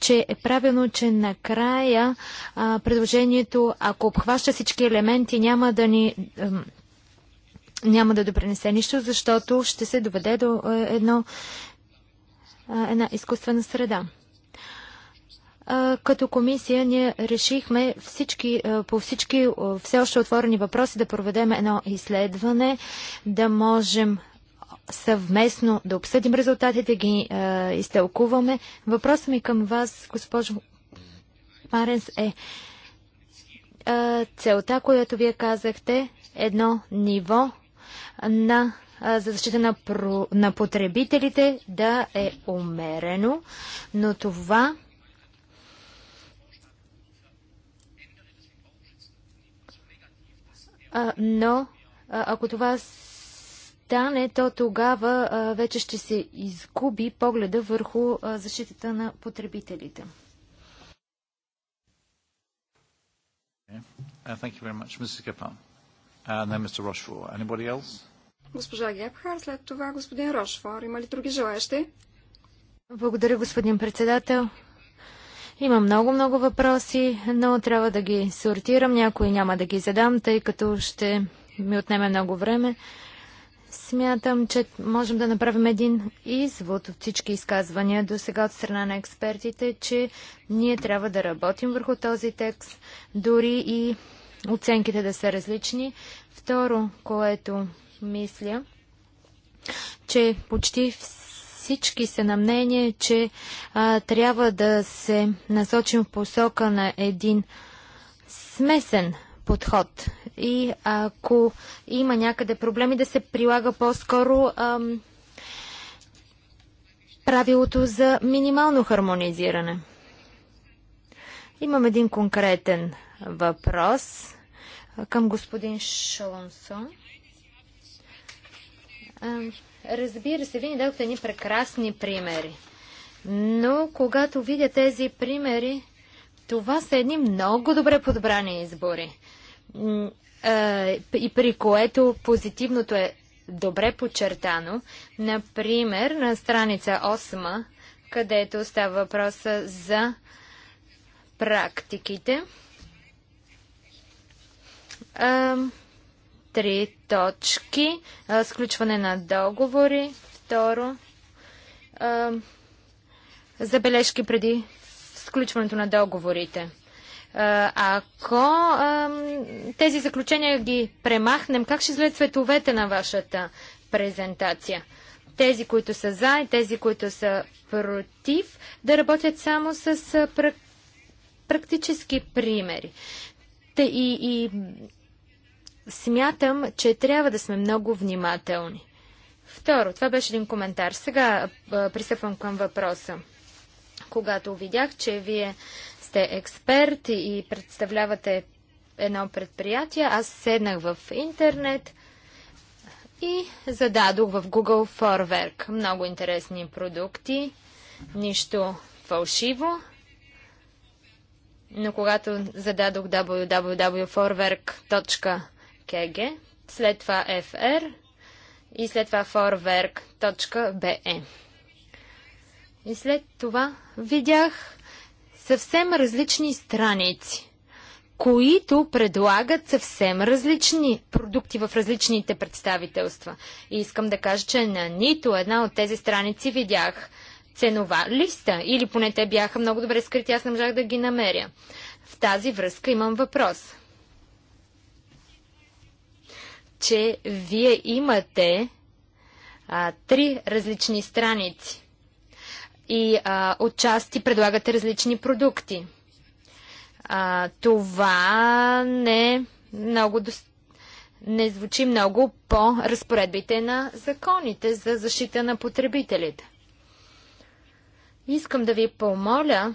че е правилно, че накрая а, предложението, ако обхваща всички елементи, няма да ни а, няма да допринесе нищо, защото ще се доведе до е, едно, една изкуствена среда. Като комисия ние решихме всички, по всички все още отворени въпроси да проведем едно изследване, да можем съвместно да обсъдим резултатите, ги а, изтълкуваме. Въпросът ми към вас, госпожо Маренс, е а, целта, която вие казахте, едно ниво на за защита на, про, на потребителите да е умерено, но това а, но ако това стане, то тогава а, вече ще се изгуби погледа върху а, защитата на потребителите. Uh, uh, Госпожа Гепхар, след това господин Рошфор. Има ли други желаящи? Благодаря, господин председател. Има много-много въпроси, но трябва да ги сортирам. Някои няма да ги задам, тъй като ще ми отнеме много време. Смятам, че можем да направим един извод от всички изказвания до сега от страна на експертите, че ние трябва да работим върху този текст, дори и оценките да са различни. Второ, което мисля, че почти всички са на мнение, че а, трябва да се насочим в посока на един смесен подход. И ако има някъде проблеми, да се прилага по-скоро правилото за минимално хармонизиране. Имам един конкретен въпрос към господин Шалонсон. Разбира се, вие ни дадохте едни прекрасни примери. Но когато видя тези примери, това са едни много добре подбрани избори и при което позитивното е добре подчертано. Например, на страница 8, където става въпроса за практиките. Три точки. Сключване на договори. Второ. Забележки преди сключването на договорите. Е, ако тези заключения ги премахнем, как ще изгледат цветовете на вашата презентация? Тези, които са за и тези, които са против, да работят само с практически примери. и, и смятам, че трябва да сме много внимателни. Второ, това беше един коментар. Сега пристъпвам към въпроса. Когато видях, че вие сте експерт и представлявате едно предприятие, аз седнах в интернет и зададох в Google Forwerk много интересни продукти, нищо фалшиво. Но когато зададох www.forwerk.kg, след това fr и след това forwerk.be. И след това видях съвсем различни страници, които предлагат съвсем различни продукти в различните представителства. И искам да кажа, че на нито една от тези страници видях ценова листа, или поне те бяха много добре скрити, аз не можах да ги намеря. В тази връзка имам въпрос. Че вие имате а, три различни страници и а, отчасти предлагате различни продукти. А, това не, много, не звучи много по разпоредбите на законите за защита на потребителите. Искам да ви помоля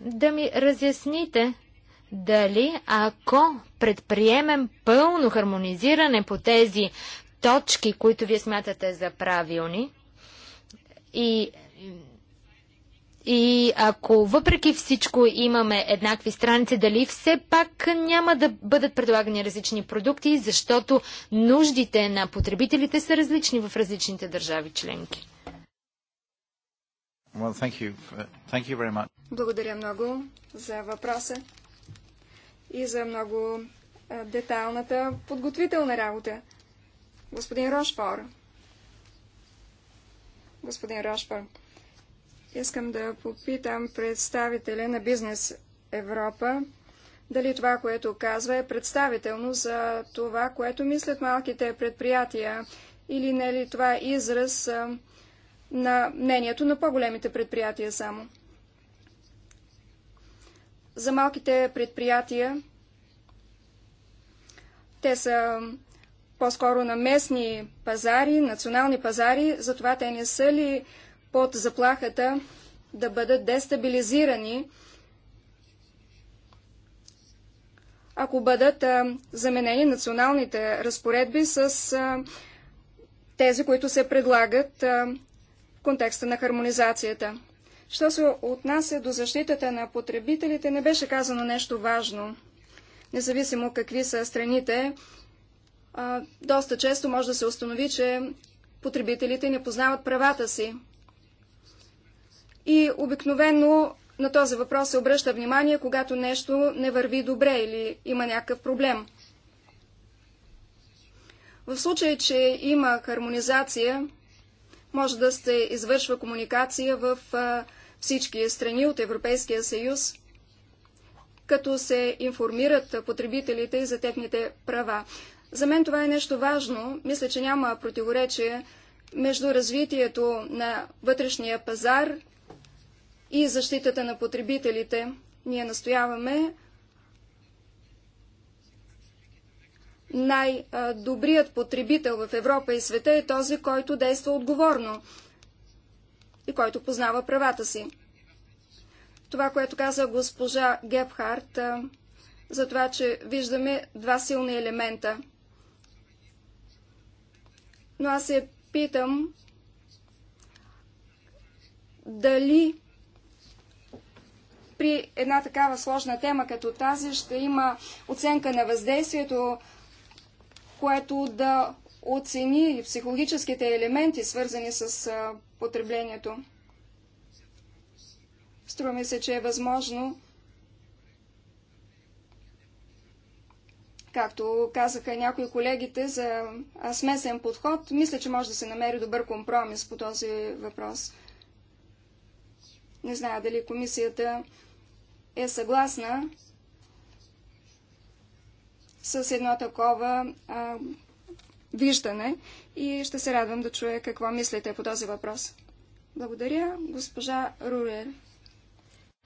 да ми разясните дали ако предприемем пълно хармонизиране по тези точки, които вие смятате за правилни и и ако въпреки всичко имаме еднакви страници, дали все пак няма да бъдат предлагани различни продукти, защото нуждите на потребителите са различни в различните държави членки? Well, thank you. Thank you Благодаря много за въпроса и за много детайлната подготвителна работа. Господин Рошфор. Господин Рошфор. Искам да попитам представителя на Бизнес Европа, дали това, което казва, е представително за това, което мислят малките предприятия, или не ли това е израз на мнението на по-големите предприятия само. За малките предприятия те са по-скоро на местни пазари, национални пазари, затова те не са ли под заплахата да бъдат дестабилизирани, ако бъдат а, заменени националните разпоредби с а, тези, които се предлагат а, в контекста на хармонизацията. Що се отнася до защитата на потребителите, не беше казано нещо важно. Независимо какви са страните, доста често може да се установи, че потребителите не познават правата си. И обикновено на този въпрос се обръща внимание, когато нещо не върви добре или има някакъв проблем. В случай, че има хармонизация, може да се извършва комуникация в всички страни от Европейския съюз, като се информират потребителите за техните права. За мен това е нещо важно. Мисля, че няма противоречие между развитието на вътрешния пазар и защитата на потребителите. Ние настояваме най-добрият потребител в Европа и света е този, който действа отговорно и който познава правата си. Това, което каза госпожа Гепхарт, за това, че виждаме два силни елемента. Но аз се питам дали при една такава сложна тема като тази ще има оценка на въздействието, което да оцени психологическите елементи, свързани с потреблението. Струва ми се, че е възможно, както казаха някои колегите, за смесен подход. Мисля, че може да се намери добър компромис по този въпрос. Не зная дали комисията е съгласна с едно такова а, виждане и ще се радвам да чуя какво мислите по този въпрос. Благодаря, госпожа Рурер.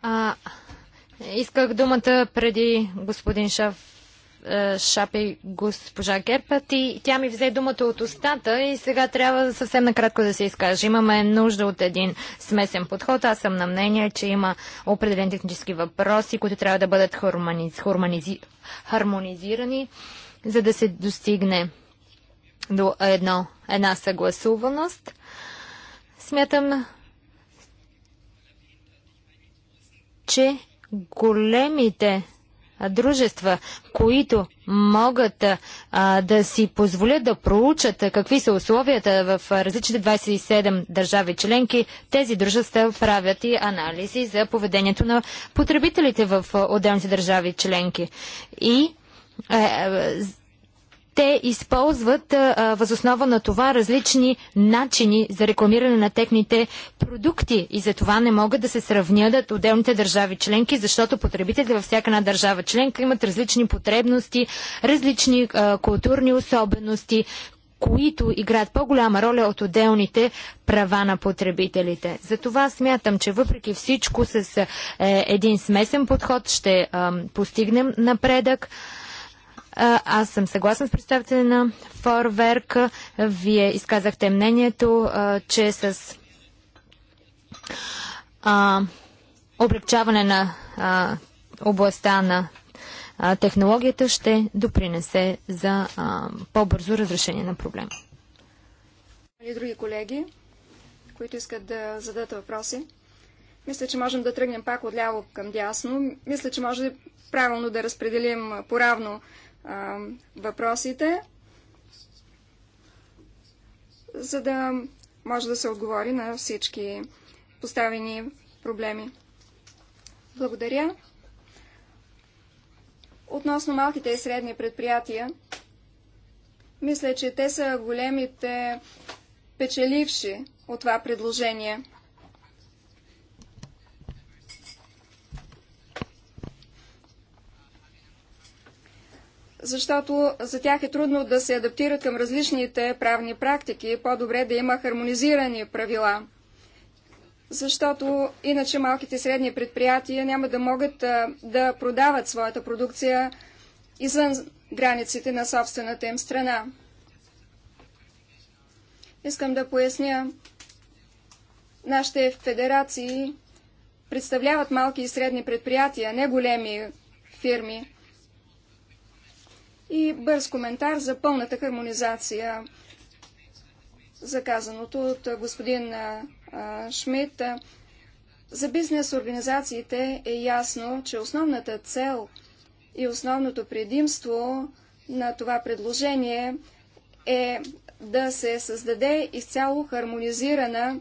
А, исках думата преди господин Шаф е, Шапи госпожа Герпът и тя ми взе думата от устата и сега трябва съвсем накратко да се изкаже. Имаме нужда от един смесен подход. Аз съм на мнение, че има определени технически въпроси, които трябва да бъдат хармониз... Хармониз... хармонизирани, за да се достигне до едно, една съгласуваност. Смятам, че големите дружества, които могат а, да си позволят да проучат какви са условията в различните 27 държави членки, тези дружества правят и анализи за поведението на потребителите в отделните държави членки. И е, е, те използват а, възоснова на това различни начини за рекламиране на техните продукти и за това не могат да се сравнят отделните държави членки, защото потребителите във всяка една държава членка имат различни потребности, различни а, културни особености, които играят по-голяма роля от отделните права на потребителите. Затова смятам, че въпреки всичко с е, един смесен подход ще е, постигнем напредък. Аз съм съгласна с представителя на Форверк. Вие изказахте мнението, че с облегчаване на а, областта на а, технологията ще допринесе за по-бързо разрешение на проблема. И други колеги, които искат да зададат въпроси. Мисля, че можем да тръгнем пак отляво към дясно. Мисля, че може правилно да разпределим поравно въпросите, за да може да се отговори на всички поставени проблеми. Благодаря. Относно малките и средни предприятия, мисля, че те са големите печеливши от това предложение – защото за тях е трудно да се адаптират към различните правни практики. По-добре да има хармонизирани правила, защото иначе малките и средни предприятия няма да могат да продават своята продукция извън границите на собствената им страна. Искам да поясня, нашите федерации представляват малки и средни предприятия, не големи фирми. И бърз коментар за пълната хармонизация за казаното от господин Шмидт. За бизнес организациите е ясно, че основната цел и основното предимство на това предложение е да се създаде изцяло хармонизирана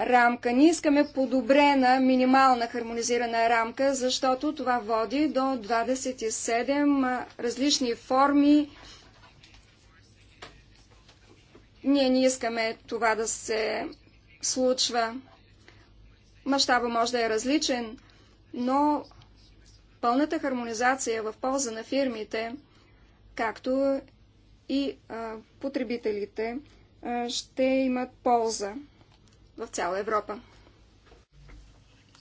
рамка. Ние искаме подобрена минимална хармонизирана рамка, защото това води до 27 различни форми. Ние не искаме това да се случва. Мащаба може да е различен, но пълната хармонизация в полза на фирмите, както и а, потребителите, а, ще имат полза в цяла Европа.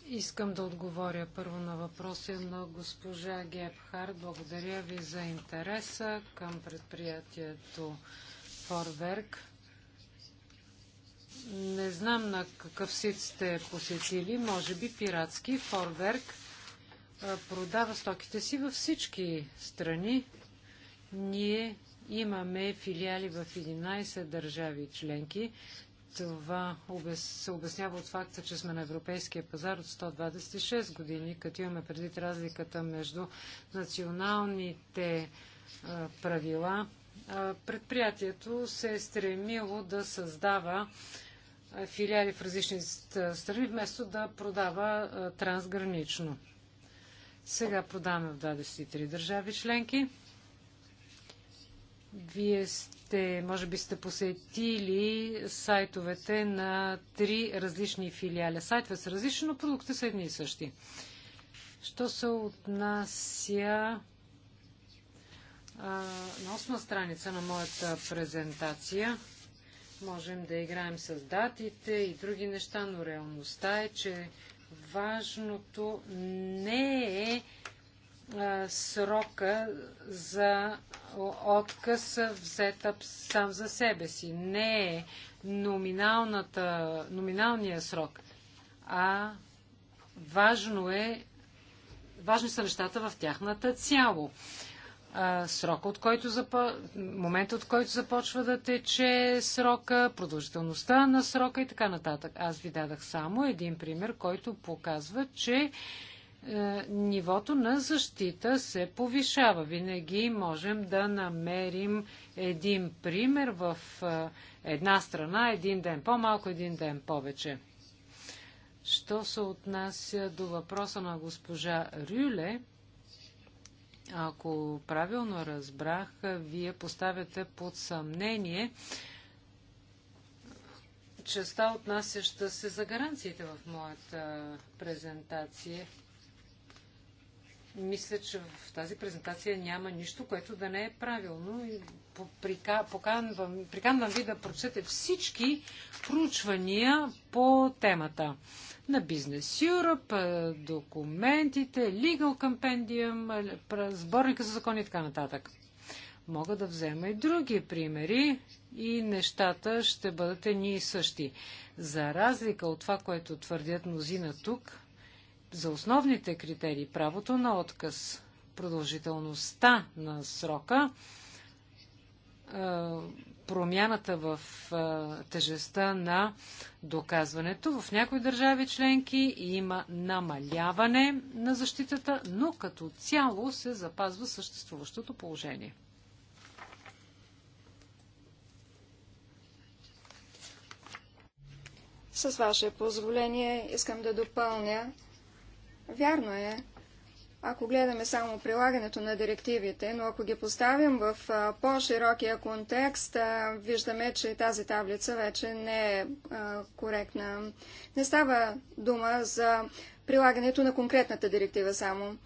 Искам да отговоря първо на въпроси на госпожа Гебхар. Благодаря ви за интереса към предприятието Форверк. Не знам на какъв сит сте посетили, може би пиратски. Форверк продава стоките си във всички страни. Ние имаме филиали в 11 държави членки. Това се обяснява от факта, че сме на европейския пазар от 126 години, като имаме предвид разликата между националните правила. предприятието се е стремило да създава филиали в различни страни, вместо да продава трансгранично. Сега продаваме в 23 държави членки. Вие сте, може би сте посетили сайтовете на три различни филиали. Сайтове са различни, но продукти са едни и същи. Що се отнася а, на осма страница на моята презентация, можем да играем с датите и други неща, но реалността е, че важното не е срока за отказ взета сам за себе си. Не е номиналния срок, а важно е, важни са нещата в тяхната цяло. Срок, от който запо... момента, от който започва да тече срока, продължителността на срока и така нататък. Аз ви дадах само един пример, който показва, че е, нивото на защита се повишава. Винаги можем да намерим един пример в е, една страна, един ден по-малко, един ден повече. Що се отнася до въпроса на госпожа Рюле, ако правилно разбрах, вие поставяте под съмнение частта отнасяща се за гаранциите в моята презентация мисля, че в тази презентация няма нищо, което да не е правилно. И приканвам, приканвам ви да прочете всички проучвания по темата. На Business Europe, е, документите, Legal Compendium, е, сборника за закони и така нататък. Мога да взема и други примери и нещата ще бъдат едни и същи. За разлика от това, което твърдят мнозина тук, за основните критерии, правото на отказ, продължителността на срока, промяната в тежестта на доказването. В някои държави членки има намаляване на защитата, но като цяло се запазва съществуващото положение. С ваше позволение искам да допълня Вярно е, ако гледаме само прилагането на директивите, но ако ги поставим в по-широкия контекст, виждаме, че тази таблица вече не е коректна. Не става дума за прилагането на конкретната директива само.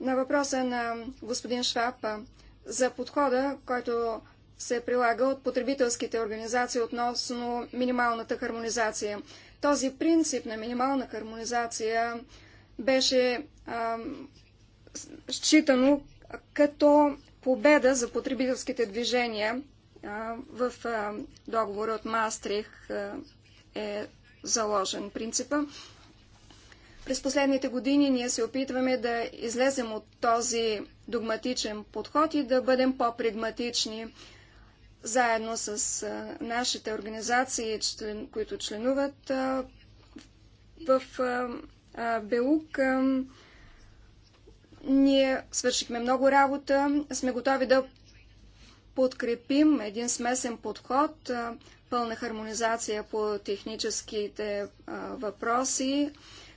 На въпроса на господин Шваб за подхода, който се прилага от потребителските организации относно минималната хармонизация. Този принцип на минимална хармонизация беше а, считано като победа за потребителските движения а, в а, договора от Мастрих а, е заложен принципа. През последните години ние се опитваме да излезем от този догматичен подход и да бъдем по-прагматични заедно с нашите организации, които членуват в Белук. Ние свършихме много работа, сме готови да подкрепим един смесен подход, пълна хармонизация по техническите въпроси,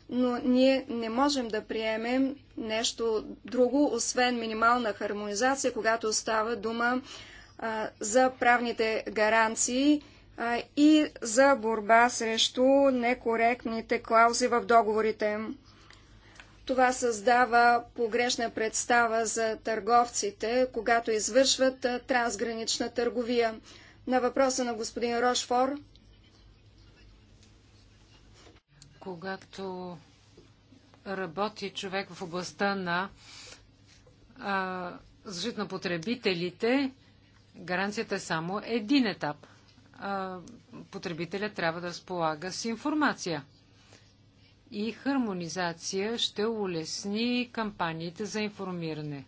но ние не можем да приемем нещо друго, освен минимална хармонизация, когато става дума за правните гаранции и за борба срещу некоректните клаузи в договорите. Това създава погрешна представа за търговците, когато извършват трансгранична търговия. На въпроса на господин Рошфор. Когато работи човек в областта на защита на потребителите, Гаранцията е само един етап. Потребителя трябва да разполага с информация. И хармонизация ще улесни кампаниите за информиране.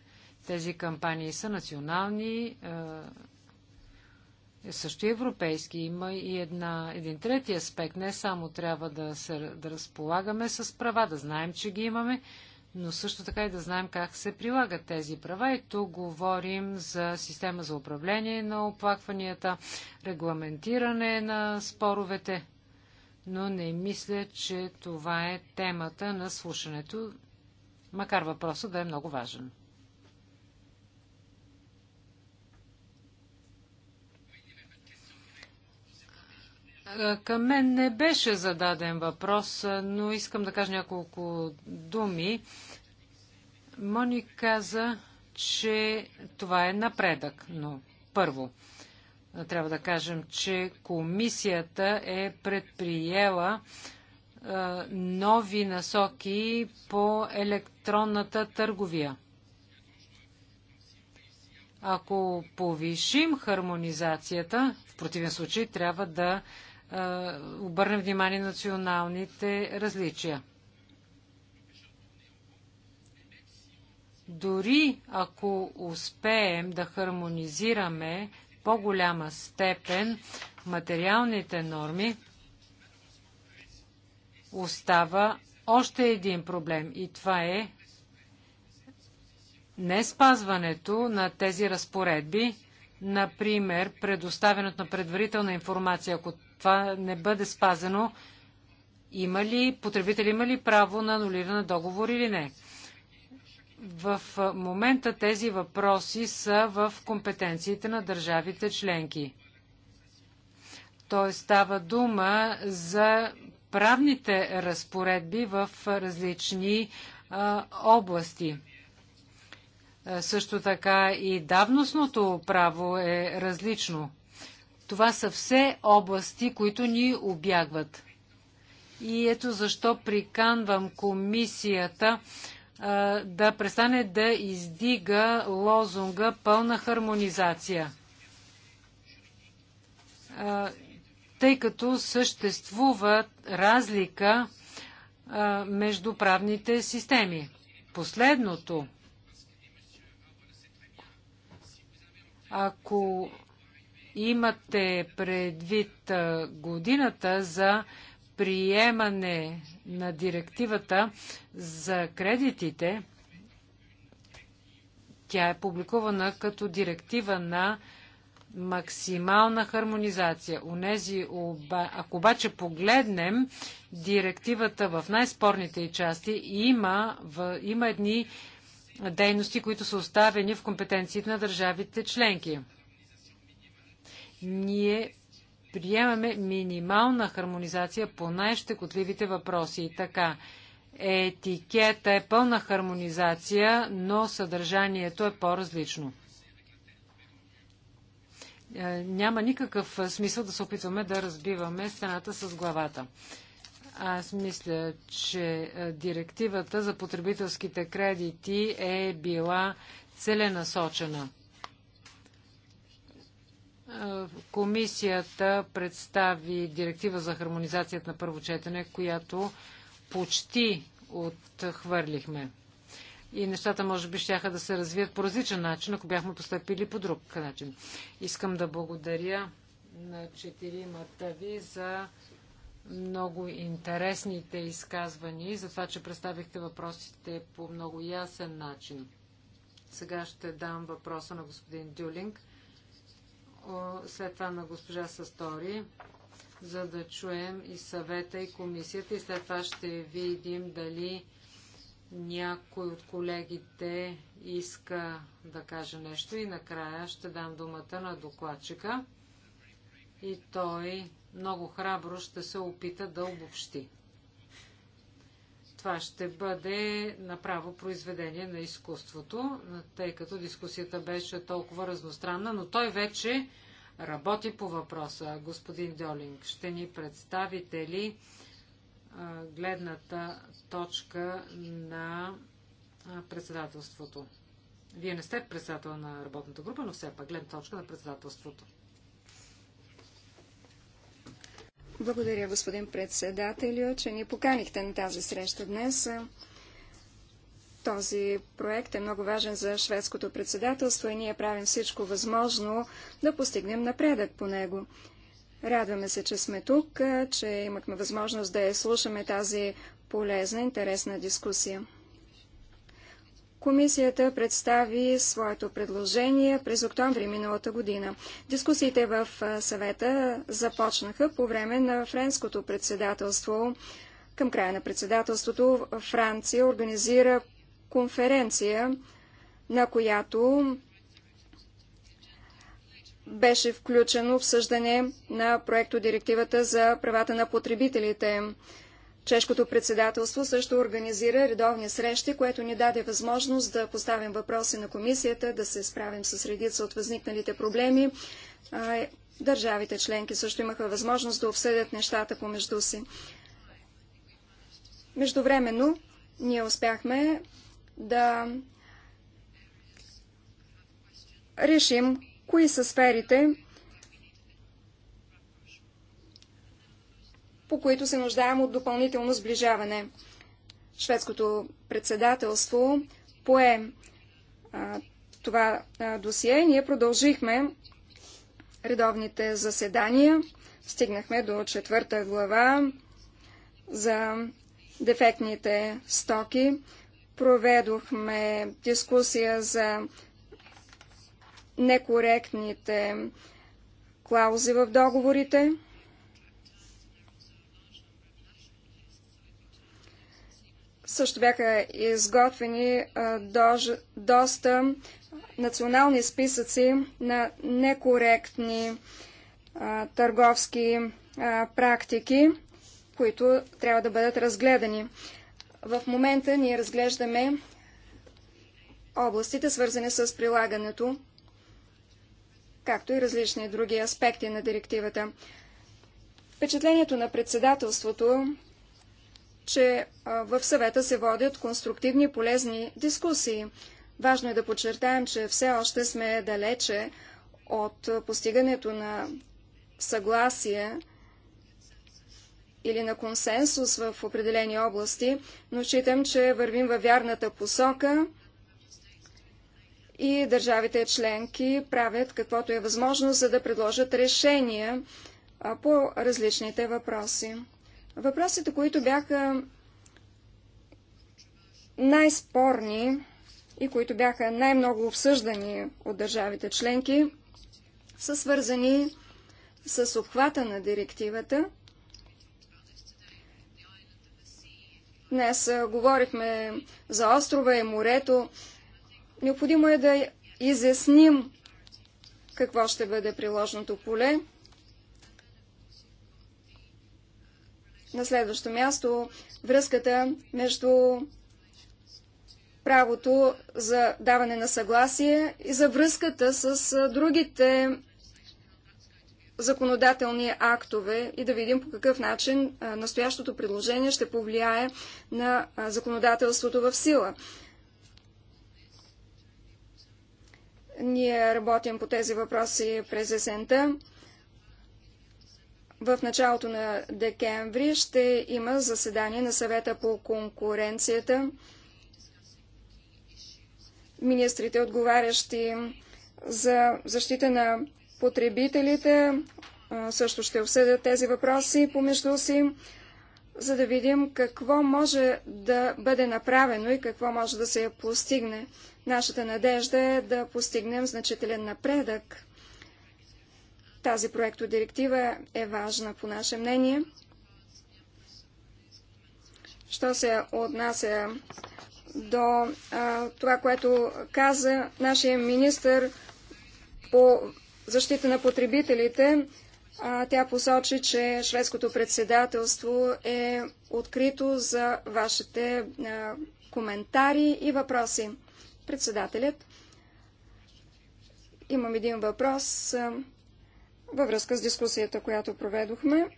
Тези кампании са национални, е също и европейски. Има и една, един трети аспект. Не само трябва да, се, да разполагаме с права, да знаем, че ги имаме, но също така и да знаем как се прилагат тези права. И тук говорим за система за управление на оплакванията, регламентиране на споровете, но не мисля, че това е темата на слушането, макар въпросът да е много важен. Към мен не беше зададен въпрос, но искам да кажа няколко думи. Мони каза, че това е напредък, но първо трябва да кажем, че комисията е предприела нови насоки по електронната търговия. Ако повишим хармонизацията, в противен случай трябва да обърнем внимание на националните различия. Дори ако успеем да хармонизираме по-голяма степен материалните норми, остава още един проблем и това е не спазването на тези разпоредби, например предоставянето на предварителна информация, ако това не бъде спазено, има ли, потребители има ли право на анулиране на договор или не? В момента тези въпроси са в компетенциите на държавите членки. Той става дума за правните разпоредби в различни а, области. Също така и давностното право е различно. Това са все области, които ни обягват. И ето защо приканвам комисията да престане да издига лозунга пълна хармонизация. тъй като съществува разлика между правните системи. Последното, ако имате предвид годината за приемане на директивата за кредитите, тя е публикувана като директива на максимална хармонизация. Унези оба... Ако обаче погледнем директивата в най-спорните части, има, в... има едни дейности, които са оставени в компетенциите на държавите членки ние приемаме минимална хармонизация по най-щекотливите въпроси. така, етикета е пълна хармонизация, но съдържанието е по-различно. Е, няма никакъв смисъл да се опитваме да разбиваме стената с главата. Аз мисля, че е, директивата за потребителските кредити е била целенасочена. Комисията представи директива за хармонизацията на първо четене, която почти отхвърлихме. И нещата може би ще да се развият по различен начин, ако бяхме поступили по друг начин. Искам да благодаря на четиримата ви за много интересните изказвания и за това, че представихте въпросите по много ясен начин. Сега ще дам въпроса на господин Дюлинг след това на госпожа Састори, за да чуем и съвета, и комисията, и след това ще видим дали някой от колегите иска да каже нещо и накрая ще дам думата на докладчика и той много храбро ще се опита да обобщи. Това ще бъде направо произведение на изкуството, тъй като дискусията беше толкова разностранна, но той вече работи по въпроса. Господин Дьолинг, ще ни представите ли гледната точка на председателството? Вие не сте председател на работната група, но все пак гледна точка на председателството. Благодаря, господин председателю, че ни поканихте на тази среща днес. Този проект е много важен за шведското председателство и ние правим всичко възможно да постигнем напредък по него. Радваме се, че сме тук, че имахме възможност да я слушаме тази полезна, интересна дискусия. Комисията представи своето предложение през октомври миналата година. Дискусиите в съвета започнаха по време на френското председателство. Към края на председателството Франция организира конференция, на която беше включено обсъждане на проекто директивата за правата на потребителите. Чешкото председателство също организира редовни срещи, което ни даде възможност да поставим въпроси на комисията, да се справим с редица от възникналите проблеми. Държавите членки също имаха възможност да обсъдят нещата помежду си. Междувременно ние успяхме да решим кои са сферите, по които се нуждаем от допълнително сближаване. Шведското председателство пое а, това а, досие и ние продължихме редовните заседания. Стигнахме до четвърта глава за дефектните стоки. Проведохме дискусия за некоректните клаузи в договорите. Също бяха изготвени доста национални списъци на некоректни а, търговски а, практики, които трябва да бъдат разгледани. В момента ние разглеждаме областите, свързани с прилагането, както и различни други аспекти на директивата. Впечатлението на председателството че в съвета се водят конструктивни полезни дискусии. Важно е да подчертаем, че все още сме далече от постигането на съгласие или на консенсус в определени области, но считам, че вървим във вярната посока и държавите членки правят каквото е възможно, за да предложат решения по различните въпроси. Въпросите, които бяха най-спорни и които бяха най-много обсъждани от държавите членки, са свързани с обхвата на директивата. Днес говорихме за острова и морето. Необходимо е да изясним какво ще бъде приложното поле. На следващо място връзката между правото за даване на съгласие и за връзката с другите законодателни актове и да видим по какъв начин настоящото предложение ще повлияе на законодателството в сила. Ние работим по тези въпроси през есента. В началото на декември ще има заседание на съвета по конкуренцията. Министрите, отговарящи за защита на потребителите, също ще обсъдят тези въпроси помежду си, за да видим какво може да бъде направено и какво може да се постигне. Нашата надежда е да постигнем значителен напредък тази проектодиректива е важна по наше мнение. Що се отнася до а, това, което каза нашия министр по защита на потребителите, а, тя посочи, че шведското председателство е открито за вашите а, коментари и въпроси. Председателят, имам един въпрос във връзка с дискусията, която проведохме.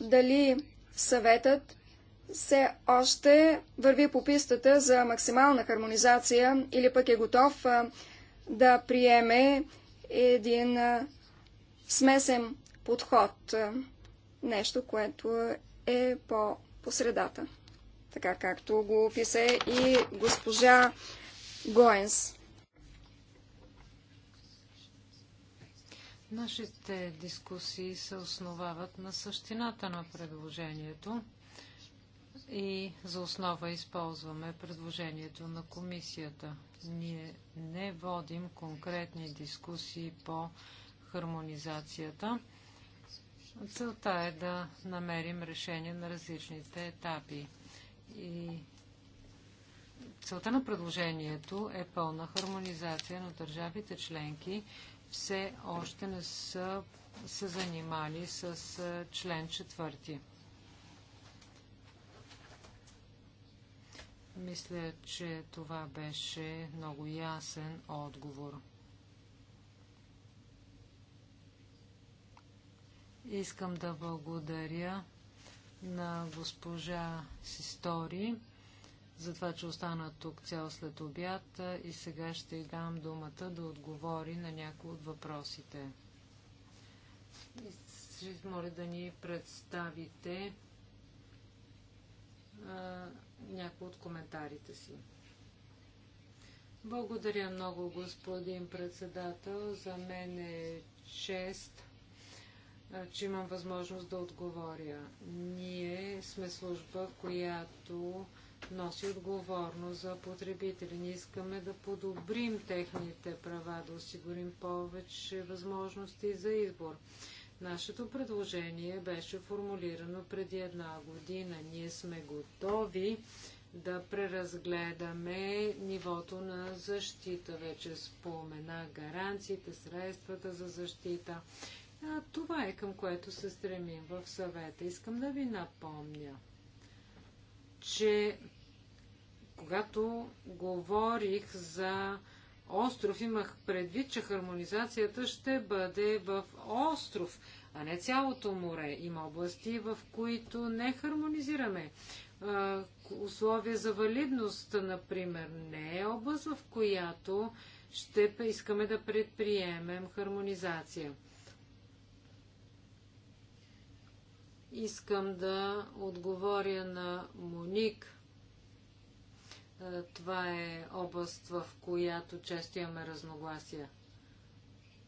Дали съветът все още върви по пистата за максимална хармонизация или пък е готов да приеме един смесен подход, нещо, което е по посредата, така както го описа и госпожа Гоенс. Нашите дискусии се основават на същината на предложението и за основа използваме предложението на комисията. Ние не водим конкретни дискусии по хармонизацията. Целта е да намерим решение на различните етапи. И целта на предложението е пълна хармонизация на държавите членки все още не са се занимали с член четвърти. Мисля, че това беше много ясен отговор. Искам да благодаря на госпожа Систори за това, че остана тук цял след обяд и сега ще й дам думата да отговори на някои от въпросите. И моля да ни представите някои от коментарите си. Благодаря много, господин председател. За мен е чест че имам възможност да отговоря. Ние сме служба, която носи отговорност за потребители. Ние искаме да подобрим техните права, да осигурим повече възможности за избор. Нашето предложение беше формулирано преди една година. Ние сме готови да преразгледаме нивото на защита. Вече спомена гаранциите, средствата за защита. А, това е към което се стремим в съвета. Искам да ви напомня че когато говорих за остров, имах предвид, че хармонизацията ще бъде в остров, а не цялото море. Има области, в които не хармонизираме. условия за валидност, например, не е област, в която ще искаме да предприемем хармонизация. Искам да отговоря на Моник. Е, това е област, в която често имаме разногласия.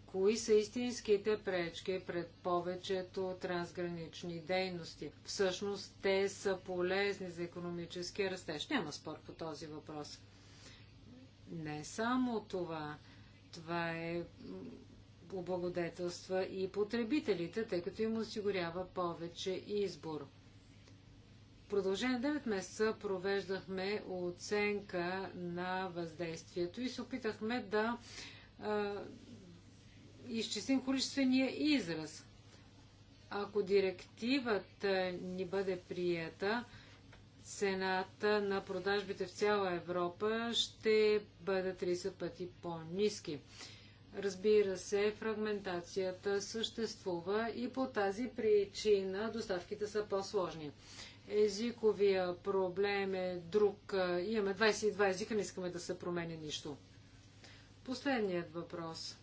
Кои са истинските пречки пред повечето трансгранични дейности? Всъщност те са полезни за економическия растеж. Няма спор по този въпрос. Не само това. Това е облагодетелства и потребителите, тъй като им осигурява повече избор. В продължение 9 месеца провеждахме оценка на въздействието и се опитахме да а, изчислим количествения израз. Ако директивата ни бъде приета, цената на продажбите в цяла Европа ще бъде 30 пъти по-низки. Разбира се, фрагментацията съществува и по тази причина доставките са по-сложни. Езиковия проблем е друг. Имаме 22 езика, не искаме да се променя нищо. Последният въпрос.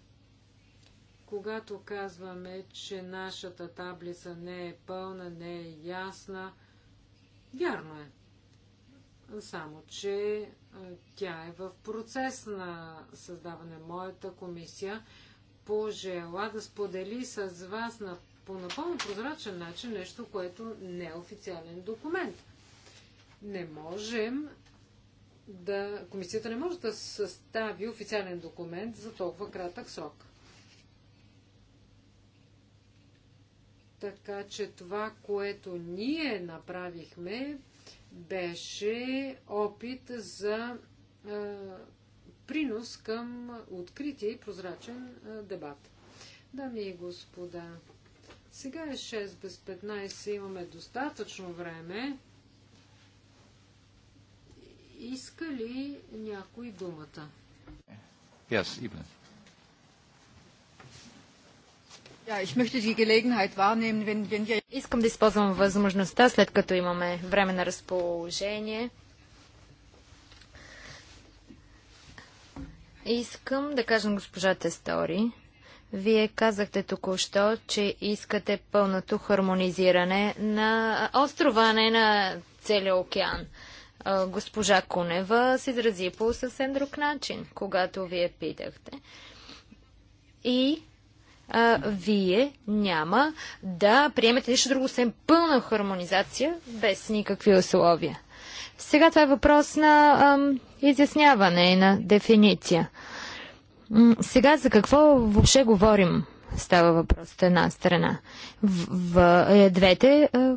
Когато казваме, че нашата таблица не е пълна, не е ясна, вярно е. Само, че тя е в процес на създаване. Моята комисия пожела да сподели с вас на, по напълно прозрачен начин нещо, което не е официален документ. Не можем да. Комисията не може да състави официален документ за толкова кратък срок. Така че това, което ние направихме, беше опит за принос към открития и прозрачен дебат. Дами и господа, сега е 6 без 15, имаме достатъчно време. Иска ли някой думата? Yes, Искам да използвам възможността, след като имаме време на разположение. Искам да кажа на госпожа Тестори. Вие казахте току-що, че искате пълното хармонизиране на острова, не на целия океан. Госпожа Кунева се изрази по съвсем друг начин, когато вие питахте. И а, вие няма да приемете нищо друго, освен пълна хармонизация, без никакви условия. Сега това е въпрос на ам, изясняване и на дефиниция. сега за какво въобще говорим? Става въпрос от една страна. В, в е, двете а, е,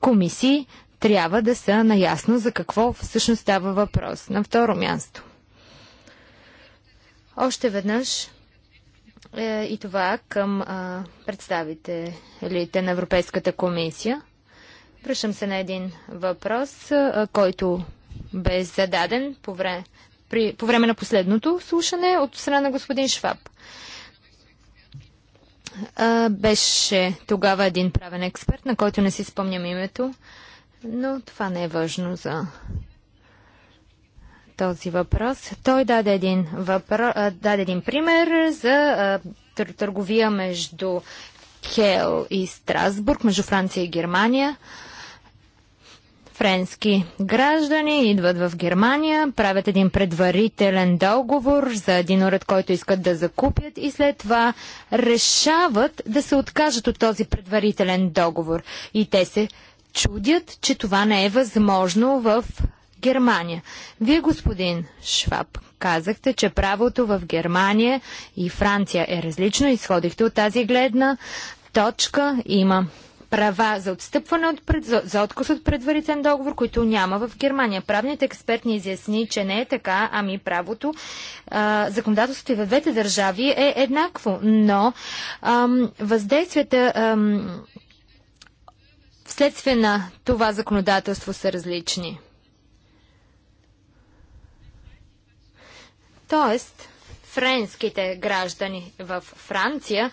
комисии трябва да са наясно за какво всъщност става въпрос. На второ място. Още веднъж е, и това към а, представителите на Европейската комисия. Връщам се на един въпрос, а, който бе зададен по време, при, по време на последното слушане от страна на господин Шваб. А, беше тогава един правен експерт, на който не си спомням името, но това не е важно за този въпрос. Той даде един, въпро... даде един пример за търговия между Хел и Страсбург, между Франция и Германия. Френски граждани идват в Германия, правят един предварителен договор за един уред, който искат да закупят и след това решават да се откажат от този предварителен договор. И те се чудят, че това не е възможно в Германия. Вие, господин Шваб, казахте, че правото в Германия и Франция е различно. Изходихте от тази гледна точка. Има права за отстъпване от пред, за, откус от предварителен договор, които няма в Германия. Правният експерт ни изясни, че не е така, ами правото, а, законодателството и в двете държави е еднакво, но ам, въздействията ам, вследствие на това законодателство са различни. Тоест, френските граждани в Франция,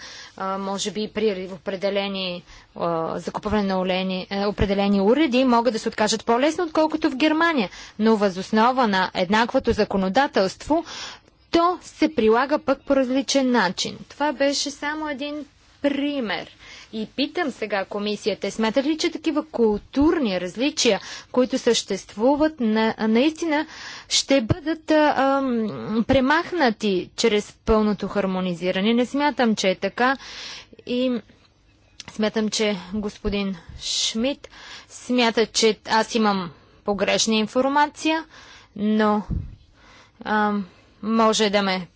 може би при определени закупване на олени, е, определени уреди, могат да се откажат по-лесно, отколкото в Германия. Но възоснова на еднаквото законодателство, то се прилага пък по различен начин. Това беше само един пример. И питам сега комисията, смятат ли, че такива културни различия, които съществуват, на, наистина ще бъдат а, премахнати чрез пълното хармонизиране? Не смятам, че е така. И смятам, че господин Шмидт смята, че аз имам погрешна информация, но а, може да ме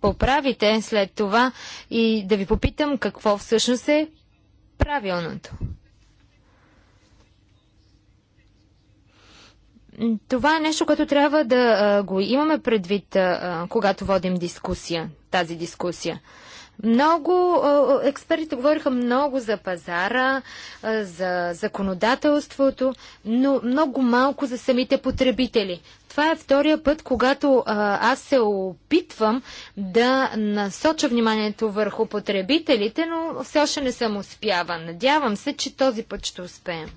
поправите след това и да ви попитам какво всъщност е правилното. Това е нещо, което трябва да а, го имаме предвид, а, когато водим дискусия, тази дискусия. Много експертите говориха много за пазара, за законодателството, но много малко за самите потребители. Това е втория път, когато аз се опитвам да насоча вниманието върху потребителите, но все още не съм успява. Надявам се, че този път ще успеем.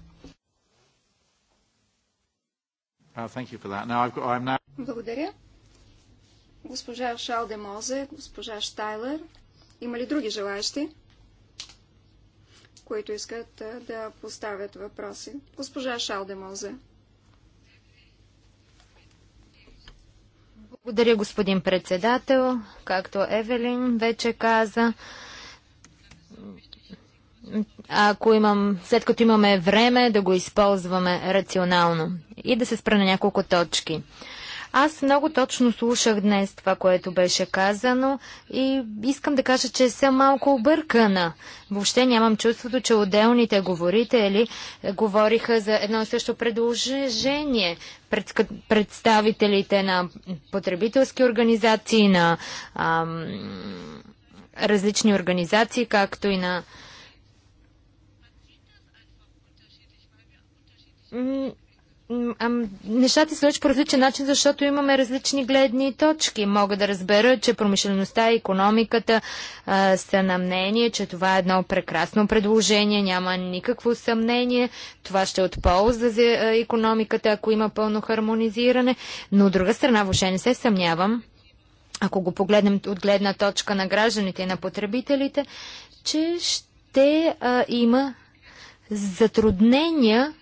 Uh, Благодаря. Госпожа Шалде Мозе, госпожа Штайлер. Има ли други желаящи, които искат да поставят въпроси? Госпожа Шалдемозе. Благодаря, господин председател. Както Евелин вече каза, ако имам, след като имаме време, да го използваме рационално и да се спра на няколко точки. Аз много точно слушах днес това, което беше казано и искам да кажа, че съм малко объркана. Въобще нямам чувството, че отделните говорители е, говориха за едно и също предложение. Пред, представителите на потребителски организации, на ам, различни организации, както и на нещата се случват по различен начин, защото имаме различни гледни точки. Мога да разбера, че промишлеността и економиката а, са на мнение, че това е едно прекрасно предложение, няма никакво съмнение. Това ще е от полза за економиката, ако има пълно хармонизиране. Но от друга страна, въобще не се съмнявам, ако го погледнем от гледна точка на гражданите и на потребителите, че ще а, има затруднения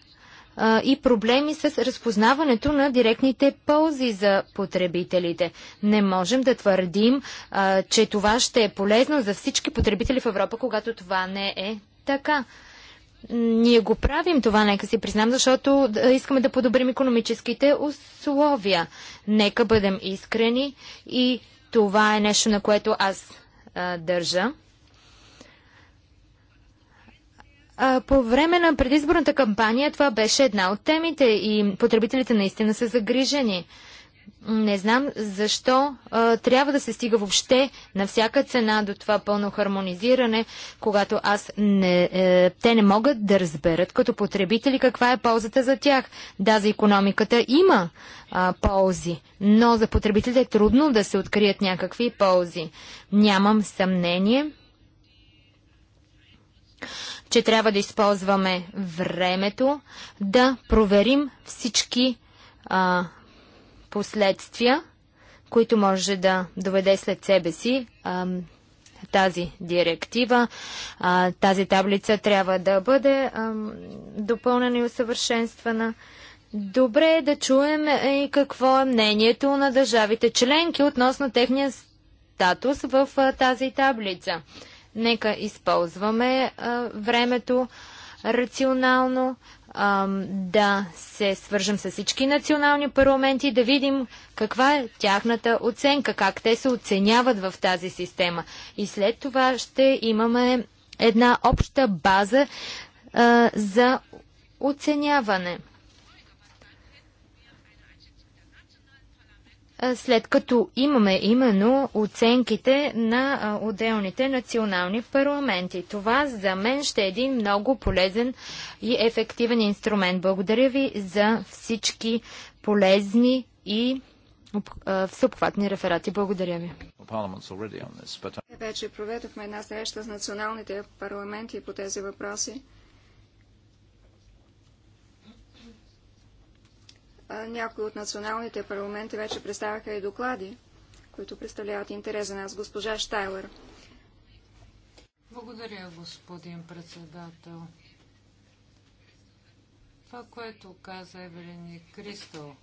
и проблеми с разпознаването на директните ползи за потребителите. Не можем да твърдим, че това ще е полезно за всички потребители в Европа, когато това не е така. Ние го правим това, нека си признам, защото искаме да подобрим економическите условия. Нека бъдем искрени и това е нещо, на което аз а, държа. А, по време на предизборната кампания това беше една от темите и потребителите наистина са загрижени. Не знам защо а, трябва да се стига въобще на всяка цена до това пълно хармонизиране, когато аз не, е, те не могат да разберат като потребители каква е ползата за тях. Да, за економиката има а, ползи, но за потребителите е трудно да се открият някакви ползи. Нямам съмнение, че трябва да използваме времето да проверим всички а, последствия, които може да доведе след себе си а, тази директива. А, тази таблица трябва да бъде а, допълнена и усъвършенствана. Добре е да чуем е, и какво е мнението на държавите членки относно техния статус в а, тази таблица. Нека използваме а, времето рационално, а, да се свържем с всички национални парламенти, да видим каква е тяхната оценка, как те се оценяват в тази система. И след това ще имаме една обща база а, за оценяване. след като имаме именно оценките на отделните национални парламенти. Това за мен ще е един много полезен и ефективен инструмент. Благодаря ви за всички полезни и всеобхватни реферати. Благодаря ви. Uh, вече проведохме една среща с националните парламенти по тези въпроси. Някои от националните парламенти вече представяха и доклади, които представляват интерес за нас. Госпожа Штайлер. Благодаря, господин председател. Това, което каза Евелин Кристал,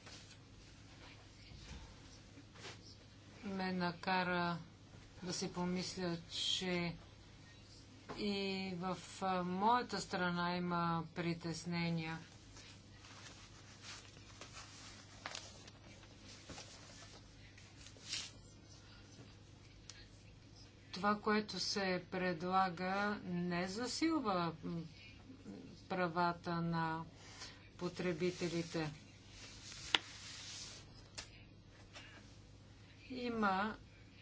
ме накара да си помисля, че и в моята страна има притеснения – Това, което се предлага, не засилва правата на потребителите. Има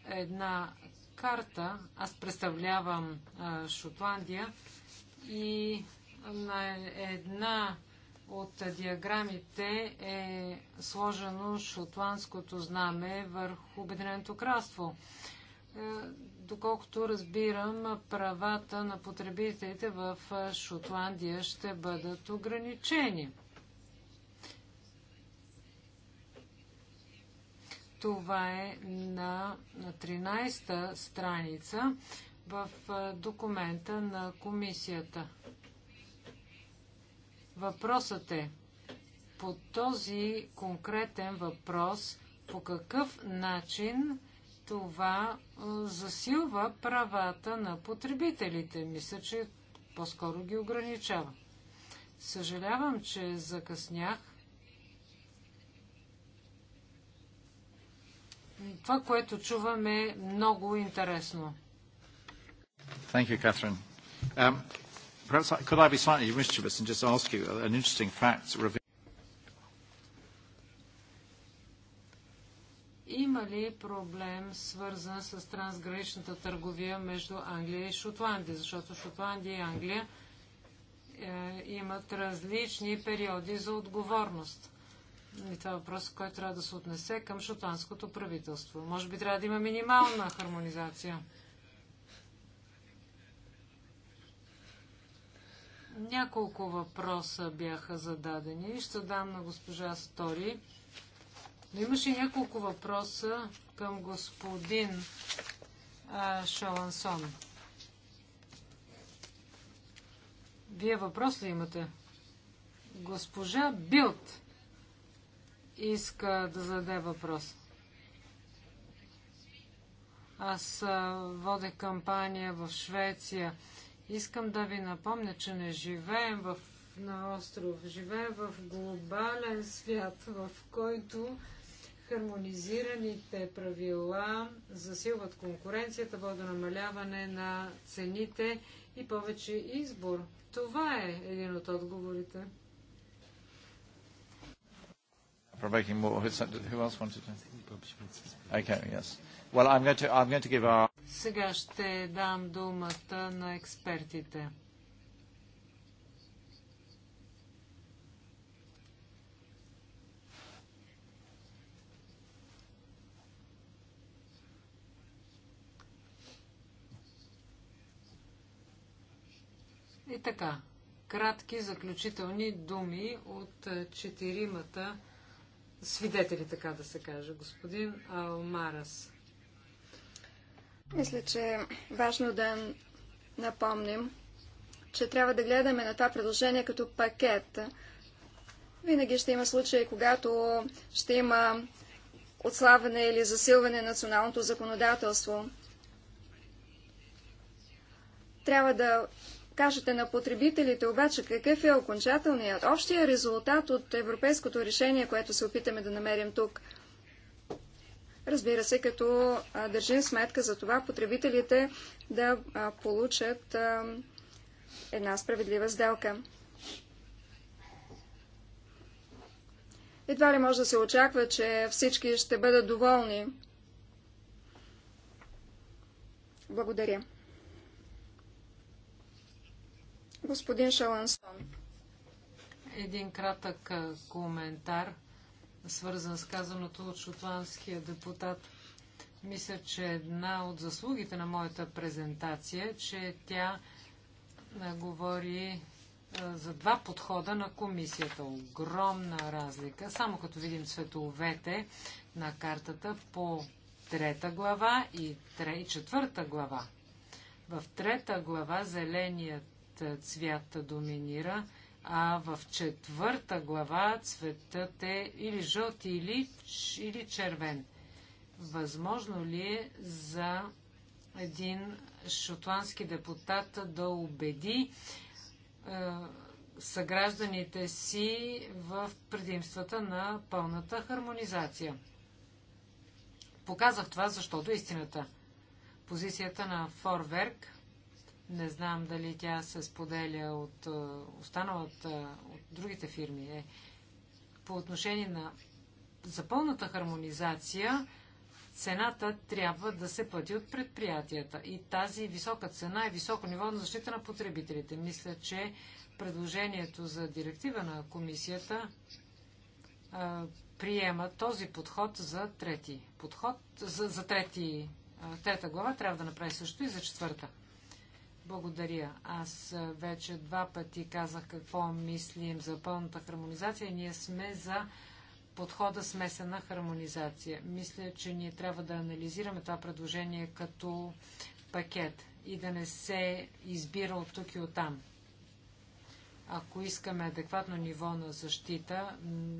една карта. Аз представлявам Шотландия и на една от диаграмите е сложено шотландското знаме върху Обединеното кралство. Е, Доколкото разбирам, правата на потребителите в Шотландия ще бъдат ограничени. Това е на 13-та страница в документа на комисията. Въпросът е по този конкретен въпрос по какъв начин това засилва правата на потребителите. Мисля, че по-скоро ги ограничава. Съжалявам, че закъснях. Това, което чувам е много интересно. Thank you, Catherine. Um, perhaps could I be slightly mischievous and just ask you an interesting fact Има ли проблем свързан с трансграничната търговия между Англия и Шотландия? Защото Шотландия и Англия е, имат различни периоди за отговорност. И това е въпрос, който трябва да се отнесе към шотландското правителство. Може би трябва да има минимална хармонизация. Няколко въпроса бяха зададени. Ще дам на госпожа Стори но имаше няколко въпроса към господин а, Шалансон. Вие въпрос ли имате? Госпожа Билт иска да зададе въпрос. Аз водех кампания в Швеция. Искам да ви напомня, че не живеем в, на остров. Живеем в глобален свят, в който Хармонизираните правила засилват конкуренцията, водят до намаляване на цените и повече избор. Това е един от отговорите. Сега ще дам думата на експертите. И така, кратки заключителни думи от е, четиримата свидетели, така да се каже. Господин Алмарас. Мисля, че е важно да напомним, че трябва да гледаме на това предложение като пакет. Винаги ще има случаи, когато ще има отслабване или засилване на националното законодателство. Трябва да кажете на потребителите обаче какъв е окончателният, общия резултат от европейското решение, което се опитаме да намерим тук. Разбира се, като държим сметка за това потребителите да получат една справедлива сделка. Едва ли може да се очаква, че всички ще бъдат доволни. Благодаря. Господин Шалансон. Един кратък коментар, свързан с казаното от шотландския депутат. Мисля, че една от заслугите на моята презентация, е, че тя говори за два подхода на комисията. Огромна разлика. Само като видим цветовете на картата по трета глава и, тре, и четвърта глава. В трета глава зеленият е, цвят доминира, а в четвърта глава цветът е или жълт, или, или червен. Възможно ли е за един шотландски депутат да убеди е, съгражданите си в предимствата на пълната хармонизация? Показах това, защото е истината. Позицията на Форверк не знам дали тя се споделя от е, останалата, от другите фирми. Е. По отношение на запълната хармонизация, цената трябва да се плати от предприятията. И тази висока цена е високо ниво на защита на потребителите. Мисля, че предложението за директива на комисията а, е, приема този подход за трети подход, за, за трети, а, е, трета глава, трябва да направи също и за четвърта. Благодаря. Аз вече два пъти казах какво мислим за пълната хармонизация. Ние сме за подхода смесена хармонизация. Мисля, че ние трябва да анализираме това предложение като пакет и да не се избира от тук и от там. Ако искаме адекватно ниво на защита,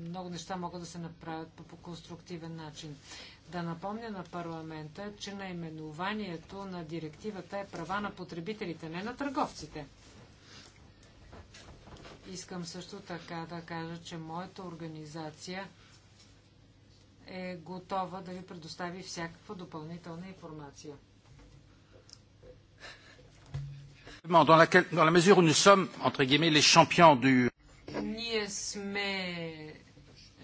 много неща могат да се направят по, по конструктивен начин да напомня на парламента, че наименованието на директивата е права на потребителите, не на търговците. Искам също така да кажа, че моята организация е готова да ви предостави всякаква допълнителна информация. Dans, laquelle, dans la mesure où nous sommes, entre guillemets, les champions du... Ние сме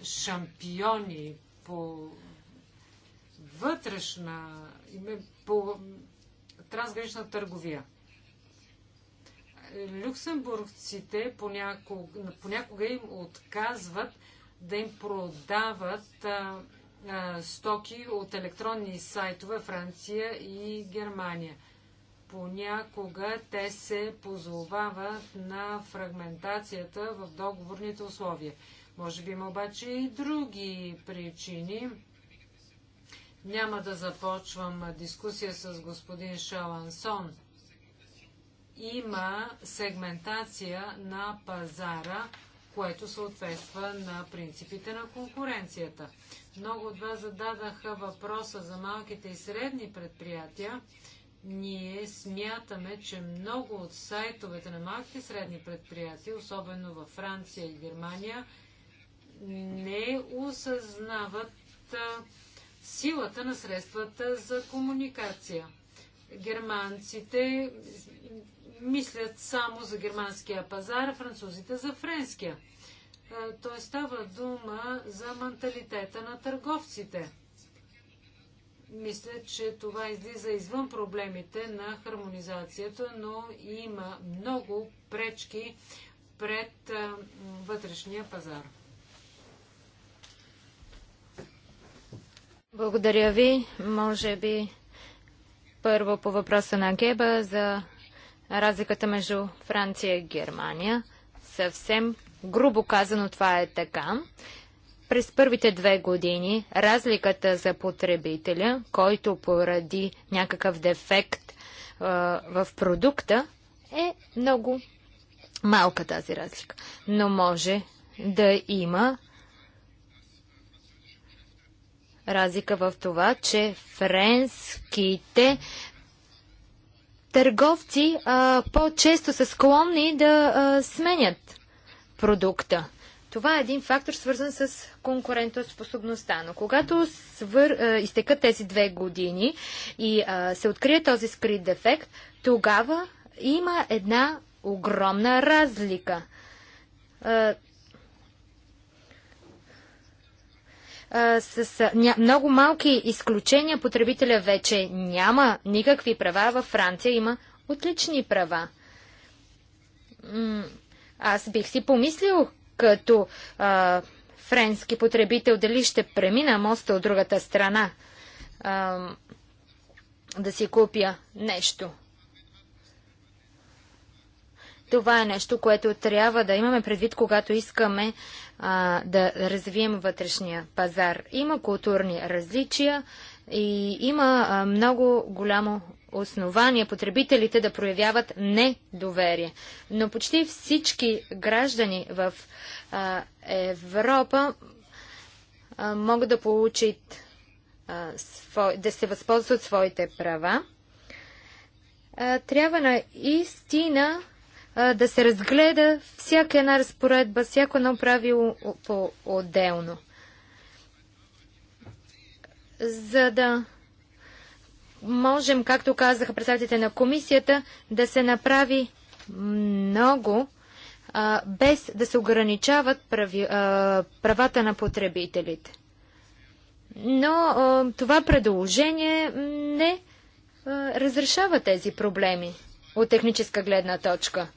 шампиони по вътрешна, е по трансгранична търговия. Люксембургците понякога, понякога им отказват да им продават а, а, стоки от електронни сайтове Франция и Германия. Понякога те се позовават на фрагментацията в договорните условия. Може би има обаче и други причини. Няма да започвам дискусия с господин Шалансон. Има сегментация на пазара, което съответства на принципите на конкуренцията. Много от вас зададаха въпроса за малките и средни предприятия. Ние смятаме, че много от сайтовете на малките и средни предприятия, особено във Франция и Германия, не осъзнават силата на средствата за комуникация. Германците мислят само за германския пазар, а французите за френския. Той става дума за менталитета на търговците. Мисля, че това излиза извън проблемите на хармонизацията, но има много пречки пред вътрешния пазар. Благодаря ви. Може би първо по въпроса на Геба за разликата между Франция и Германия. Съвсем грубо казано това е така. През първите две години разликата за потребителя, който поради някакъв дефект а, в продукта, е много малка тази разлика. Но може да има разлика в това, че френските търговци по-често са склонни да а, сменят продукта. Това е един фактор, свързан с конкурентоспособността. Но когато свър... изтекат тези две години и а, се открие този скрит дефект, тогава има една огромна разлика. с много малки изключения потребителя вече няма никакви права. Във Франция има отлични права. Аз бих си помислил като а, френски потребител дали ще премина моста от другата страна а, да си купя нещо. Това е нещо, което трябва да имаме предвид, когато искаме а, да развием вътрешния пазар. Има културни различия и има а, много голямо основание потребителите да проявяват недоверие. Но почти всички граждани в а, Европа а, могат да получат да се възползват своите права. трябва наистина да се разгледа всяка една разпоредба, всяко едно правило по-отделно. За да можем, както казаха представителите на комисията, да се направи много, а, без да се ограничават прави, а, правата на потребителите. Но а, това предложение не а, разрешава тези проблеми от техническа гледна точка.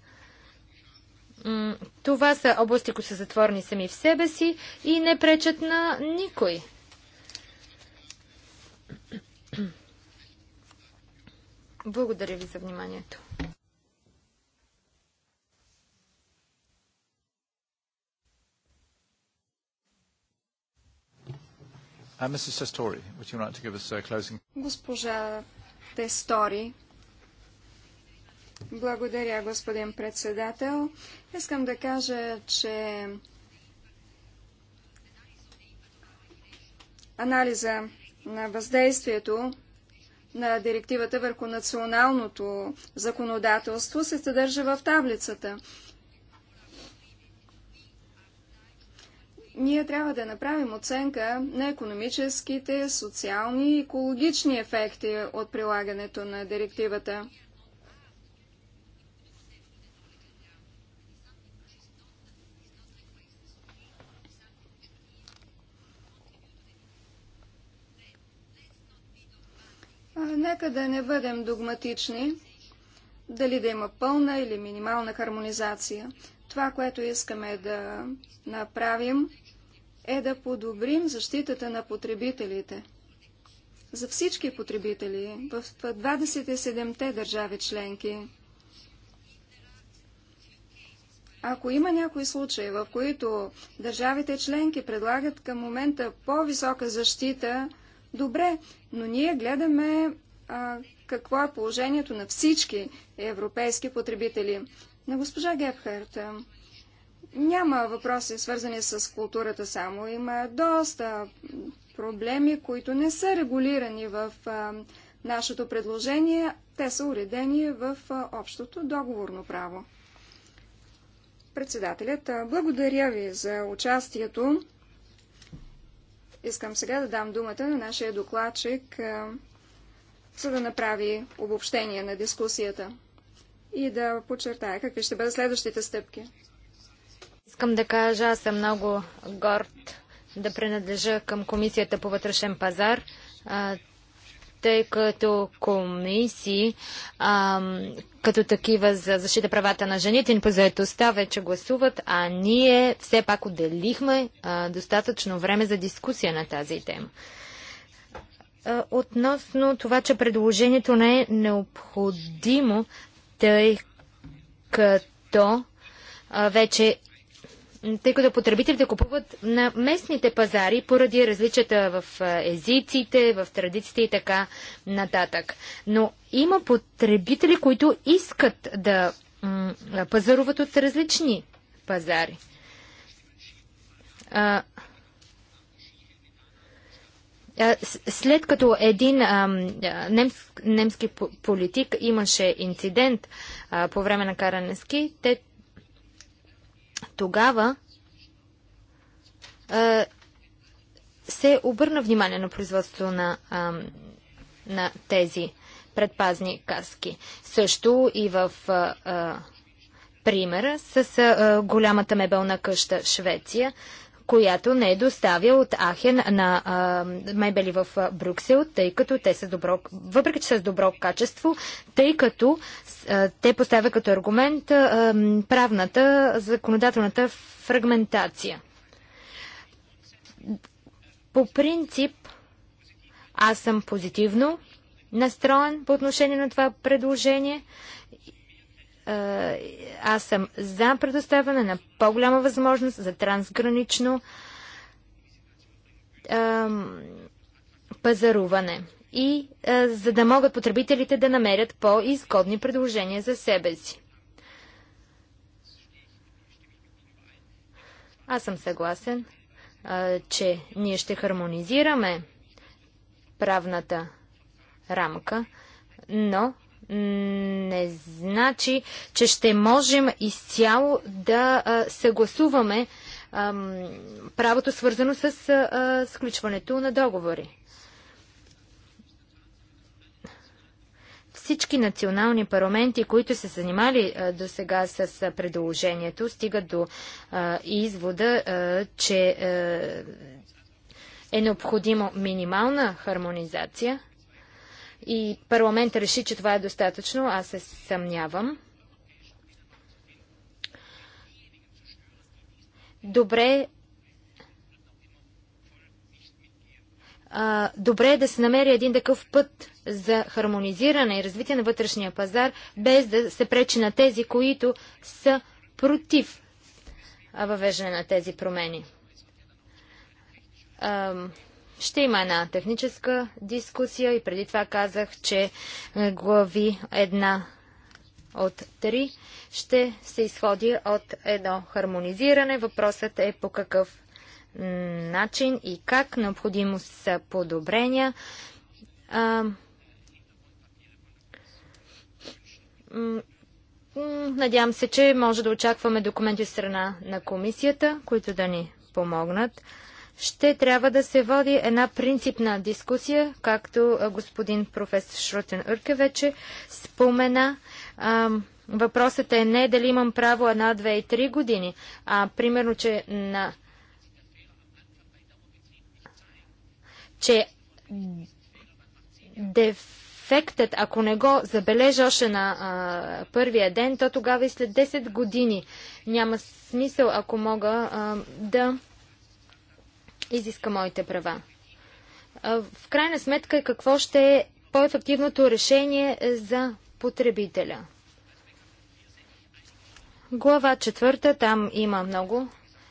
Това са области, които са затворени сами в себе си и не пречат на никой. Благодаря ви за вниманието. Uh, Госпожа Тестори, благодаря, господин председател. Искам да кажа, че анализа на въздействието на директивата върху националното законодателство се съдържа в таблицата. Ние трябва да направим оценка на економическите, социални и екологични ефекти от прилагането на директивата. Нека да не бъдем догматични, дали да има пълна или минимална хармонизация. Това, което искаме да направим, е да подобрим защитата на потребителите. За всички потребители в 27-те държави членки. Ако има някои случаи, в които държавите членки предлагат към момента по-висока защита Добре, но ние гледаме а, какво е положението на всички европейски потребители. На госпожа Гепхарт няма въпроси свързани с културата само. Има доста проблеми, които не са регулирани в а, нашето предложение. Те са уредени в а, общото договорно право. Председателят, благодаря ви за участието. Искам сега да дам думата на нашия докладчик, за да направи обобщение на дискусията и да подчертая какви ще бъдат следващите стъпки. Искам да кажа, аз съм много горд да принадлежа към Комисията по вътрешен пазар тъй като комисии а, като такива за защита правата на жените по заедостта вече гласуват, а ние все пак отделихме а, достатъчно време за дискусия на тази тема. А, относно това, че предложението не е необходимо, тъй като вече тъй като потребителите купуват на местните пазари поради различията в езиците, в традициите и така нататък. Но има потребители, които искат да пазаруват от различни пазари. след като един а, немс, немски политик имаше инцидент а, по време на каране ски, те тогава се обърна внимание на производството на, а, на тези предпазни каски. Също и в а, а, с а, голямата мебелна къща Швеция която не е доставя от Ахен на а, мебели в Брюксел, тъй като те са добро, въпреки че са с добро качество, тъй като а, те поставя като аргумент а, правната, законодателната фрагментация. По принцип, аз съм позитивно настроен по отношение на това предложение аз съм за предоставяне на по-голяма възможност за трансгранично пазаруване и за да могат потребителите да намерят по-изгодни предложения за себе си. Аз съм съгласен, че ние ще хармонизираме правната рамка, но не значи, че ще можем изцяло да съгласуваме правото свързано с сключването на договори. Всички национални парламенти, които са занимали до сега с предложението, стигат до извода, че е необходимо минимална хармонизация – и парламент реши, че това е достатъчно, аз се съмнявам. Добре добре е да се намери един такъв път за хармонизиране и развитие на вътрешния пазар, без да се пречи на тези, които са против въвеждане на тези промени. Ще има една техническа дискусия и преди това казах, че е, глави една от три ще се изходи от едно хармонизиране. Въпросът е по какъв начин и как необходимо са подобрения. А, надявам се, че може да очакваме документи от страна на комисията, които да ни помогнат ще трябва да се води една принципна дискусия, както господин професор Шрутен Урке вече спомена. въпросът е не дали имам право една, две и три години, а примерно, че на че дефектът, ако не го забележа още на а, първия ден, то тогава и след 10 години няма смисъл, ако мога а, да изиска моите права. В крайна сметка, какво ще е по-ефективното решение за потребителя? Глава четвърта, там има много.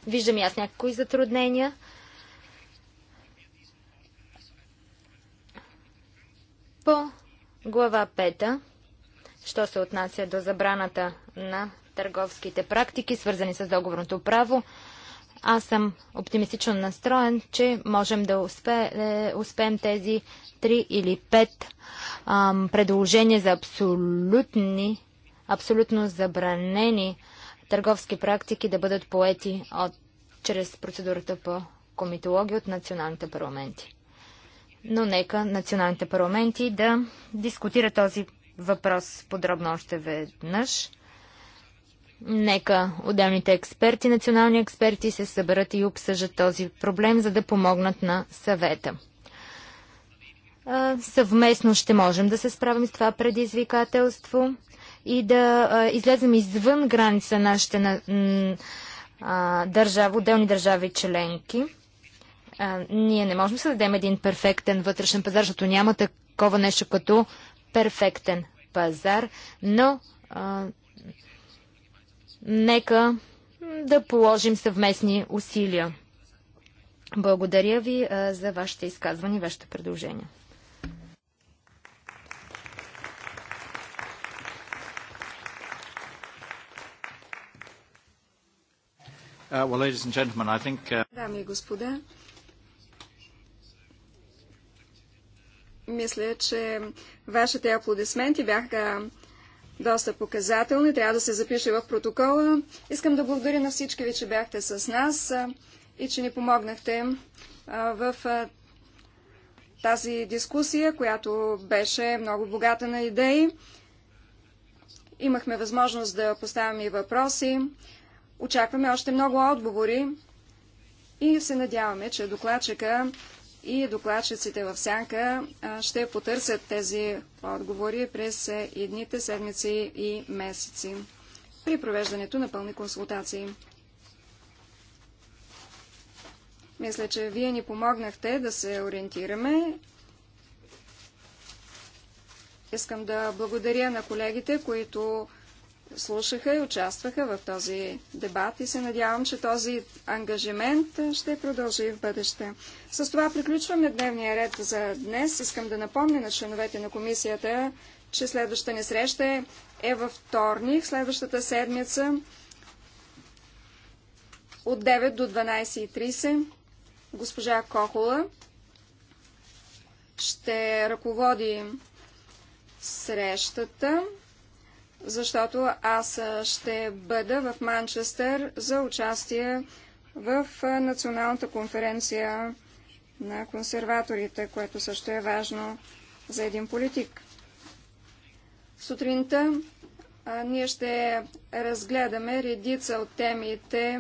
Виждам и аз някои затруднения. По глава пета, що се отнася до забраната на търговските практики, свързани с договорното право, аз съм оптимистично настроен, че можем да успе, е, успеем тези 3 или 5 предложения за абсолютни, абсолютно забранени търговски практики да бъдат поети от, чрез процедурата по комитология от националните парламенти. Но нека националните парламенти да дискутира този въпрос подробно още веднъж. Нека отделните експерти, национални експерти се съберат и обсъждат този проблем, за да помогнат на съвета. Съвместно ще можем да се справим с това предизвикателство и да излезем извън граница на нашите държави, отделни държави членки. Ние не можем да създадем един перфектен вътрешен пазар, защото няма такова нещо като перфектен пазар, но Нека да положим съвместни усилия. Благодаря ви за вашите изказване и вашите предложения. Uh, well, think, uh... Дами и господа, мисля, че вашите аплодисменти бяха доста показателни, трябва да се запише в протокола. Искам да благодаря на всички ви, че бяхте с нас и че ни помогнахте в тази дискусия, която беше много богата на идеи. Имахме възможност да поставяме и въпроси. Очакваме още много отговори и се надяваме, че докладчика и докладчиците в сянка ще потърсят тези отговори през е, едните седмици и месеци при провеждането на пълни консултации. Мисля, че вие ни помогнахте да се ориентираме. Искам да благодаря на колегите, които слушаха и участваха в този дебат и се надявам, че този ангажимент ще продължи в бъдеще. С това приключваме дневния ред за днес. Искам да напомня на членовете на комисията, че следващата ни среща е във вторник, следващата седмица от 9 до 12.30. Госпожа Кохола ще ръководи срещата защото аз ще бъда в Манчестър за участие в Националната конференция на консерваторите, което също е важно за един политик. Сутринта ние ще разгледаме редица от темите,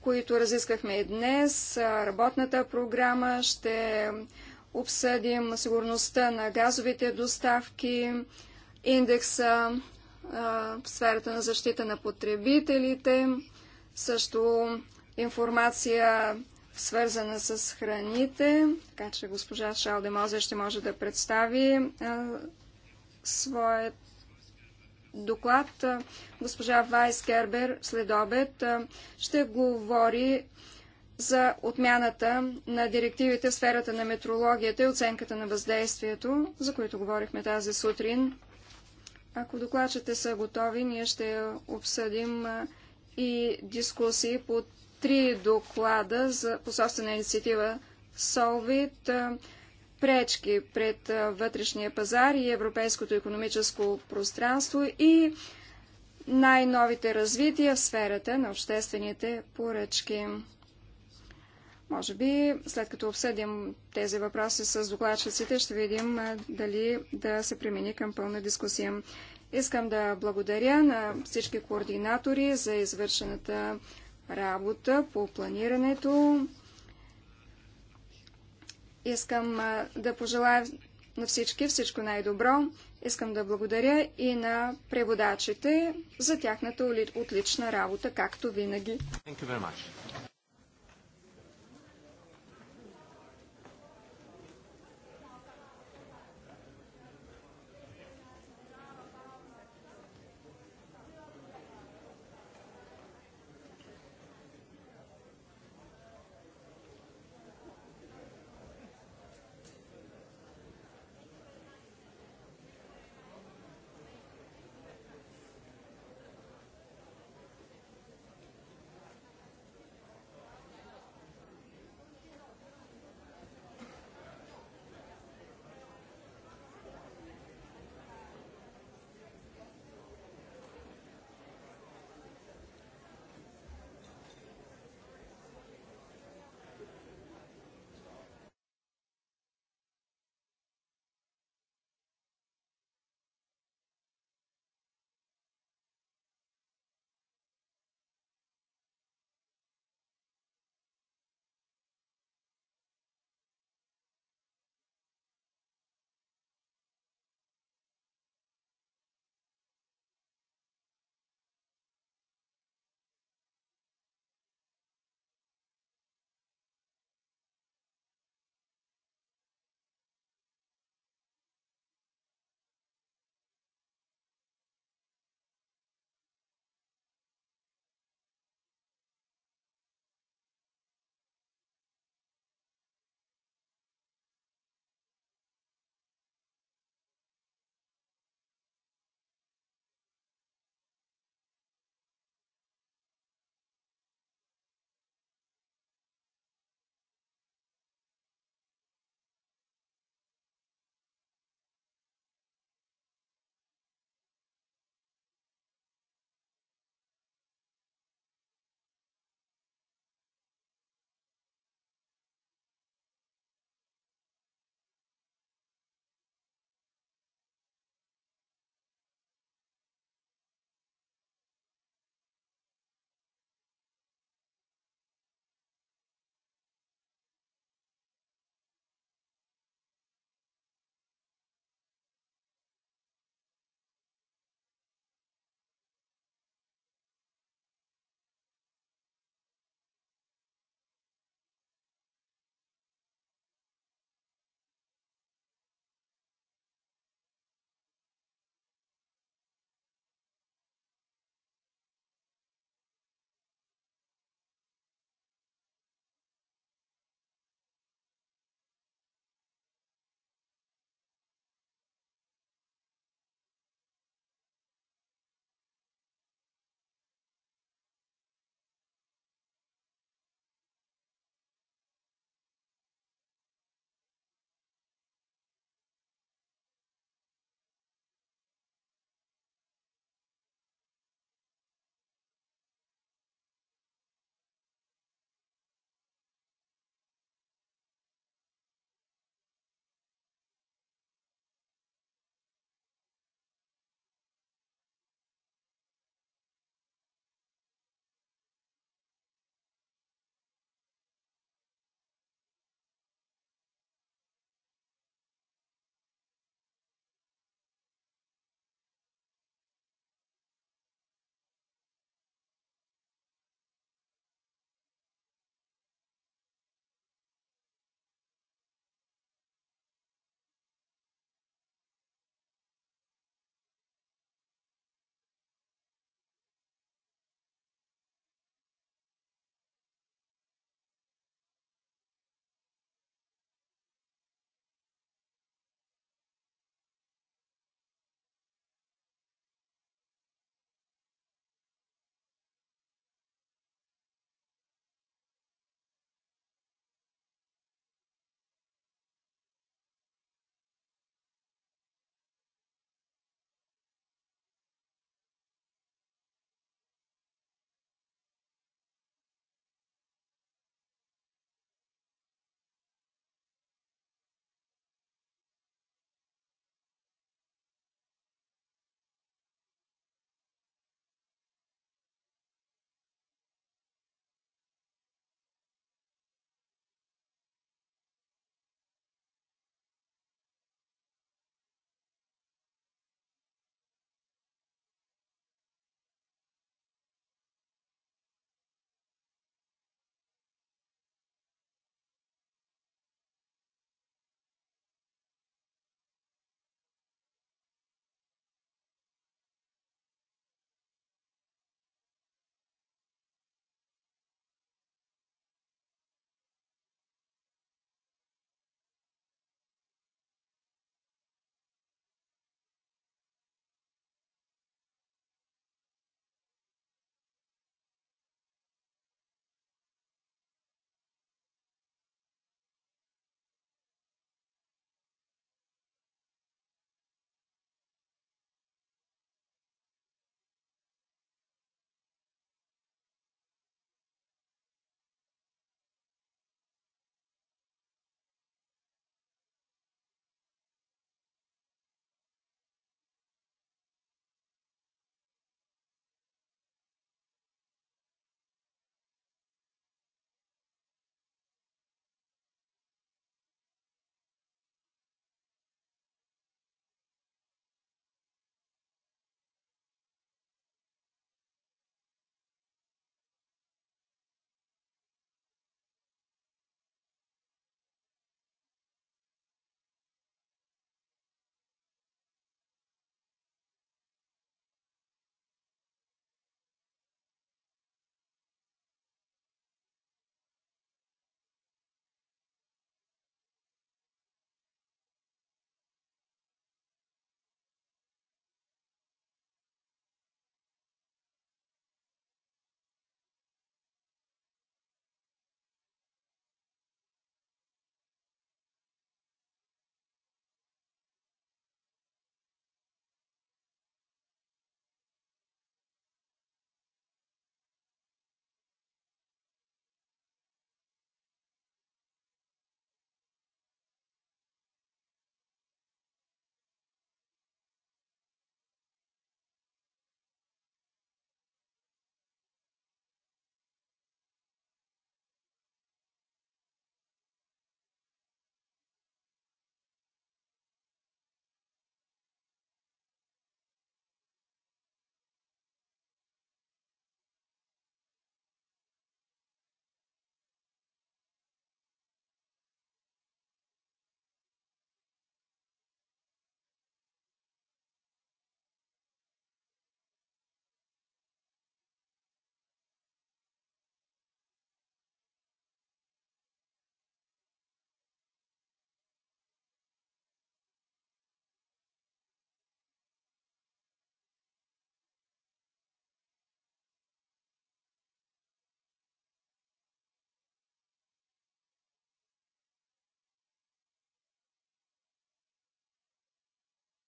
които разискахме и днес. Работната програма ще обсъдим сигурността на газовите доставки, индекса в сферата на защита на потребителите, също информация свързана с храните, така че госпожа Шалдемозе ще може да представи своят доклад. Госпожа Вайс Кербер след обед ще говори за отмяната на директивите в сферата на метрологията и оценката на въздействието, за които говорихме тази сутрин. Ако докладчите са готови, ние ще обсъдим и дискусии по три доклада за, по собствена инициатива Солвит, пречки пред вътрешния пазар и европейското економическо пространство и най-новите развития в сферата на обществените поръчки. Може би, след като обсъдим тези въпроси с докладчиците, ще видим дали да се премини към пълна дискусия. Искам да благодаря на всички координатори за извършената работа по планирането. Искам да пожелая на всички всичко най-добро. Искам да благодаря и на преводачите за тяхната отлична работа, както винаги.